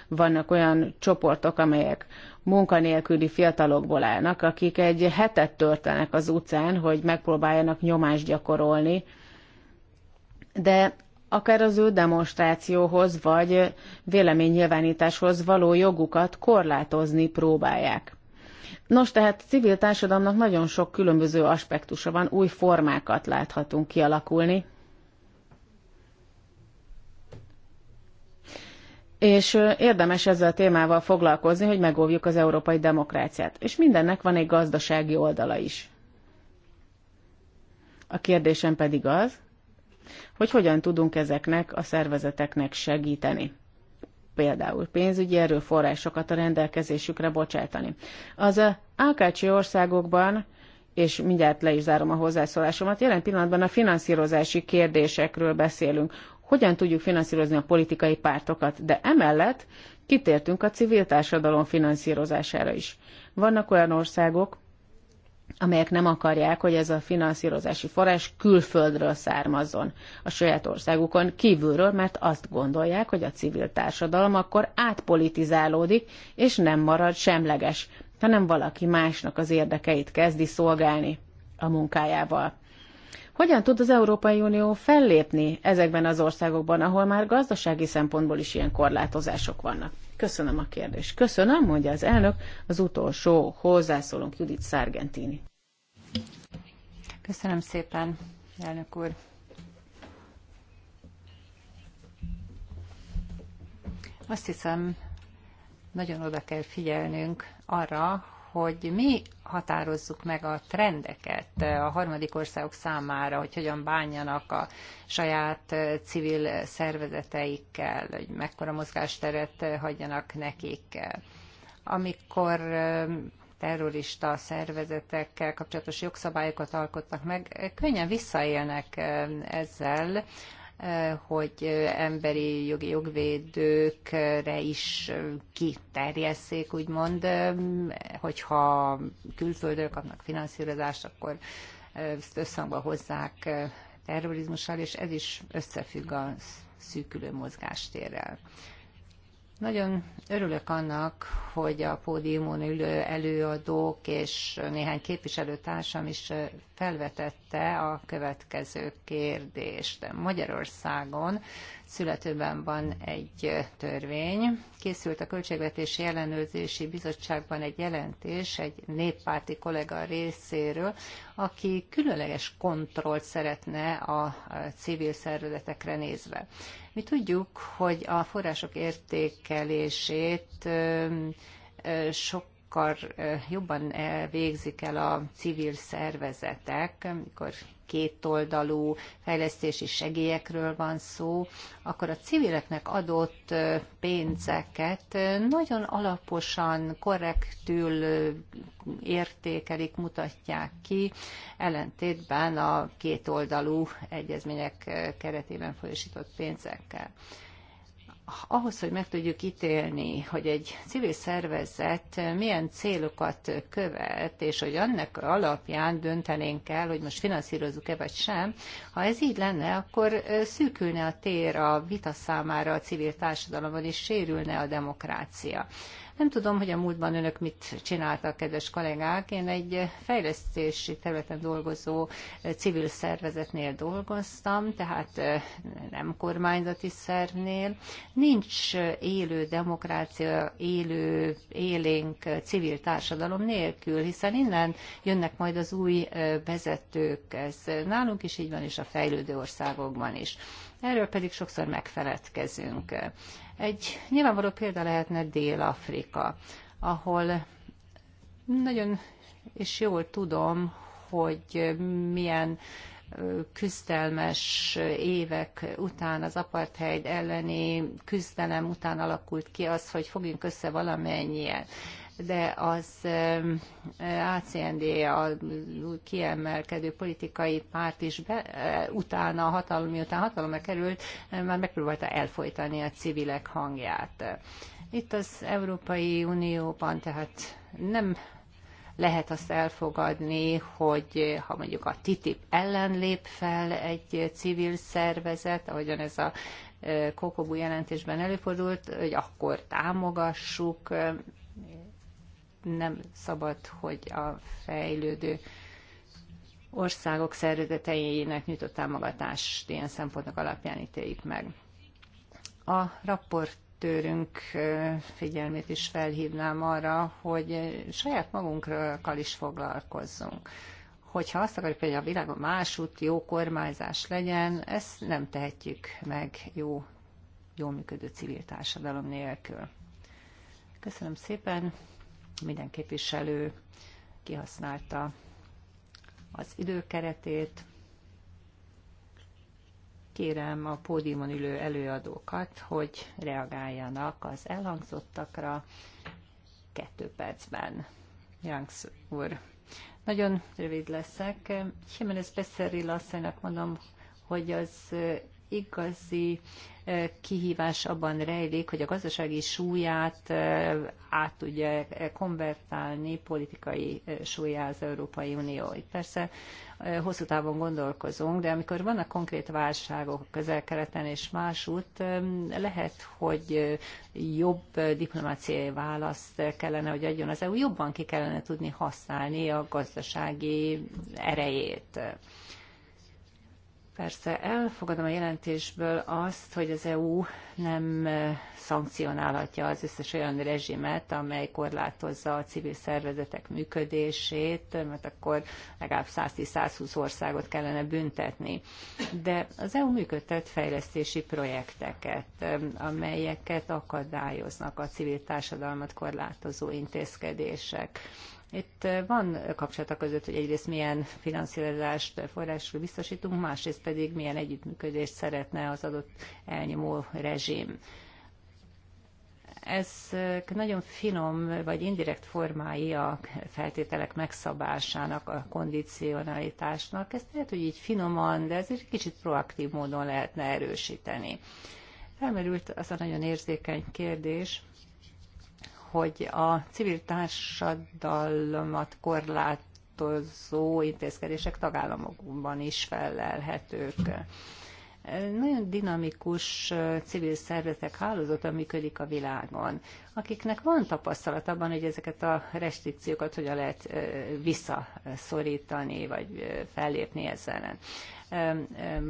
vannak olyan csoportok, amelyek munkanélküli fiatalokból állnak, akik egy hetet törtenek az utcán, hogy megpróbáljanak nyomást gyakorolni, de akár az ő demonstrációhoz vagy véleménynyilvánításhoz való jogukat korlátozni próbálják. Nos, tehát a civil társadalomnak nagyon sok különböző aspektusa van, új formákat láthatunk kialakulni, és érdemes ezzel a témával foglalkozni, hogy megóvjuk az európai demokráciát. És mindennek van egy gazdasági oldala is. A kérdésem pedig az, hogy hogyan tudunk ezeknek a szervezeteknek segíteni. Például pénzügyi erőforrásokat a rendelkezésükre bocsátani. Az Ákácsi országokban, és mindjárt le is zárom a hozzászólásomat, jelen pillanatban a finanszírozási kérdésekről beszélünk hogyan tudjuk finanszírozni a politikai pártokat, de emellett kitértünk a civil társadalom finanszírozására is. Vannak olyan országok, amelyek nem akarják, hogy ez a finanszírozási forrás külföldről származzon, a saját országukon kívülről, mert azt gondolják, hogy a civil társadalom akkor átpolitizálódik, és nem marad semleges, hanem valaki másnak az érdekeit kezdi szolgálni a munkájával. Hogyan tud az Európai Unió fellépni ezekben az országokban, ahol már gazdasági szempontból is ilyen korlátozások vannak? Köszönöm a kérdést. Köszönöm, mondja az elnök, az utolsó hozzászólunk Judit Sargentini. Köszönöm szépen, elnök úr. Azt hiszem, nagyon oda kell figyelnünk arra, hogy mi határozzuk meg a trendeket eh, a harmadik országok számára, hogy hogyan bánjanak a saját eh, civil szervezeteikkel, hogy mekkora mozgásteret eh, hagyjanak nekik. Amikor terrorista szervezetekkel kapcsolatos jogszabályokat alkotnak meg, könnyen visszaélnek ezzel, hogy emberi jogi jogvédőkre is kiterjesszék, úgymond, hogyha külföldről kapnak finanszírozást, akkor ezt összhangba hozzák terrorizmussal, és ez is összefügg a szűkülő mozgástérrel. Nagyon örülök annak, hogy a pódiumon ülő előadók és néhány képviselőtársam is felvetette a következő kérdést. Magyarországon születőben van egy törvény. Készült a Költségvetési Ellenőrzési Bizottságban egy jelentés egy néppárti kollega részéről, aki különleges kontrollt szeretne a civil szervezetekre nézve. Mi tudjuk, hogy a források értékelését sok sokkal jobban végzik el a civil szervezetek, amikor kétoldalú fejlesztési segélyekről van szó, akkor a civileknek adott pénzeket nagyon alaposan, korrektül értékelik, mutatják ki, ellentétben a kétoldalú egyezmények keretében folyosított pénzekkel ahhoz, hogy meg tudjuk ítélni, hogy egy civil szervezet milyen célokat követ, és hogy annak alapján döntenénk el, hogy most finanszírozunk-e vagy sem, ha ez így lenne, akkor szűkülne a tér a vita számára a civil társadalomban, és sérülne a demokrácia. Nem tudom, hogy a múltban önök mit csináltak, kedves kollégák. Én egy fejlesztési területen dolgozó eh, civil szervezetnél dolgoztam, tehát eh, nem kormányzati szervnél. Nincs eh, élő demokrácia, élő, élénk civil társadalom nélkül, hiszen innen jönnek majd az új vezetők. Ez nálunk is így van, és a fejlődő országokban is. Erről pedig sokszor megfeledkezünk. Egy nyilvánvaló példa lehetne Dél-Afrika, ahol nagyon és jól tudom, hogy milyen küzdelmes évek után, az apartheid elleni küzdelem után alakult ki az, hogy fogjunk össze valamennyien de az ACND, a kiemelkedő politikai párt is be, e, utána, a hatalom, miután hatalomra került, e, már megpróbálta elfolytani a civilek hangját. Itt az Európai Unióban tehát nem lehet azt elfogadni, hogy ha mondjuk a TTIP ellen lép fel egy civil szervezet, ahogyan ez a e, Kokobú jelentésben előfordult, hogy akkor támogassuk nem szabad, hogy a fejlődő országok szervezeteinek nyújtott támogatást ilyen szempontok alapján ítéljük meg. A raport tőrünk figyelmét is felhívnám arra, hogy saját magunkkal is foglalkozzunk. Hogyha azt akarjuk, hogy a világon másút jó kormányzás legyen, ezt nem tehetjük meg jó, jó működő civil társadalom nélkül. Köszönöm szépen! minden képviselő kihasználta az időkeretét. Kérem a pódiumon ülő előadókat, hogy reagáljanak az elhangzottakra kettő percben. Janks úr, nagyon rövid leszek. Jiménez beszeri asszonynak mondom, hogy az igazi kihívás abban rejlik, hogy a gazdasági súlyát át tudja konvertálni politikai súlyá az Európai Unió. Itt persze hosszú távon gondolkozunk, de amikor vannak konkrét válságok közel-keleten és másút, lehet, hogy jobb diplomáciai választ kellene, hogy adjon az EU, jobban ki kellene tudni használni a gazdasági erejét. Persze elfogadom a jelentésből azt, hogy az EU nem szankcionálhatja az összes olyan rezsimet, amely korlátozza a civil szervezetek működését, mert akkor legalább 110-120 országot kellene büntetni. De az EU működtet fejlesztési projekteket, amelyeket akadályoznak a civil társadalmat korlátozó intézkedések itt eh, van a között, hogy egyrészt milyen finanszírozást, eh, forrásról biztosítunk, másrészt pedig milyen együttműködést szeretne az adott elnyomó rezsim. Ez eh, nagyon finom vagy indirekt formái a feltételek megszabásának, a kondicionalitásnak. Ezt lehet, hogy így finoman, de ezért kicsit proaktív módon lehetne erősíteni. Felmerült az a nagyon érzékeny kérdés, hogy a civil társadalmat korlátozó intézkedések tagállamokban is felelhetők. Nagyon dinamikus civil szervezetek hálózata működik a világon, akiknek van tapasztalat abban, hogy ezeket a restrikciókat hogyan lehet visszaszorítani, vagy fellépni ezzel.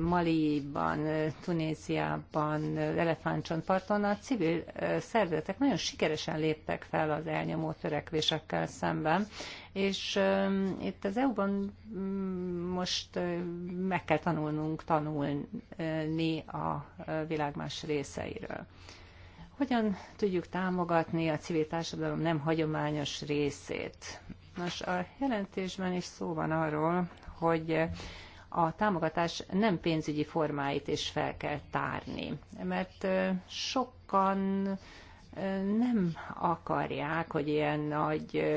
Maliban, Tunéziában, Elefántcsontparton a civil szervezetek nagyon sikeresen léptek fel az elnyomó törekvésekkel szemben, és itt az EU-ban mm, most meg kell tanulnunk tanulni a világ más részeiről hogyan tudjuk támogatni a civil társadalom nem hagyományos részét. Nos, a jelentésben is szó van arról, hogy a támogatás nem pénzügyi formáit is fel kell tárni, mert sokan nem akarják, hogy ilyen nagy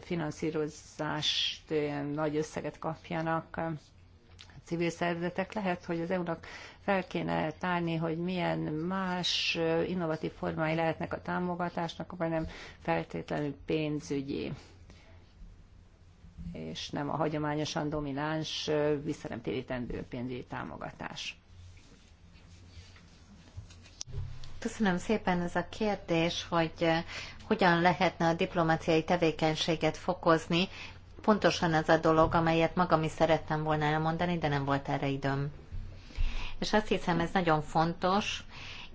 finanszírozást, ilyen nagy összeget kapjanak civil szervezetek. Lehet, hogy az EU-nak fel kéne tárni, hogy milyen más innovatív formái lehetnek a támogatásnak, vagy nem feltétlenül pénzügyi és nem a hagyományosan domináns, visszanemtérítendő pénzügyi támogatás. Köszönöm szépen ez a kérdés, hogy hogyan lehetne a diplomáciai tevékenységet fokozni. Pontosan ez a dolog, amelyet magam is szerettem volna elmondani, de nem volt erre időm. És azt hiszem, ez nagyon fontos,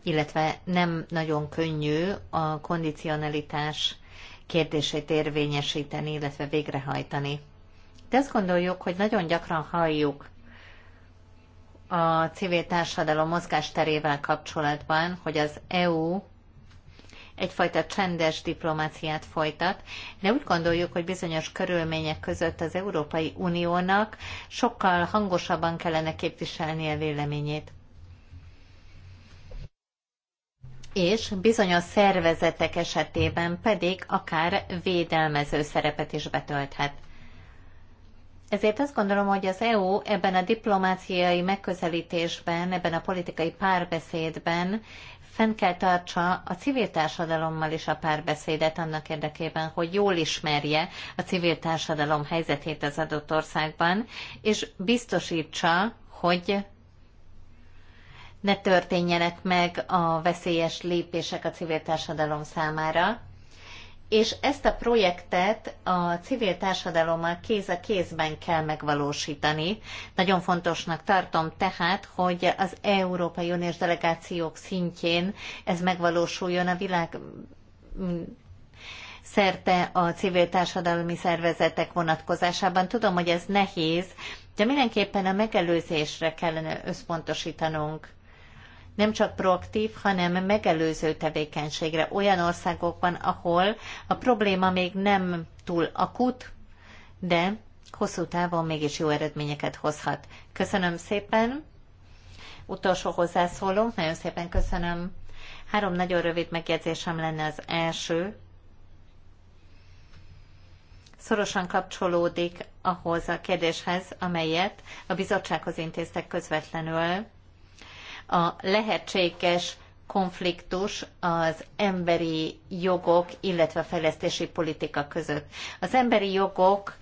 illetve nem nagyon könnyű a kondicionalitás kérdéseit érvényesíteni, illetve végrehajtani. De azt gondoljuk, hogy nagyon gyakran halljuk a civil társadalom mozgásterével kapcsolatban, hogy az EU egyfajta csendes diplomáciát folytat, de úgy gondoljuk, hogy bizonyos körülmények között az Európai Uniónak sokkal hangosabban kellene képviselnie véleményét. és bizonyos szervezetek esetében pedig akár védelmező szerepet is betölthet. Ezért azt gondolom, hogy az EU ebben a diplomáciai megközelítésben, ebben a politikai párbeszédben fenn kell tartsa a civil társadalommal is a párbeszédet annak érdekében, hogy jól ismerje a civil társadalom helyzetét az adott országban, és biztosítsa, hogy ne történjenek meg a veszélyes lépések a civil társadalom számára. És ezt a projektet a civil társadalommal kéz a kézben kell megvalósítani. Nagyon fontosnak tartom tehát, hogy az Európai Uniós delegációk szintjén ez megvalósuljon a világ mm, szerte a civil társadalmi szervezetek vonatkozásában. Tudom, hogy ez nehéz, de mindenképpen a megelőzésre kellene összpontosítanunk nem csak proaktív, hanem megelőző tevékenységre olyan országokban, ahol a probléma még nem túl akut, de hosszú távon mégis jó eredményeket hozhat. Köszönöm szépen! Utolsó hozzászóló, nagyon szépen köszönöm. Három nagyon rövid megjegyzésem lenne az első. Szorosan kapcsolódik ahhoz a kérdéshez, amelyet a bizottsághoz intéztek közvetlenül a lehetséges konfliktus az emberi jogok, illetve a fejlesztési politika között. Az emberi jogok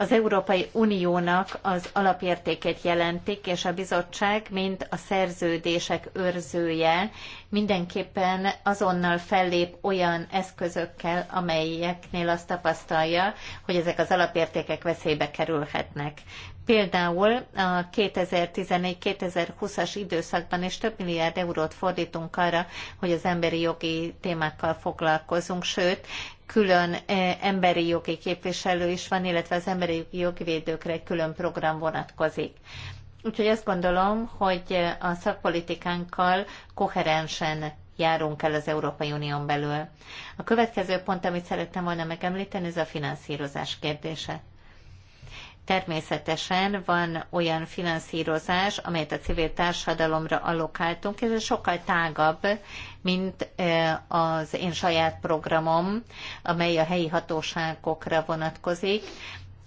az Európai Uniónak az alapértékét jelentik, és a bizottság, mint a szerződések őrzője, mindenképpen azonnal fellép olyan eszközökkel, amelyeknél azt tapasztalja, hogy ezek az alapértékek veszélybe kerülhetnek. Például a 2014-2020-as időszakban is több milliárd eurót fordítunk arra, hogy az emberi jogi témákkal foglalkozunk, sőt, külön e, emberi jogi képviselő is van, illetve az emberi jogvédőkre egy külön program vonatkozik. Úgyhogy azt gondolom, hogy e, a szakpolitikánkkal koherensen járunk el az Európai Unión belül. A következő pont, amit szerettem volna megemlíteni, ez a finanszírozás kérdése. Természetesen van olyan finanszírozás, amelyet a civil társadalomra allokáltunk, és ez sokkal tágabb, mint az én saját programom, amely a helyi hatóságokra vonatkozik.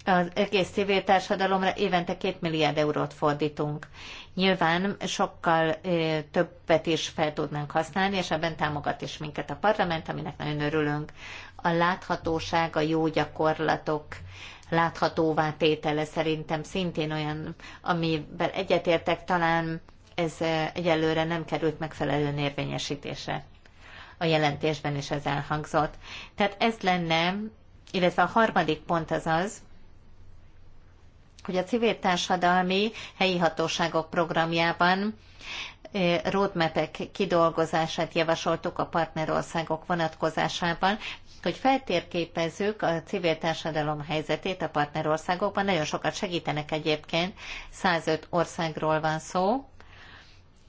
Az egész civil társadalomra évente két milliárd eurót fordítunk. Nyilván sokkal többet is fel tudnánk használni, és ebben támogat is minket a parlament, aminek nagyon örülünk. A láthatóság, a jó gyakorlatok, láthatóvá tétele szerintem szintén olyan, amiben egyetértek, talán ez eh, egyelőre nem került megfelelően érvényesítése A jelentésben is ez elhangzott. Tehát ez lenne, illetve a harmadik pont az az, hogy a civil társadalmi helyi hatóságok programjában eh, roadmapek kidolgozását javasoltuk a partnerországok vonatkozásában, hogy feltérképezzük a civil társadalom helyzetét a partnerországokban. Nagyon sokat segítenek egyébként, 105 országról van szó,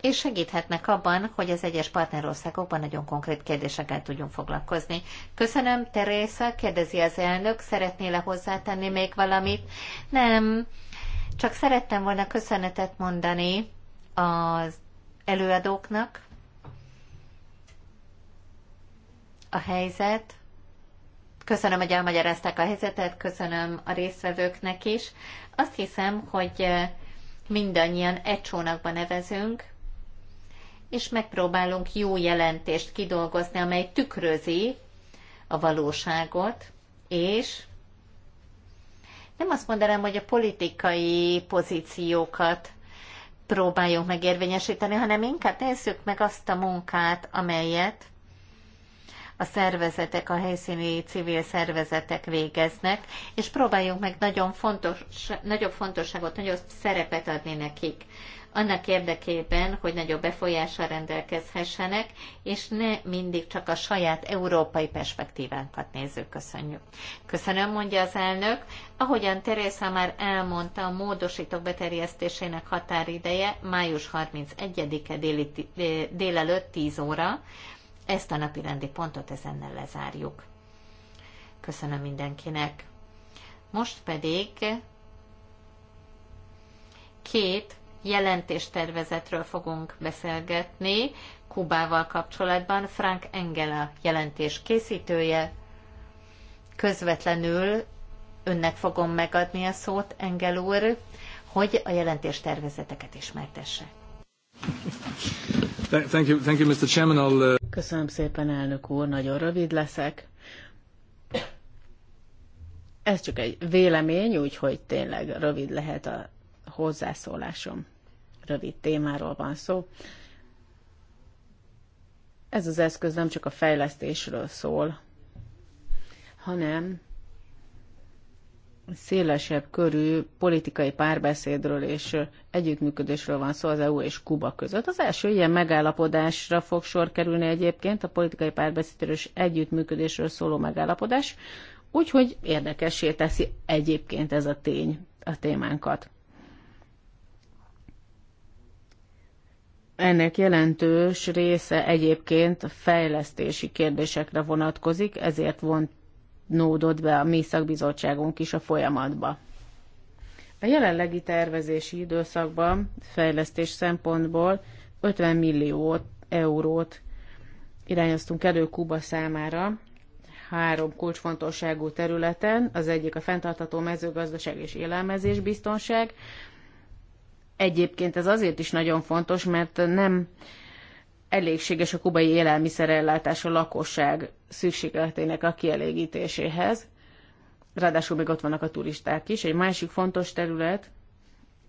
és segíthetnek abban, hogy az egyes partnerországokban nagyon konkrét kérdésekkel tudjunk foglalkozni. Köszönöm, Teresa, kérdezi az elnök, szeretnél-e hozzátenni még valamit? Nem, csak szerettem volna köszönetet mondani az előadóknak. A helyzet Köszönöm, hogy elmagyarázták a helyzetet, köszönöm a résztvevőknek is. Azt hiszem, hogy eh, mindannyian egy csónakba nevezünk, és megpróbálunk jó jelentést kidolgozni, amely tükrözi a valóságot, és nem azt mondanám, hogy a politikai pozíciókat próbáljunk megérvényesíteni, hanem inkább nézzük meg azt a munkát, amelyet a szervezetek, a helyszíni civil szervezetek végeznek, és próbáljunk meg nagyon fontos, nagyobb fontosságot, nagyobb szerepet adni nekik annak érdekében, hogy nagyobb befolyással rendelkezhessenek, és ne mindig csak a saját európai perspektívánkat nézzük. Köszönjük. Köszönöm, mondja az elnök. Ahogyan Teresa már elmondta, a módosítók beterjesztésének határideje május 31-e délelőtt 10 óra. Ezt a napi rendi pontot ezennel lezárjuk. Köszönöm mindenkinek. Most pedig két jelentéstervezetről fogunk beszélgetni Kubával kapcsolatban. Frank Engel a jelentés készítője. Közvetlenül önnek fogom megadni a szót, Engel úr, hogy a jelentéstervezeteket ismertesse. Uh, Köszönöm szépen, elnök úr, nagyon rövid leszek. Ez csak egy vélemény, úgyhogy tényleg rövid lehet a hozzászólásom. Rövid témáról van szó. Ez az eszköz nem csak a fejlesztésről szól, hanem szélesebb körű politikai párbeszédről és együttműködésről van szó az EU és Kuba között. Az első ilyen megállapodásra fog sor kerülni egyébként, a politikai párbeszédről és együttműködésről szóló megállapodás, úgyhogy érdekessé teszi egyébként ez a tény a témánkat. Ennek jelentős része egyébként fejlesztési kérdésekre vonatkozik, ezért vont nódott be a mi szakbizottságunk is a folyamatba. A jelenlegi tervezési időszakban fejlesztés szempontból 50 millió eurót irányoztunk elő Kuba számára, három kulcsfontosságú területen, az egyik a fenntartható mezőgazdaság és élelmezés biztonság. Egyébként ez azért is nagyon fontos, mert nem elégséges a kubai élelmiszerellátás a lakosság szükségletének a kielégítéséhez. Ráadásul még ott vannak a turisták is. Egy másik fontos terület,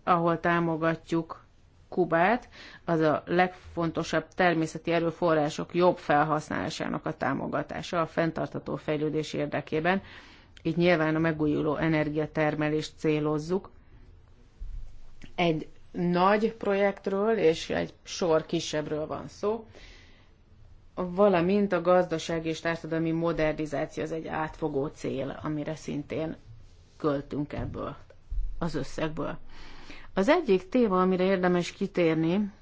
ahol támogatjuk Kubát, az a legfontosabb természeti erőforrások jobb felhasználásának a támogatása a fenntartató fejlődés érdekében. Itt nyilván a megújuló energiatermelést célozzuk. Egy nagy projektről és egy sor kisebbről van szó, valamint a gazdaság és társadalmi modernizáció az egy átfogó cél, amire szintén költünk ebből az összegből. Az egyik téma, amire érdemes kitérni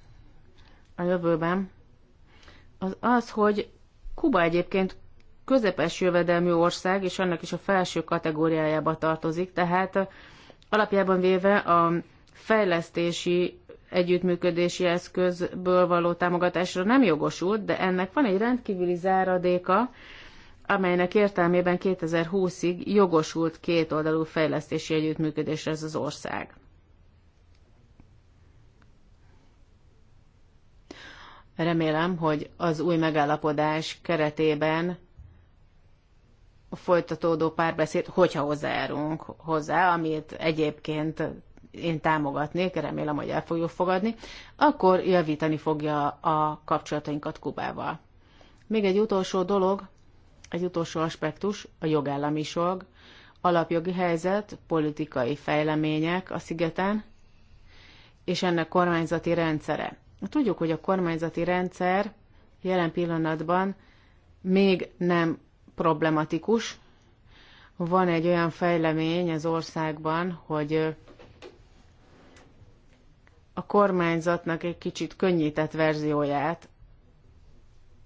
a jövőben, az az, hogy Kuba egyébként közepes jövedelmű ország, és annak is a felső kategóriájába tartozik, tehát alapjában véve a fejlesztési együttműködési eszközből való támogatásra nem jogosult, de ennek van egy rendkívüli záradéka, amelynek értelmében 2020-ig jogosult kétoldalú fejlesztési együttműködésre ez az ország. Remélem, hogy az új megállapodás keretében a folytatódó párbeszéd, hogyha hozzájárunk hozzá, amit egyébként én támogatnék, remélem, hogy el fogjuk fogadni, akkor javítani fogja a kapcsolatainkat Kubával. Még egy utolsó dolog, egy utolsó aspektus, a jogállamiság, alapjogi helyzet, politikai fejlemények a szigeten, és ennek kormányzati rendszere. Tudjuk, hogy a kormányzati rendszer jelen pillanatban még nem problematikus. Van egy olyan fejlemény az országban, hogy a kormányzatnak egy kicsit könnyített verzióját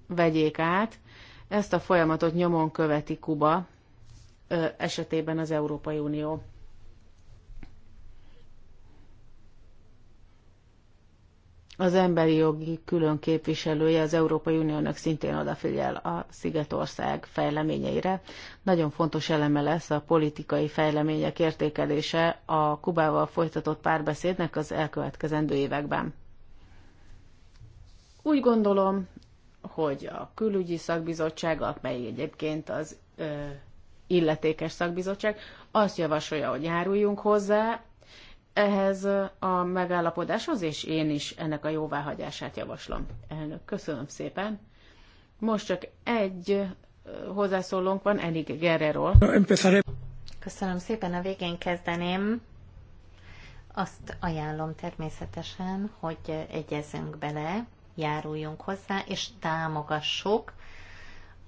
vegyék át. Ezt a folyamatot nyomon követi Kuba esetében az Európai Unió. az emberi jogi külön képviselője az Európai Uniónak szintén odafigyel a Szigetország fejleményeire. Nagyon fontos eleme lesz a politikai fejlemények értékelése a Kubával folytatott párbeszédnek az elkövetkezendő években. Úgy gondolom, hogy a külügyi szakbizottság, amely egyébként az ö, illetékes szakbizottság, azt javasolja, hogy járuljunk hozzá ehhez a megállapodáshoz, és én is ennek a jóváhagyását javaslom. Elnök, köszönöm szépen. Most csak egy hozzászólónk van, Enig Gerrero. Köszönöm szépen, a végén kezdeném. Azt ajánlom természetesen, hogy egyezünk bele, járuljunk hozzá, és támogassuk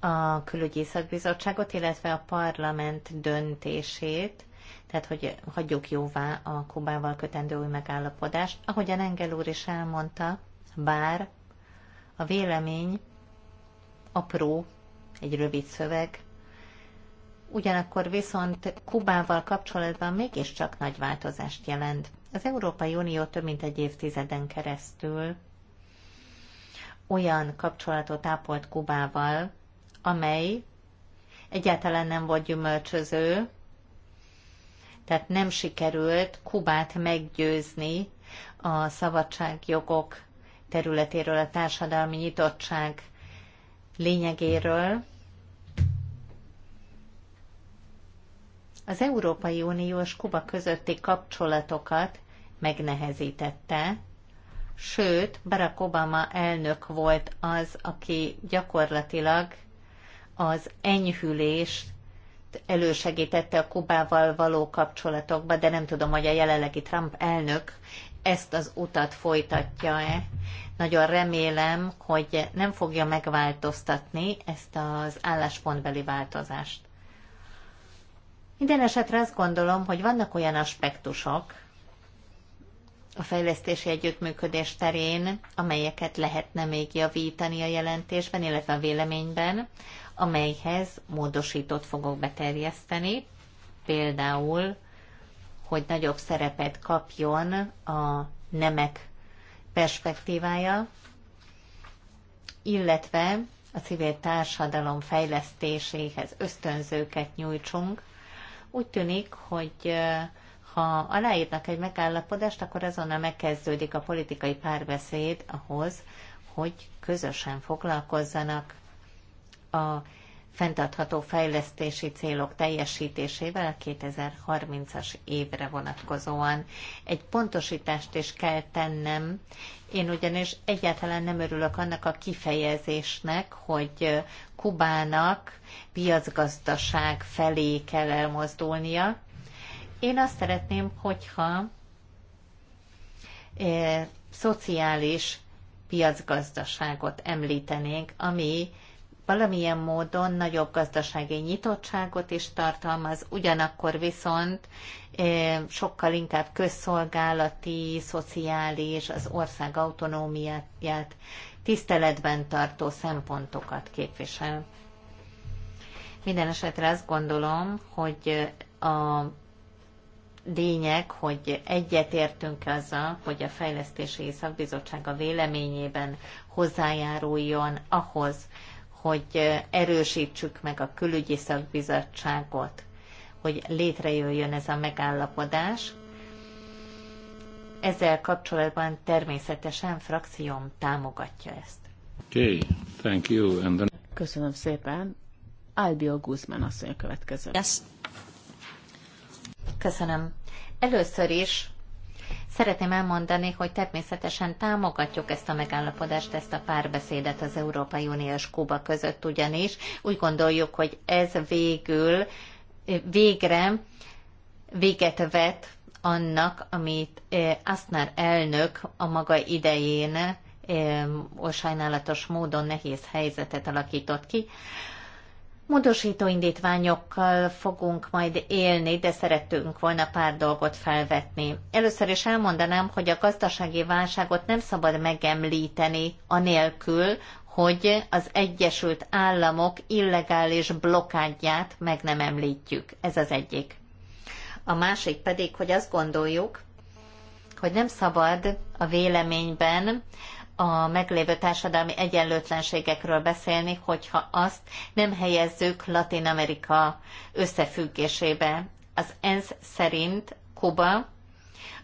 a külügyi szakbizottságot, illetve a parlament döntését, tehát hogy hagyjuk jóvá a Kubával kötendő új megállapodást. Ahogyan Engel úr is elmondta, bár a vélemény apró, egy rövid szöveg, ugyanakkor viszont Kubával kapcsolatban mégiscsak nagy változást jelent. Az Európai Unió több mint egy évtizeden keresztül olyan kapcsolatot ápolt Kubával, amely egyáltalán nem volt gyümölcsöző, tehát nem sikerült Kubát meggyőzni a szabadságjogok területéről, a társadalmi nyitottság lényegéről. Az Európai Unió és Kuba közötti kapcsolatokat megnehezítette, sőt, Barack Obama elnök volt az, aki gyakorlatilag az enyhülést elősegítette a Kubával való kapcsolatokba, de nem tudom, hogy a jelenlegi Trump elnök ezt az utat folytatja-e. Nagyon remélem, hogy nem fogja megváltoztatni ezt az álláspontbeli változást. Minden esetre azt gondolom, hogy vannak olyan aspektusok a fejlesztési együttműködés terén, amelyeket lehetne még javítani a jelentésben, illetve a véleményben, amelyhez módosítót fogok beterjeszteni, például, hogy nagyobb szerepet kapjon a nemek perspektívája, illetve a civil társadalom fejlesztéséhez ösztönzőket nyújtsunk. Úgy tűnik, hogy ha aláírnak egy megállapodást, akkor azonnal megkezdődik a politikai párbeszéd ahhoz, hogy közösen foglalkozzanak a fenntartható fejlesztési célok teljesítésével 2030-as évre vonatkozóan. Egy pontosítást is kell tennem, én ugyanis egyáltalán nem örülök annak a kifejezésnek, hogy Kubának piacgazdaság felé kell elmozdulnia. Én azt szeretném, hogyha e, szociális piacgazdaságot említenénk, ami valamilyen módon nagyobb gazdasági nyitottságot is tartalmaz, ugyanakkor viszont eh, sokkal inkább közszolgálati, szociális, az ország autonómiáját tiszteletben tartó szempontokat képvisel. Minden esetre azt gondolom, hogy a lényeg, hogy egyetértünk azzal, hogy a Fejlesztési Szakbizottság a véleményében hozzájáruljon ahhoz, hogy erősítsük meg a külügyi szakbizottságot, hogy létrejöjjön ez a megállapodás. Ezzel kapcsolatban természetesen frakcióm támogatja ezt. Okay, thank you. And then... Köszönöm szépen. Albio Guzmán asszony a következő. Yes. Köszönöm. Először is Szeretném elmondani, hogy természetesen támogatjuk ezt a megállapodást, ezt a párbeszédet az Európai Unió és Kuba között ugyanis. Úgy gondoljuk, hogy ez végül, végre véget vet annak, amit eh, Asznár elnök a maga idején eh, sajnálatos módon nehéz helyzetet alakított ki. Módosító indítványokkal fogunk majd élni, de szerettünk volna pár dolgot felvetni. Először is elmondanám, hogy a gazdasági válságot nem szabad megemlíteni anélkül, hogy az Egyesült Államok illegális blokádját meg nem említjük. Ez az egyik. A másik pedig, hogy azt gondoljuk, hogy nem szabad a véleményben a meglévő társadalmi egyenlőtlenségekről beszélni, hogyha azt nem helyezzük Latin Amerika összefüggésébe. Az ENSZ szerint Kuba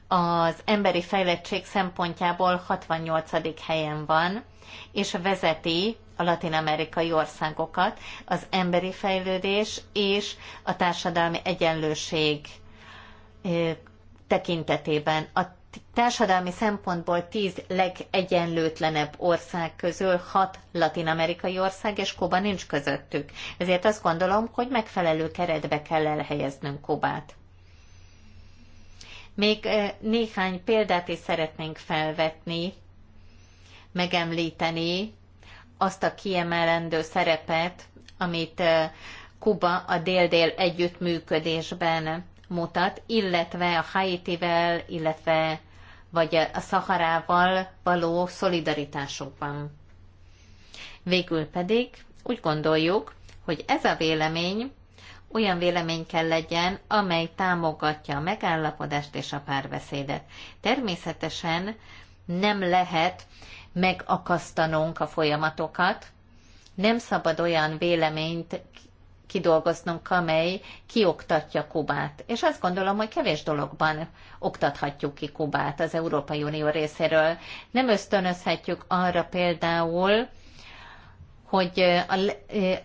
az emberi fejlettség szempontjából 68. helyen van, és vezeti a latin-amerikai országokat az emberi fejlődés és a társadalmi egyenlőség tekintetében. A társadalmi szempontból tíz legegyenlőtlenebb ország közül hat latin-amerikai ország, és Kuba nincs közöttük. Ezért azt gondolom, hogy megfelelő keretbe kell elhelyeznünk Kubát. Még eh, néhány példát is szeretnénk felvetni, megemlíteni azt a kiemelendő szerepet, amit eh, Kuba a dél-dél együttműködésben mutat, illetve a Haitivel, illetve vagy a Szaharával való szolidaritásokban. Végül pedig úgy gondoljuk, hogy ez a vélemény olyan vélemény kell legyen, amely támogatja a megállapodást és a párbeszédet. Természetesen nem lehet megakasztanunk a folyamatokat, nem szabad olyan véleményt kidolgoznunk, amely kioktatja Kubát. És azt gondolom, hogy kevés dologban oktathatjuk ki Kubát az Európai Unió részéről. Nem ösztönözhetjük arra például, hogy a,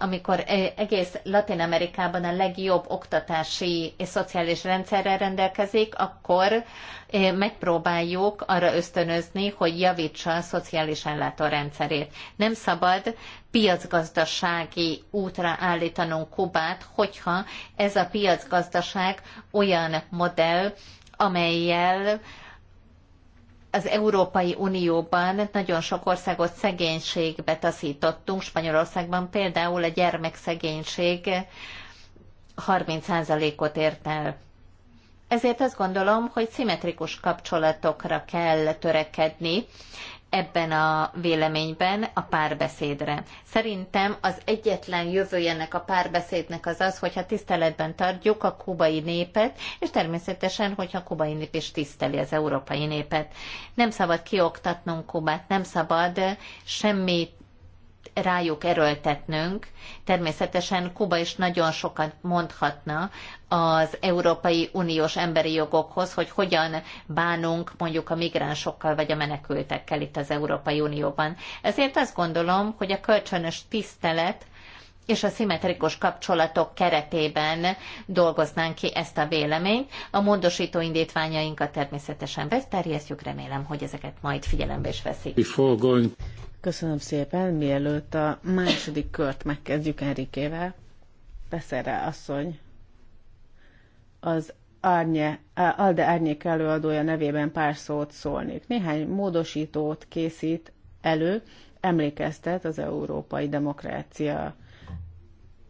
amikor egész Latin Amerikában a legjobb oktatási és szociális rendszerrel rendelkezik, akkor megpróbáljuk arra ösztönözni, hogy javítsa a szociális ellátórendszerét. Nem szabad piacgazdasági útra állítanunk Kubát, hogyha ez a piacgazdaság olyan modell, amelyel az Európai Unióban nagyon sok országot szegénységbe taszítottunk, Spanyolországban például a gyermekszegénység 30%-ot ért el. Ezért azt gondolom, hogy szimmetrikus kapcsolatokra kell törekedni ebben a véleményben a párbeszédre. Szerintem az egyetlen jövője ennek a párbeszédnek az az, hogyha tiszteletben tartjuk a kubai népet, és természetesen, hogyha a kubai nép is tiszteli az európai népet. Nem szabad kioktatnunk Kubát, nem szabad semmit rájuk erőltetnünk. Természetesen Kuba is nagyon sokat mondhatna az Európai Uniós emberi jogokhoz, hogy hogyan bánunk mondjuk a migránsokkal vagy a menekültekkel itt az Európai Unióban. Ezért azt gondolom, hogy a kölcsönös tisztelet és a szimmetrikus kapcsolatok keretében dolgoznánk ki ezt a véleményt. A módosító indítványainkat természetesen beterjesztjük, remélem, hogy ezeket majd figyelembe is veszik. Köszönöm szépen, mielőtt a második kört megkezdjük Enrikével. Beszerre asszony, az Árnye, Alde Árnyék előadója nevében pár szót szólnék. Néhány módosítót készít elő, emlékeztet az európai demokrácia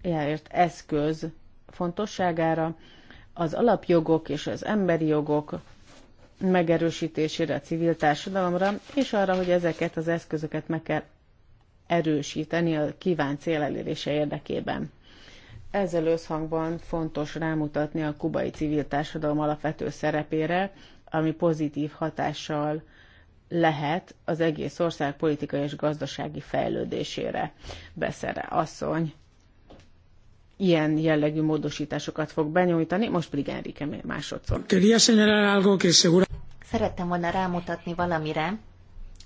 jáért eszköz fontosságára, az alapjogok és az emberi jogok megerősítésére a civil társadalomra, és arra, hogy ezeket az eszközöket meg kell erősíteni a kívánt cél elérése érdekében. Ezzel összhangban fontos rámutatni a kubai civil társadalom alapvető szerepére, ami pozitív hatással lehet az egész ország politikai és gazdasági fejlődésére. Beszere asszony ilyen jellegű módosításokat fog benyújtani, most pedig Enrique másodszor. Szerettem volna rámutatni valamire,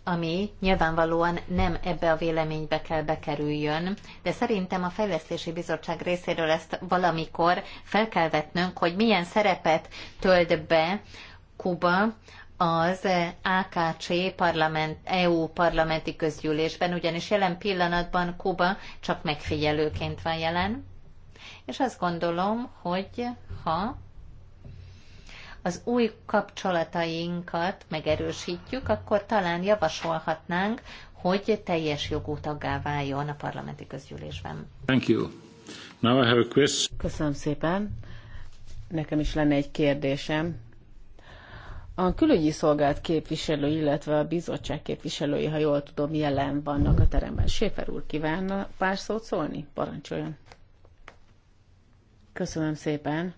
ami nyilvánvalóan nem ebbe a véleménybe kell bekerüljön, de szerintem a Fejlesztési Bizottság részéről ezt valamikor fel kell vetnünk, hogy milyen szerepet tölt be Kuba az AKC parlament, EU parlamenti közgyűlésben, ugyanis jelen pillanatban Kuba csak megfigyelőként van jelen, és azt gondolom, hogy ha az új kapcsolatainkat megerősítjük, akkor talán javasolhatnánk, hogy teljes jogú taggá váljon a parlamenti közgyűlésben. Thank you. Now I have a quiz. Köszönöm szépen. Nekem is lenne egy kérdésem. A külügyi szolgált képviselő, illetve a bizottság képviselői, ha jól tudom, jelen vannak a teremben. Séfer úr kívánna pár szót szólni? Parancsoljon. Köszönöm szépen.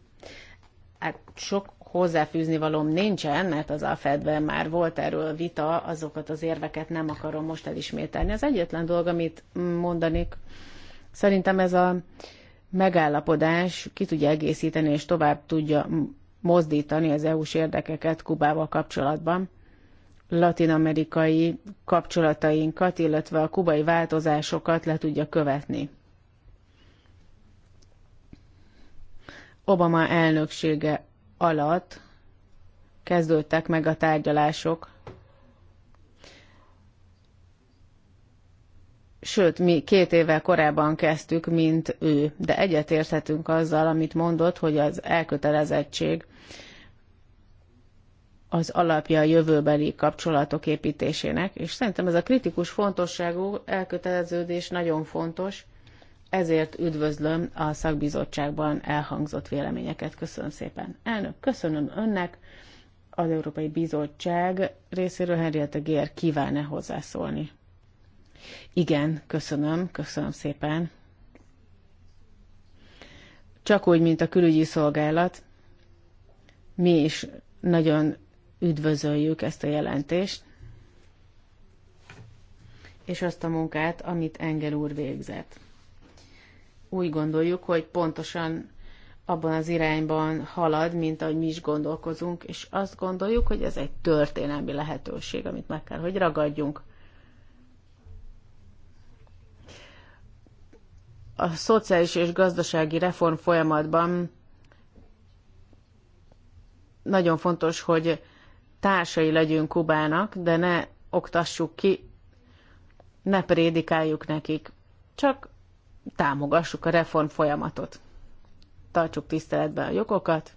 Hát sok hozzáfűzni valóm nincsen, mert az AFED-ben már volt erről vita, azokat az érveket nem akarom most elismételni. Az egyetlen dolog, amit mondanék, szerintem ez a megállapodás ki tudja egészíteni és tovább tudja mozdítani az EU-s érdekeket Kubával kapcsolatban, latinamerikai kapcsolatainkat, illetve a kubai változásokat le tudja követni. Obama elnöksége alatt kezdődtek meg a tárgyalások. Sőt, mi két évvel korábban kezdtük, mint ő, de egyetérthetünk azzal, amit mondott, hogy az elkötelezettség az alapja a jövőbeli kapcsolatok építésének, és szerintem ez a kritikus fontosságú elköteleződés nagyon fontos, ezért üdvözlöm a szakbizottságban elhangzott véleményeket. Köszönöm szépen. Elnök, köszönöm önnek. Az Európai Bizottság részéről Henriette Gér kíván-e hozzászólni? Igen, köszönöm, köszönöm szépen. Csak úgy, mint a külügyi szolgálat, mi is nagyon üdvözöljük ezt a jelentést, és azt a munkát, amit Engel úr végzett úgy gondoljuk, hogy pontosan abban az irányban halad, mint ahogy mi is gondolkozunk, és azt gondoljuk, hogy ez egy történelmi lehetőség, amit meg kell, hogy ragadjunk. A szociális és gazdasági reform folyamatban nagyon fontos, hogy társai legyünk Kubának, de ne oktassuk ki, ne prédikáljuk nekik, csak támogassuk a reform folyamatot. Tartsuk tiszteletbe a jogokat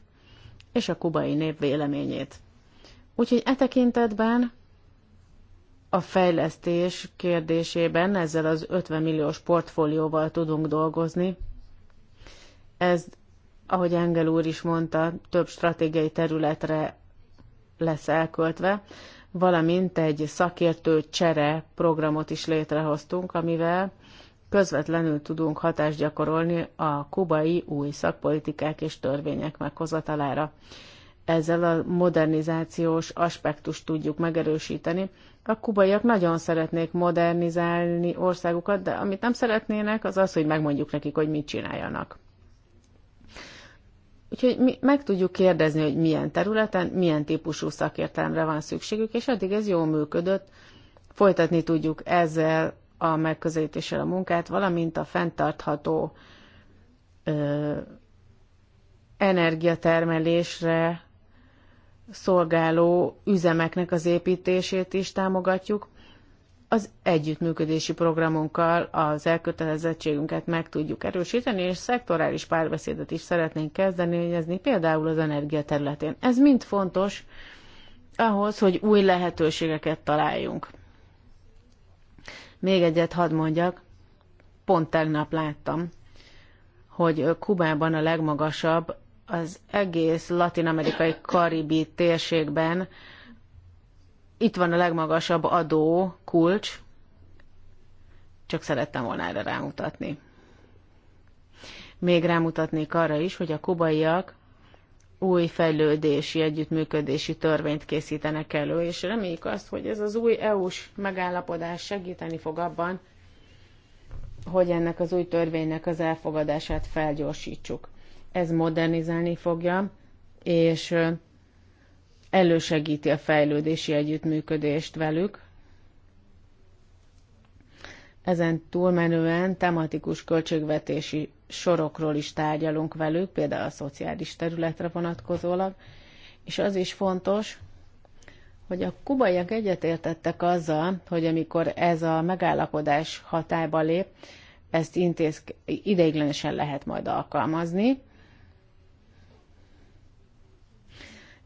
és a kubai nép véleményét. Úgyhogy e tekintetben a fejlesztés kérdésében ezzel az 50 milliós portfólióval tudunk dolgozni. Ez, ahogy Engel úr is mondta, több stratégiai területre lesz elköltve, valamint egy szakértő csere programot is létrehoztunk, amivel közvetlenül tudunk hatást gyakorolni a kubai új szakpolitikák és törvények meghozatalára. Ezzel a modernizációs aspektust tudjuk megerősíteni. A kubaiak nagyon szeretnék modernizálni országukat, de amit nem szeretnének, az az, hogy megmondjuk nekik, hogy mit csináljanak. Úgyhogy mi meg tudjuk kérdezni, hogy milyen területen, milyen típusú szakértelemre van szükségük, és addig ez jól működött. Folytatni tudjuk ezzel a megközelítéssel a munkát, valamint a fenntartható ö, energiatermelésre szolgáló üzemeknek az építését is támogatjuk. Az együttműködési programunkkal az elkötelezettségünket meg tudjuk erősíteni, és szektorális párbeszédet is szeretnénk kezdeményezni, például az energia területén. Ez mind fontos ahhoz, hogy új lehetőségeket találjunk. Még egyet hadd mondjak, pont tegnap láttam, hogy Kubában a legmagasabb az egész latin-amerikai karibi térségben itt van a legmagasabb adó kulcs, csak szerettem volna erre rámutatni. Még rámutatnék arra is, hogy a kubaiak új fejlődési, együttműködési törvényt készítenek elő, és reméljük azt, hogy ez az új EU-s megállapodás segíteni fog abban, hogy ennek az új törvénynek az elfogadását felgyorsítsuk. Ez modernizálni fogja, és elősegíti a fejlődési együttműködést velük, ezen túlmenően tematikus költségvetési sorokról is tárgyalunk velük, például a szociális területre vonatkozólag, és az is fontos, hogy a kubaiak egyetértettek azzal, hogy amikor ez a megállapodás hatályba lép, ezt intéz, ideiglenesen lehet majd alkalmazni,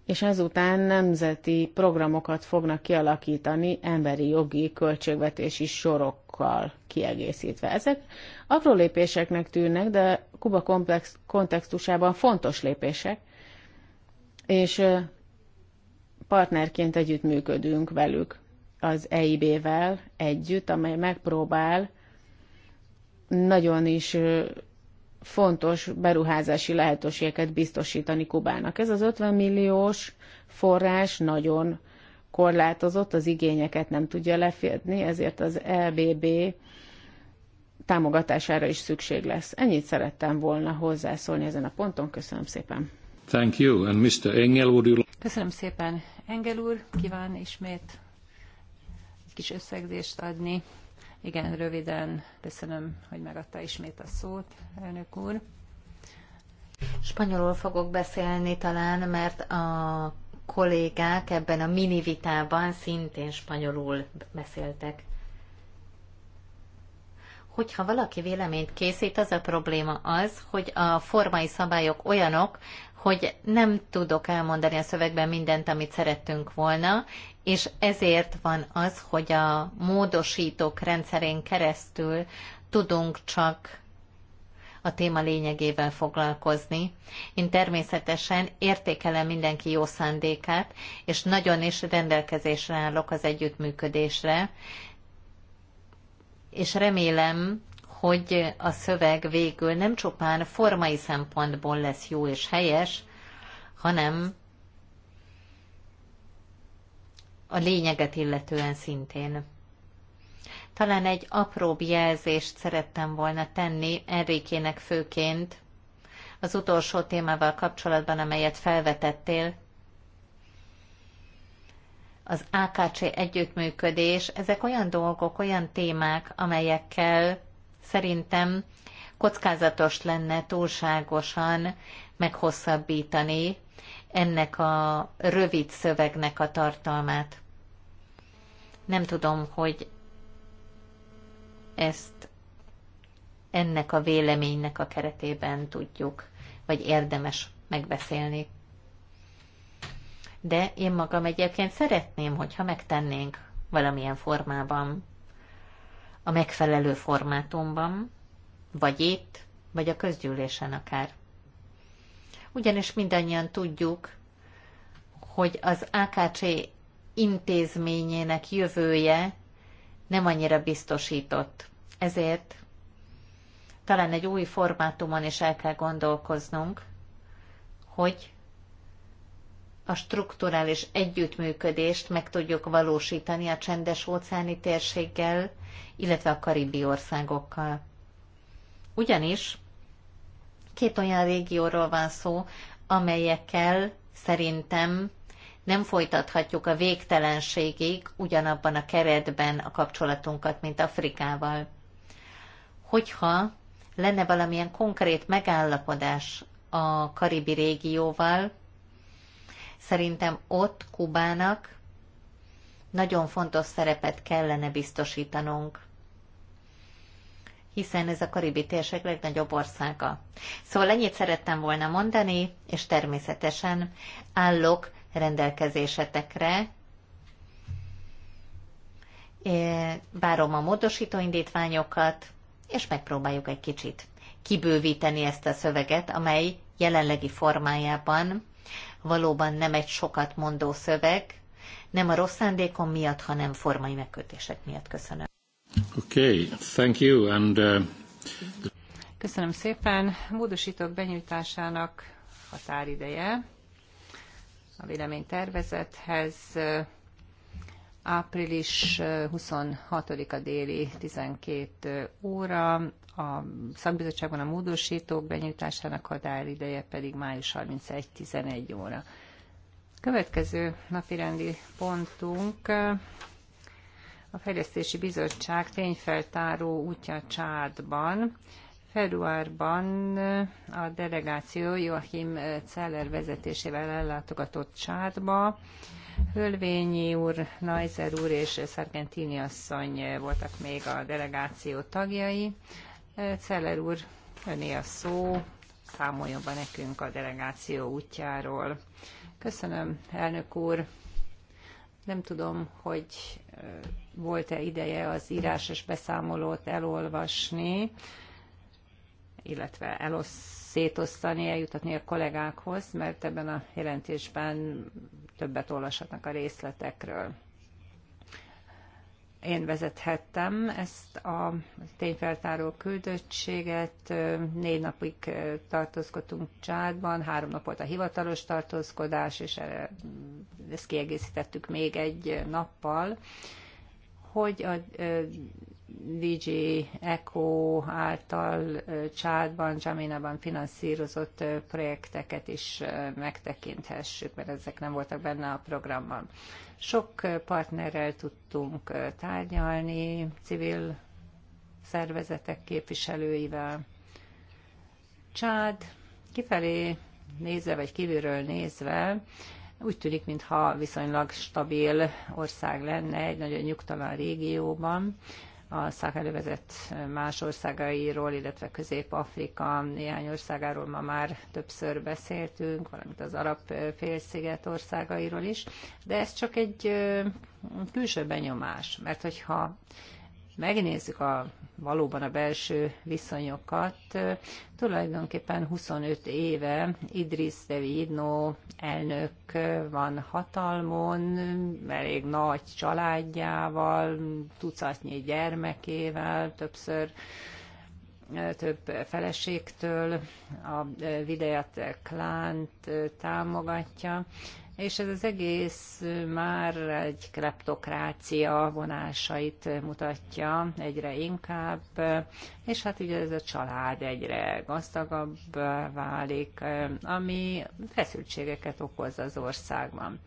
és ezután nemzeti programokat fognak kialakítani emberi jogi költségvetési sorokkal kiegészítve. Ezek apró lépéseknek tűnnek, de Kuba komplex kontextusában fontos lépések, és partnerként együttműködünk velük az EIB-vel együtt, amely megpróbál nagyon is fontos beruházási lehetőségeket biztosítani Kubának. Ez az 50 milliós forrás nagyon korlátozott, az igényeket nem tudja lefedni, ezért az EBB támogatására is szükség lesz. Ennyit szerettem volna hozzászólni ezen a ponton. Köszönöm szépen. Thank you. And Mr. Engel úr, you... Köszönöm szépen. Engel úr, kíván ismét egy kis összegzést adni igen, röviden köszönöm, hogy megadta ismét a szót, elnök úr. Spanyolul fogok beszélni talán, mert a kollégák ebben a mini vitában szintén spanyolul beszéltek. Hogyha valaki véleményt készít, az a probléma az, hogy a formai szabályok olyanok, hogy nem tudok elmondani a szövegben mindent, amit szerettünk volna, és ezért van az, hogy a módosítók rendszerén keresztül tudunk csak a téma lényegével foglalkozni. Én természetesen értékelem mindenki jó szándékát, és nagyon is rendelkezésre állok az együttműködésre, és remélem, hogy a szöveg végül nem csupán formai szempontból lesz jó és helyes, hanem a lényeget illetően szintén. Talán egy apróbb jelzést szerettem volna tenni Enrikének főként az utolsó témával kapcsolatban, amelyet felvetettél, az AKC együttműködés, ezek olyan dolgok, olyan témák, amelyekkel szerintem kockázatos lenne túlságosan meghosszabbítani ennek a rövid szövegnek a tartalmát. Nem tudom, hogy ezt ennek a véleménynek a keretében tudjuk, vagy érdemes megbeszélni. De én magam egyébként szeretném, hogyha megtennénk valamilyen formában, a megfelelő formátumban, vagy itt, vagy a közgyűlésen akár. Ugyanis mindannyian tudjuk, hogy az AKC intézményének jövője nem annyira biztosított. Ezért talán egy új formátumon is el kell gondolkoznunk, hogy a strukturális együttműködést meg tudjuk valósítani a csendes óceáni térséggel, illetve a karibi országokkal. Ugyanis két olyan régióról van szó, amelyekkel szerintem nem folytathatjuk a végtelenségig ugyanabban a keretben a kapcsolatunkat, mint Afrikával. Hogyha lenne valamilyen konkrét megállapodás a karibi régióval, szerintem ott Kubának nagyon fontos szerepet kellene biztosítanunk hiszen ez a karibi térség legnagyobb országa. Szóval ennyit szerettem volna mondani, és természetesen állok rendelkezésetekre. Várom a módosító indítványokat, és megpróbáljuk egy kicsit kibővíteni ezt a szöveget, amely jelenlegi formájában valóban nem egy sokat mondó szöveg, nem a rossz szándékom miatt, hanem formai megkötések miatt. Köszönöm. Okay, thank you. And, uh... Köszönöm szépen. Módosítók benyújtásának határideje a véleménytervezethez. Április 26-a déli 12 óra, a szakbizottságban a módosítók benyújtásának határideje pedig május 31-11 óra. Következő napirendi pontunk a Fejlesztési Bizottság tényfeltáró útja Csádban. Februárban eh, a delegáció Joachim eh, Celler vezetésével ellátogatott Csádba. Hölvényi úr, Najzer úr és Szargentini asszony eh, voltak még a delegáció tagjai. Celler úr, öné a szó, számoljon be nekünk a delegáció útjáról. Köszönöm, elnök úr. Nem tudom, hogy volt-e ideje az írásos beszámolót elolvasni illetve elosz szétosztani, eljutatni a kollégákhoz, mert ebben a jelentésben többet olvashatnak a részletekről. Én vezethettem ezt a tényfeltáró küldöttséget. Négy napig tartózkodtunk Csádban, három nap volt a hivatalos tartózkodás, és ezt kiegészítettük még egy nappal hogy a DJ Eco által Csádban, Jaminában finanszírozott projekteket is megtekinthessük, mert ezek nem voltak benne a programban. Sok partnerrel tudtunk tárgyalni, civil szervezetek képviselőivel. Csád kifelé nézve, vagy kívülről nézve úgy tűnik, mintha viszonylag stabil ország lenne egy nagyon nyugtalan régióban, a szakelővezet más országairól, illetve Közép-Afrika néhány országáról ma már többször beszéltünk, valamint az arab félsziget országairól is, de ez csak egy külső benyomás, mert hogyha megnézzük a, valóban a belső viszonyokat, tulajdonképpen 25 éve Idris Devidno elnök van hatalmon, elég nagy családjával, tucatnyi gyermekével, többször több feleségtől a Videjat klánt támogatja és ez az egész már egy kleptokrácia vonásait mutatja egyre inkább, és hát ugye ez a család egyre gazdagabb válik, ami feszültségeket okoz az országban.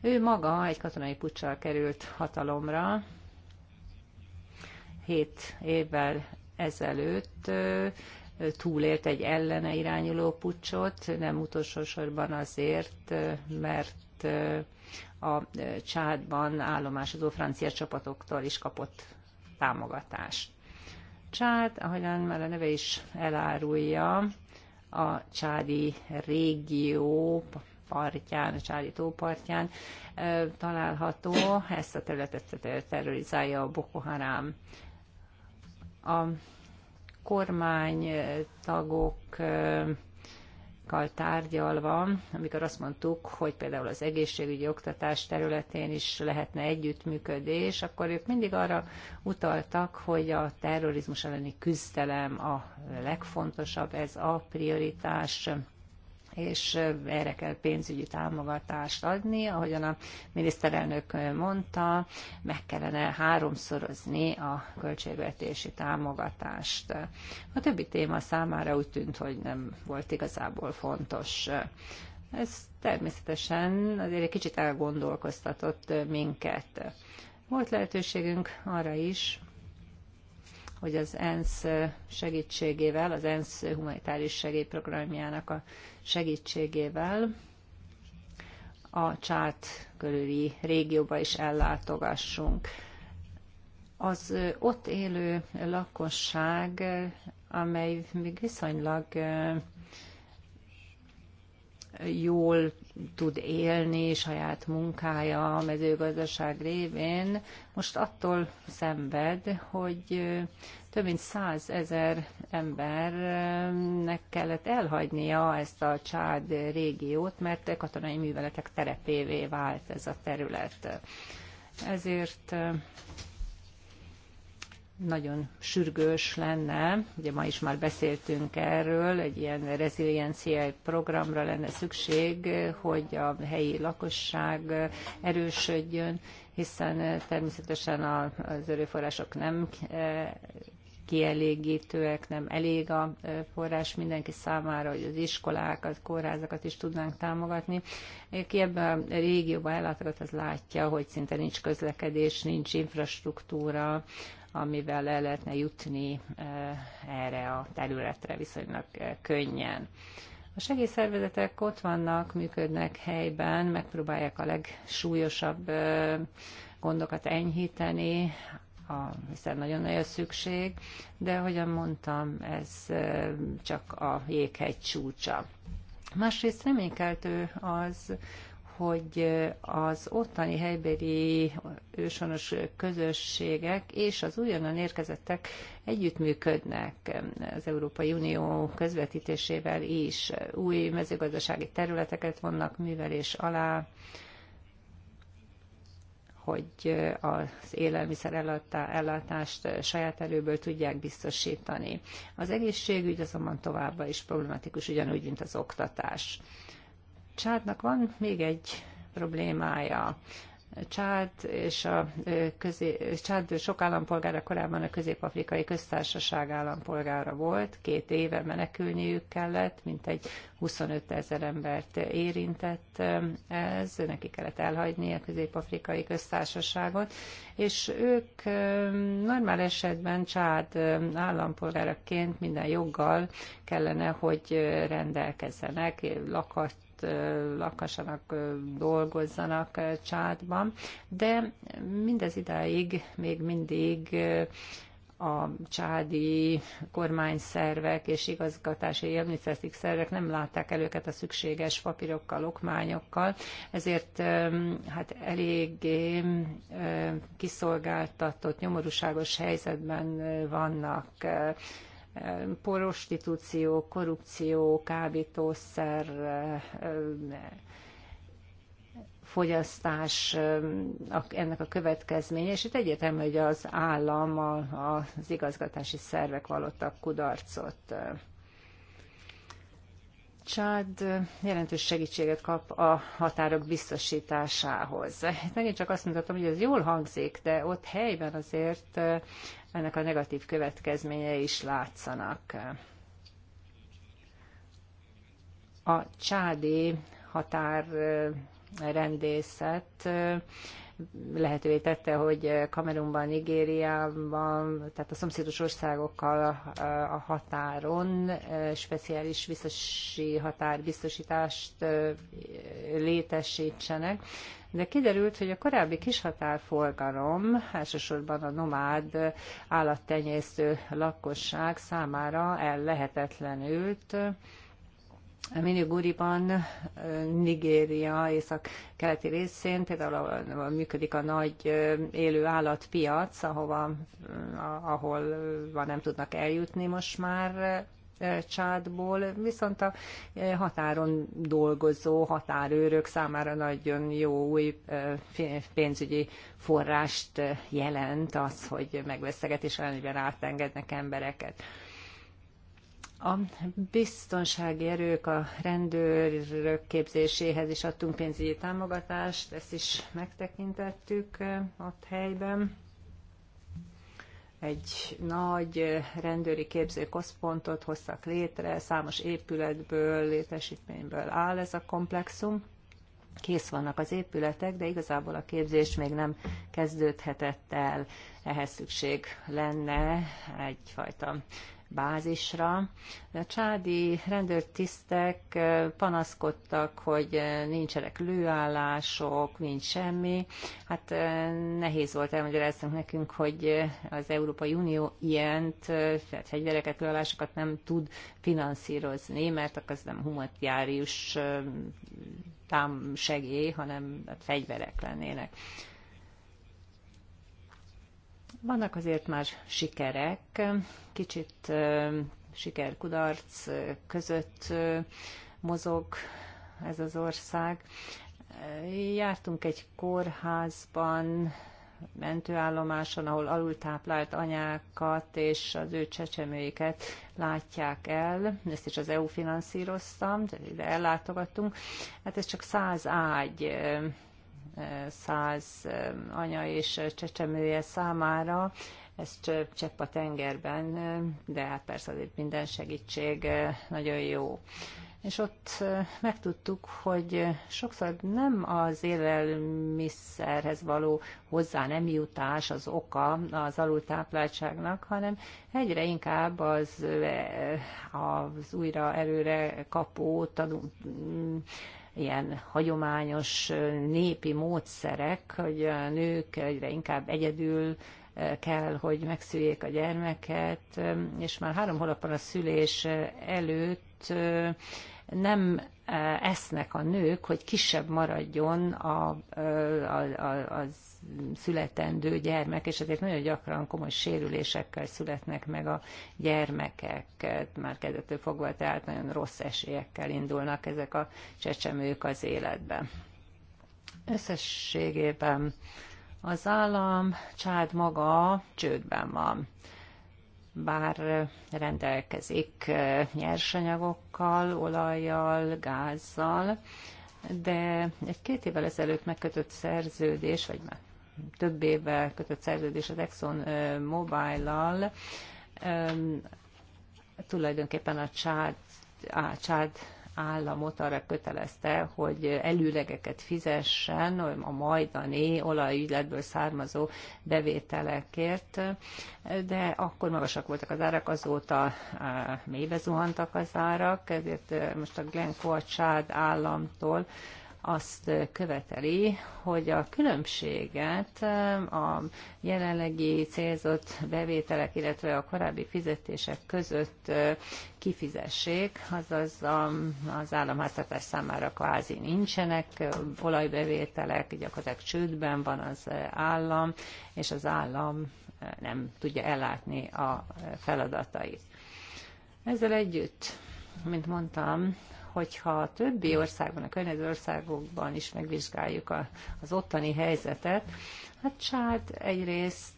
Ő maga egy katonai puccsal került hatalomra, hét évvel ezelőtt túlélt egy ellene irányuló pucsot, nem utolsó sorban azért, mert a Csádban állomásozó francia csapatoktól is kapott támogatást. Csád, ahogyan már a neve is elárulja, a csádi régió partján, a csádi tópartján található, ezt a területet terrorizálja a Boko Haram. A kormánytagokkal tárgyalva, amikor azt mondtuk, hogy például az egészségügyi oktatás területén is lehetne együttműködés, akkor ők mindig arra utaltak, hogy a terrorizmus elleni küzdelem a legfontosabb, ez a prioritás és erre kell pénzügyi támogatást adni, ahogyan a miniszterelnök mondta, meg kellene háromszorozni a költségvetési támogatást. A többi téma számára úgy tűnt, hogy nem volt igazából fontos. Ez természetesen azért egy kicsit elgondolkoztatott minket. Volt lehetőségünk arra is, hogy az ENSZ segítségével, az ENSZ humanitáris segélyprogramjának a segítségével a csárt körüli régióba is ellátogassunk. Az ott élő lakosság, amely még viszonylag jól tud élni saját munkája a mezőgazdaság révén, most attól szenved, hogy több mint százezer embernek kellett elhagynia ezt a Csád régiót, mert katonai műveletek terepévé vált ez a terület. Ezért nagyon sürgős lenne, ugye ma is már beszéltünk erről, egy ilyen reziliencia programra lenne szükség, hogy a helyi lakosság erősödjön, hiszen természetesen az erőforrások nem e, kielégítőek, nem elég a e, forrás mindenki számára, hogy az iskolákat, kórházakat is tudnánk támogatni. Aki ebben a régióban ellátogat, az látja, hogy szinte nincs közlekedés, nincs infrastruktúra, amivel el lehetne jutni eh, erre a területre viszonylag eh, könnyen. A segélyszervezetek ott vannak, működnek helyben, megpróbálják a legsúlyosabb eh, gondokat enyhíteni, a, hiszen nagyon nagy a szükség, de ahogyan mondtam, ez csak a jéghegy csúcsa. Másrészt reménykeltő az, hogy az ottani helybeli ősonos közösségek és az újonnan érkezettek együttműködnek az Európai Unió közvetítésével is. Új mezőgazdasági területeket vonnak művelés alá, hogy az élelmiszer ellátást saját erőből tudják biztosítani. Az egészségügy azonban továbbá is problematikus, ugyanúgy, mint az oktatás. Csádnak van még egy problémája. Csád és a közé, Csád sok állampolgára korábban a Közép-Afrikai Köztársaság állampolgára volt, két éve menekülniük kellett, mint egy 25 ezer embert érintett ez, neki kellett elhagyni a Közép-Afrikai Köztársaságot, és ők normál esetben Csád állampolgáraként minden joggal kellene, hogy rendelkezzenek, lakat, lakassanak, dolgozzanak Csádban, de mindez idáig még mindig a csádi kormányszervek és igazgatási adminisztratív szervek nem látták el őket a szükséges papírokkal, okmányokkal, ezért hát eléggé kiszolgáltatott, nyomorúságos helyzetben vannak prostitúció, korrupció, kábítószer, fogyasztás ennek a következménye, és itt egyértelmű, hogy az állam, az igazgatási szervek vallottak kudarcot. Csád jelentős segítséget kap a határok biztosításához. megint csak azt mondhatom, hogy ez jól hangzik, de ott helyben azért eh, ennek a negatív következményei is látszanak. A csádi határrendészet eh, lehetővé tette, hogy Kamerunban, Nigériában, tehát a szomszédos országokkal a határon speciális biztosi határbiztosítást létesítsenek. De kiderült, hogy a korábbi kishatárforgalom, elsősorban a nomád állattenyésztő lakosság számára ellehetetlenült, Miniguriban, Nigéria észak-keleti részén például működik a nagy élő állatpiac, ahova, ahol nem tudnak eljutni most már csádból, viszont a határon dolgozó határőrök számára nagyon jó új pénzügyi forrást jelent az, hogy megveszegetés ellenében átengednek embereket. A biztonsági erők, a rendőrök képzéséhez is adtunk pénzügyi támogatást, ezt is megtekintettük eh, ott helyben. Egy nagy eh, rendőri képzőközpontot hoztak létre, számos épületből, létesítményből áll ez a komplexum kész vannak az épületek, de igazából a képzés még nem kezdődhetett el. Ehhez szükség lenne egyfajta bázisra. A csádi rendőrtisztek panaszkodtak, hogy nincsenek lőállások, nincs semmi. Hát nehéz volt elmagyarázni nekünk, hogy az Európai Unió ilyent, tehát hegyvereket, lőállásokat nem tud finanszírozni, mert az nem humanitárius támsegély, hanem fegyverek lennének. Vannak azért más sikerek, kicsit sikerkudarc között mozog ez az ország. Jártunk egy kórházban, mentőállomáson, ahol alultáplált anyákat és az ő csecsemőiket látják el. Ezt is az EU finanszíroztam, tehát ide ellátogattunk. Hát ez csak száz ágy száz anya és csecsemője számára, ez csepp a tengerben, de hát persze azért minden segítség nagyon jó és ott megtudtuk, hogy sokszor nem az élelmiszerhez való hozzá nem jutás az oka az alultápláltságnak, hanem egyre inkább az, az újra erőre kapó mm, ilyen hagyományos népi módszerek, hogy a nők egyre inkább egyedül kell, hogy megszüljék a gyermeket, és már három hónappal a szülés előtt nem e, esznek a nők, hogy kisebb maradjon a, e, a, a, a születendő gyermek, és ezért nagyon gyakran komoly sérülésekkel születnek meg a gyermekek, már kezdettől fogva, tehát nagyon rossz esélyekkel indulnak ezek a csecsemők az életbe. Összességében az állam csád maga csődben van bár rendelkezik nyersanyagokkal, olajjal, gázzal, de egy két évvel ezelőtt megkötött szerződés, vagy már több évvel kötött szerződés az Exxon Mobile-lal, tulajdonképpen a csád, á, csád államot arra kötelezte, hogy előlegeket fizessen a majdani olajügyletből származó bevételekért, de akkor magasak voltak az árak, azóta mélybe zuhantak az árak, ezért most a Glencoe a Csád államtól azt követeli, hogy a különbséget a jelenlegi célzott bevételek, illetve a korábbi fizetések között kifizessék, azaz az államháztartás számára kvázi nincsenek olajbevételek, gyakorlatilag csődben van az állam, és az állam nem tudja ellátni a feladatait. Ezzel együtt, mint mondtam, hogyha a többi országban, a környező országokban is megvizsgáljuk a, az ottani helyzetet, hát Csád egyrészt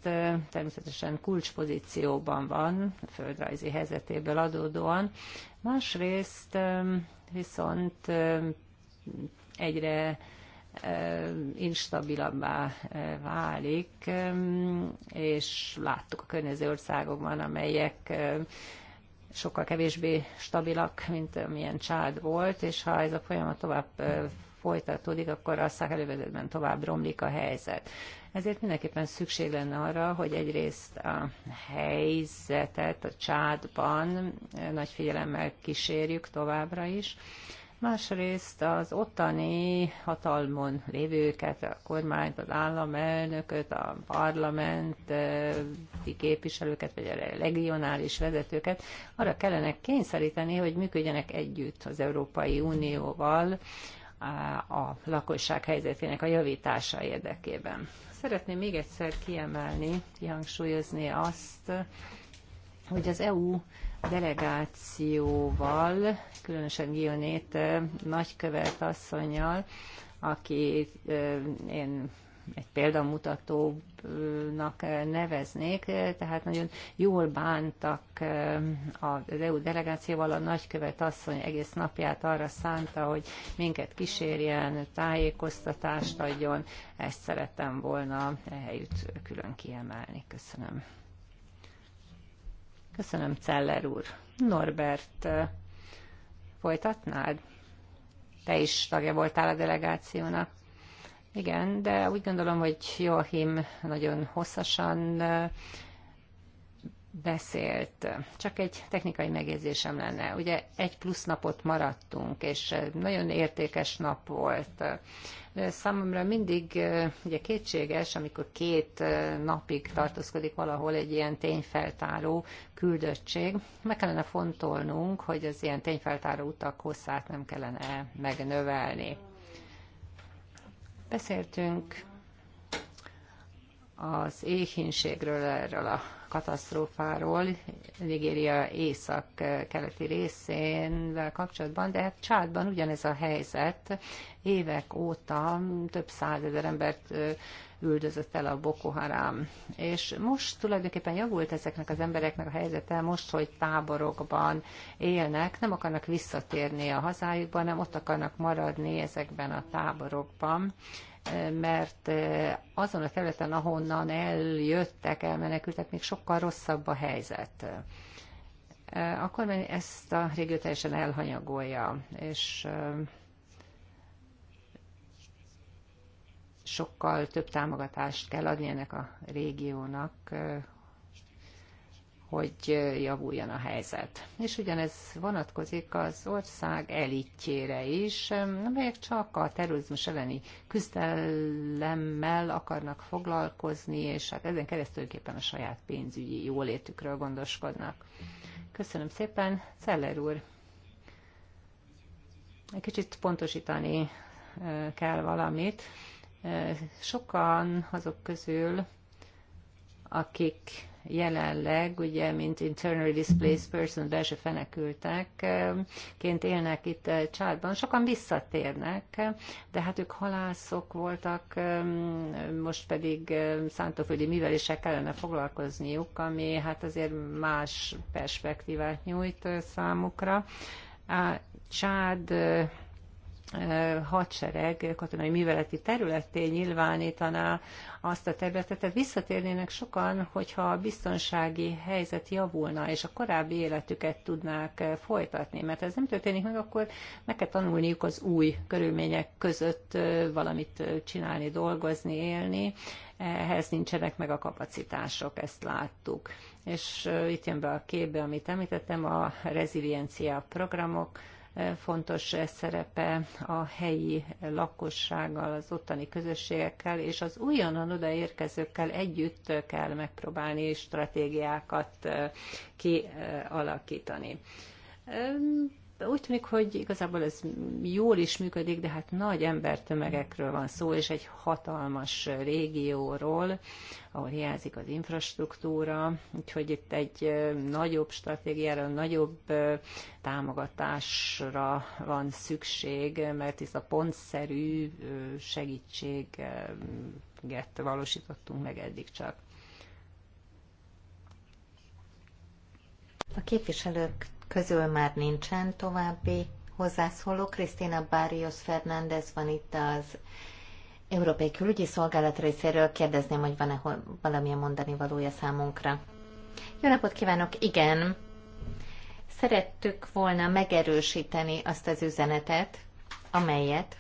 természetesen kulcspozícióban van, a földrajzi helyzetéből adódóan, másrészt viszont egyre instabilabbá válik, és láttuk a környező országokban, amelyek sokkal kevésbé stabilak, mint amilyen csád volt, és ha ez a folyamat tovább folytatódik, akkor a szakelővezetben tovább romlik a helyzet. Ezért mindenképpen szükség lenne arra, hogy egyrészt a helyzetet a csádban nagy figyelemmel kísérjük továbbra is, másrészt az ottani hatalmon lévőket, a kormányt, az államelnököt, a parlamenti eh, képviselőket, vagy a legionális vezetőket arra kellene kényszeríteni, hogy működjenek együtt az Európai Unióval a lakosság helyzetének a javítása érdekében. Szeretném még egyszer kiemelni, kihangsúlyozni azt, hogy az EU delegációval, különösen Gionét nagykövet asszonyjal, aki én egy példamutatónak neveznék, tehát nagyon jól bántak az EU delegációval, a nagykövet asszony egész napját arra szánta, hogy minket kísérjen, tájékoztatást adjon, ezt szerettem volna e helyütt külön kiemelni. Köszönöm. Köszönöm, Celler úr. Norbert, folytatnád? Te is tagja voltál a delegációnak. Igen, de úgy gondolom, hogy Joachim nagyon hosszasan beszélt. Csak egy technikai megjegyzésem lenne. Ugye egy plusz napot maradtunk, és nagyon értékes nap volt. Számomra mindig ugye kétséges, amikor két napig tartózkodik valahol egy ilyen tényfeltáró küldöttség. Meg kellene fontolnunk, hogy az ilyen tényfeltáró utak hosszát nem kellene megnövelni. Beszéltünk az éhínségről, erről a katasztrófáról Nigéria észak-keleti részén kapcsolatban, de hát Csádban ugyanez a helyzet. Évek óta több százezer embert üldözött el a Boko Haram. És most tulajdonképpen javult ezeknek az embereknek a helyzete, most, hogy táborokban élnek, nem akarnak visszatérni a hazájukban nem ott akarnak maradni ezekben a táborokban eh, mert eh, azon a területen, ahonnan eljöttek, elmenekültek, még sokkal rosszabb a helyzet. Eh, Akkor ezt a régió teljesen elhanyagolja, és sokkal több támogatást kell adni ennek a régiónak, hogy javuljon a helyzet. És ugyanez vonatkozik az ország elitjére is, amelyek csak a terrorizmus elleni küzdelemmel akarnak foglalkozni, és hát ezen keresztül a saját pénzügyi jólétükről gondoskodnak. Köszönöm szépen, Celler úr! Egy kicsit pontosítani kell valamit. Sokan azok közül, akik jelenleg, ugye, mint internally displaced person, belső fenekültek, ként élnek itt családban. Sokan visszatérnek, de hát ők halászok voltak, most pedig szántóföldi művelések kellene foglalkozniuk, ami hát azért más perspektívát nyújt számukra. A csád hadsereg katonai műveleti területté nyilvánítaná azt a területet, tehát visszatérnének sokan, hogyha a biztonsági helyzet javulna, és a korábbi életüket tudnák folytatni, mert ez nem történik meg, akkor meg kell tanulniuk az új körülmények között valamit csinálni, dolgozni, élni, ehhez nincsenek meg a kapacitások, ezt láttuk. És itt jön be a képbe, amit említettem, a reziliencia programok, fontos szerepe a helyi lakossággal, az ottani közösségekkel, és az újonnan odaérkezőkkel együtt kell megpróbálni stratégiákat kialakítani úgy tűnik, hogy igazából ez jól is működik, de hát nagy embertömegekről van szó, és egy hatalmas régióról, ahol hiányzik az infrastruktúra, úgyhogy itt egy nagyobb stratégiára, nagyobb támogatásra van szükség, mert itt a pontszerű segítséget valósítottunk meg eddig csak. A képviselők közül már nincsen további hozzászóló. Krisztina Barrios Fernández van itt az Európai Külügyi Szolgálat részéről. Kérdezném, hogy van-e valamilyen mondani valója számunkra. Jó napot kívánok! Igen, szerettük volna megerősíteni azt az üzenetet, amelyet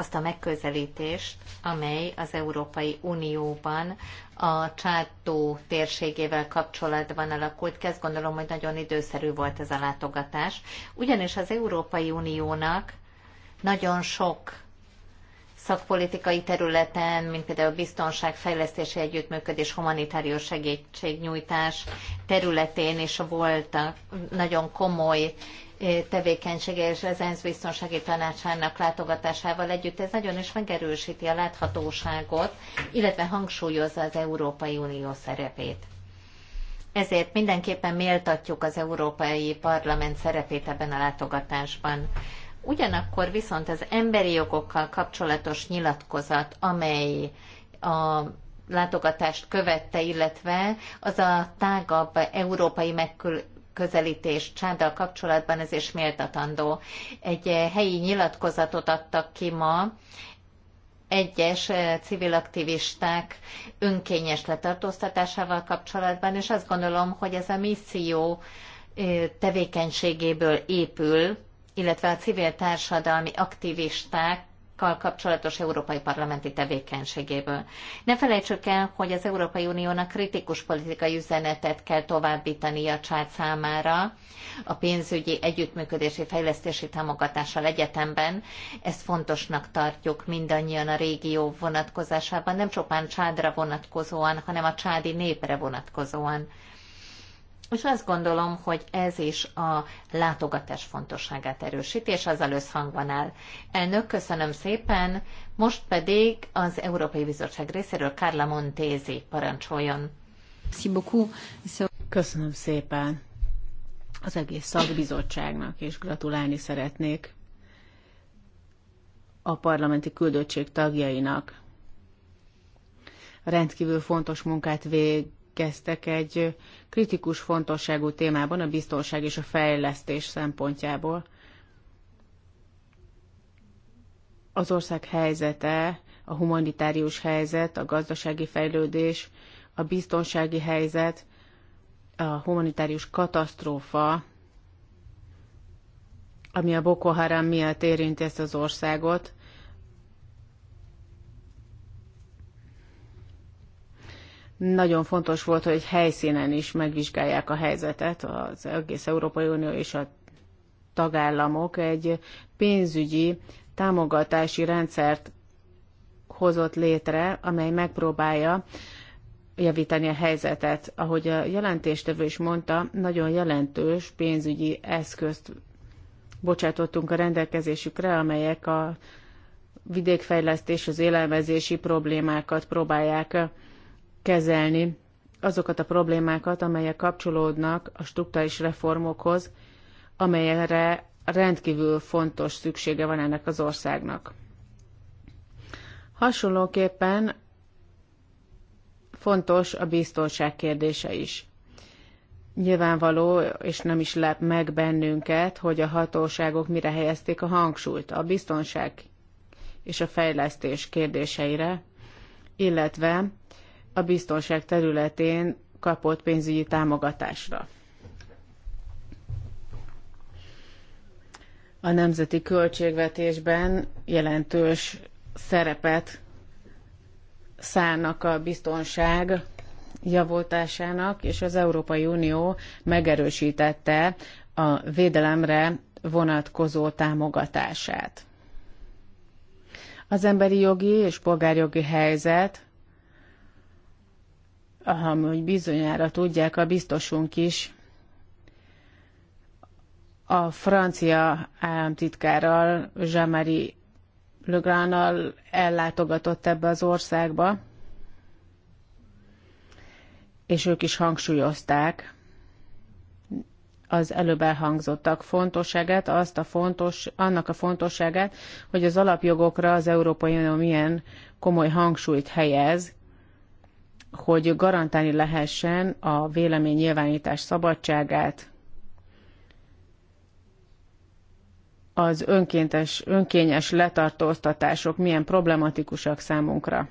azt a megközelítést, amely az Európai Unióban a Csátó térségével kapcsolatban alakult ki. gondolom, hogy nagyon időszerű volt ez a látogatás. Ugyanis az Európai Uniónak nagyon sok szakpolitikai területen, mint például biztonság, fejlesztési együttműködés, humanitárius segítségnyújtás területén is voltak nagyon komoly tevékenysége és az ENSZ biztonsági tanácsának látogatásával együtt. Ez nagyon is megerősíti a láthatóságot, illetve hangsúlyozza az Európai Unió szerepét. Ezért mindenképpen méltatjuk az Európai Parlament szerepét ebben a látogatásban. Ugyanakkor viszont az emberi jogokkal kapcsolatos nyilatkozat, amely a látogatást követte, illetve az a tágabb európai megközelítés Csáddal kapcsolatban, ez is méltatandó. Egy eh, helyi nyilatkozatot adtak ki ma, egyes eh, civil aktivisták önkényes letartóztatásával kapcsolatban, és azt gondolom, hogy ez a misszió eh, tevékenységéből épül, illetve a civil társadalmi aktivisták kal kapcsolatos európai parlamenti tevékenységéből. Ne felejtsük el, hogy az Európai Uniónak kritikus politikai üzenetet kell továbbítani a csád számára a pénzügyi együttműködési fejlesztési támogatással egyetemben. Ezt fontosnak tartjuk mindannyian a régió vonatkozásában, nem csupán csádra vonatkozóan, hanem a csádi népre vonatkozóan. És azt gondolom, hogy ez is a látogatás fontosságát erősíti, és azzal összhangban áll. Elnök, köszönöm szépen, most pedig az Európai Bizottság részéről Carla Montézi parancsoljon. Köszönöm szépen az egész szakbizottságnak, és gratulálni szeretnék a parlamenti küldöttség tagjainak. Rendkívül fontos munkát vég, megegyeztek egy kritikus fontosságú témában, a biztonság és a fejlesztés szempontjából. Az ország helyzete, a humanitárius helyzet, a gazdasági fejlődés, a biztonsági helyzet, a humanitárius katasztrófa, ami a Boko Haram miatt érinti ezt az országot, Nagyon fontos volt, hogy helyszínen is megvizsgálják a helyzetet, az egész Európai Unió és a tagállamok egy pénzügyi támogatási rendszert hozott létre, amely megpróbálja javítani a helyzetet. Ahogy a jelentéstevő is mondta, nagyon jelentős pénzügyi eszközt bocsátottunk a rendelkezésükre, amelyek a vidékfejlesztés, az élelmezési problémákat próbálják kezelni azokat a problémákat, amelyek kapcsolódnak a struktúrális reformokhoz, amelyre rendkívül fontos szüksége van ennek az országnak. Hasonlóképpen fontos a biztonság kérdése is. Nyilvánvaló, és nem is lep meg bennünket, hogy a hatóságok mire helyezték a hangsúlyt a biztonság és a fejlesztés kérdéseire, illetve a biztonság területén kapott pénzügyi támogatásra. A nemzeti költségvetésben jelentős szerepet szállnak a biztonság javultásának, és az Európai Unió megerősítette a védelemre vonatkozó támogatását. Az emberi jogi és polgárjogi helyzet hogy bizonyára tudják, a biztosunk is a francia államtitkárral, Jean-Marie Legránnal ellátogatott ebbe az országba, és ők is hangsúlyozták az előbb elhangzottak fontosságát, azt a fontos, annak a fontosságát, hogy az alapjogokra az Európai Unió milyen komoly hangsúlyt helyez, hogy garantálni lehessen a vélemény nyilvánítás szabadságát, az önkéntes, önkényes letartóztatások milyen problematikusak számunkra.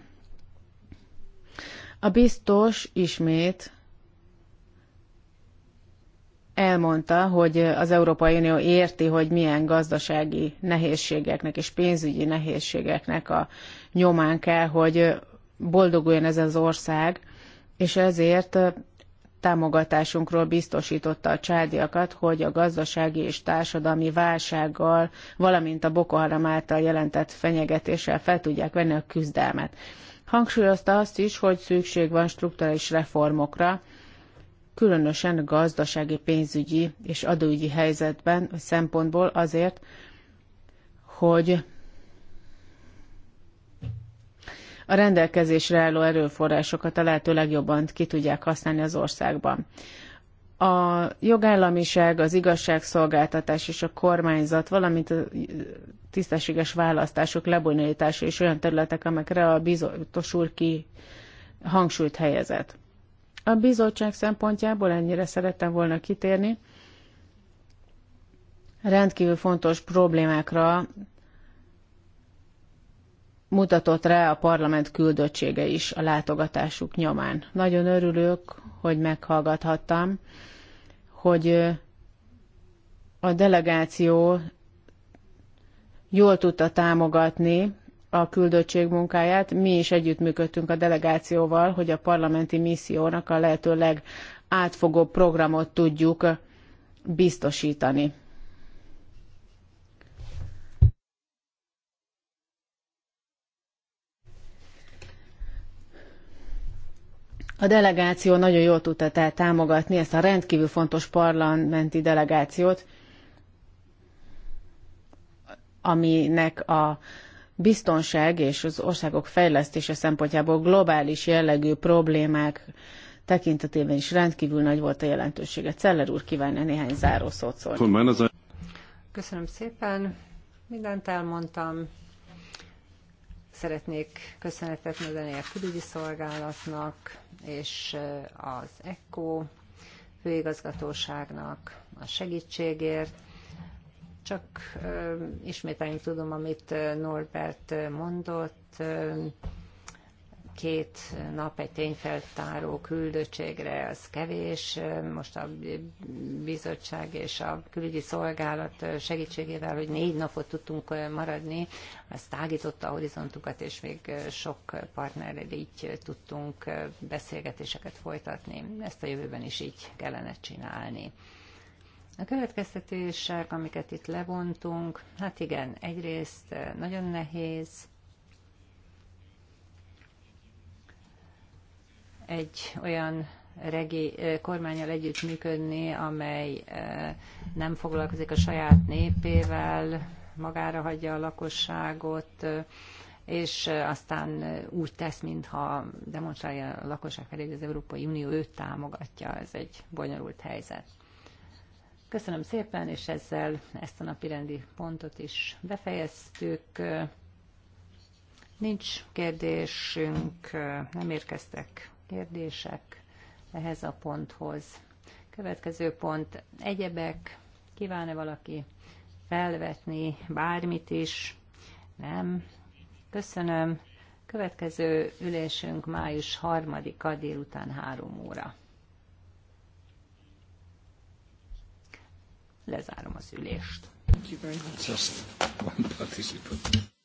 A biztos ismét elmondta, hogy az Európai Unió érti, hogy milyen gazdasági nehézségeknek és pénzügyi nehézségeknek a nyomán kell, hogy boldoguljon ez az ország, és ezért támogatásunkról biztosította a csádiakat, hogy a gazdasági és társadalmi válsággal, valamint a Boko Haram által jelentett fenyegetéssel fel tudják venni a küzdelmet. Hangsúlyozta azt is, hogy szükség van strukturális reformokra, különösen gazdasági, pénzügyi és adóügyi helyzetben szempontból azért, hogy a rendelkezésre álló erőforrásokat a lehető legjobban ki tudják használni az országban. A jogállamiság, az igazságszolgáltatás és a kormányzat, valamint a tisztességes választások lebonyolítása és olyan területek, amelyekre a bizotos úr ki hangsúlyt helyezett. A bizottság szempontjából ennyire szerettem volna kitérni. Rendkívül fontos problémákra mutatott rá a parlament küldöttsége is a látogatásuk nyomán. Nagyon örülök, hogy meghallgathattam, hogy a delegáció jól tudta támogatni a küldöttség munkáját. Mi is együttműködtünk a delegációval, hogy a parlamenti missziónak a lehető legátfogóbb programot tudjuk biztosítani. A delegáció nagyon jól tudta tehát támogatni ezt a rendkívül fontos parlamenti delegációt, aminek a biztonság és az országok fejlesztése szempontjából globális jellegű problémák tekintetében is rendkívül nagy volt a jelentősége. Celler úr kívánja néhány szót szólni. Köszönöm szépen, mindent elmondtam. Szeretnék köszönetet mondani a külügyi szolgálatnak, és az ECO főigazgatóságnak a segítségért. Csak ismételni tudom, amit Norbert mondott, két nap egy tényfeltáró küldöttségre, az kevés. Most a bizottság és a külügyi szolgálat segítségével, hogy négy napot tudtunk maradni, az tágította a horizontukat és még sok partnerrel így tudtunk beszélgetéseket folytatni. Ezt a jövőben is így kellene csinálni. A következtetések, amiket itt levontunk, hát igen, egyrészt nagyon nehéz, egy olyan regi, kormányal együttműködni, amely nem foglalkozik a saját népével, magára hagyja a lakosságot, és aztán úgy tesz, mintha demonstrálja a lakosság felé, hogy az Európai Unió őt támogatja. Ez egy bonyolult helyzet. Köszönöm szépen, és ezzel ezt a napirendi pontot is befejeztük. Nincs kérdésünk, nem érkeztek kérdések ehhez a ponthoz? Következő pont, egyebek, kíván-e valaki felvetni bármit is? Nem. Köszönöm. Következő ülésünk május 3-a délután 3 óra. Lezárom az ülést. Thank you very much. Just one participant.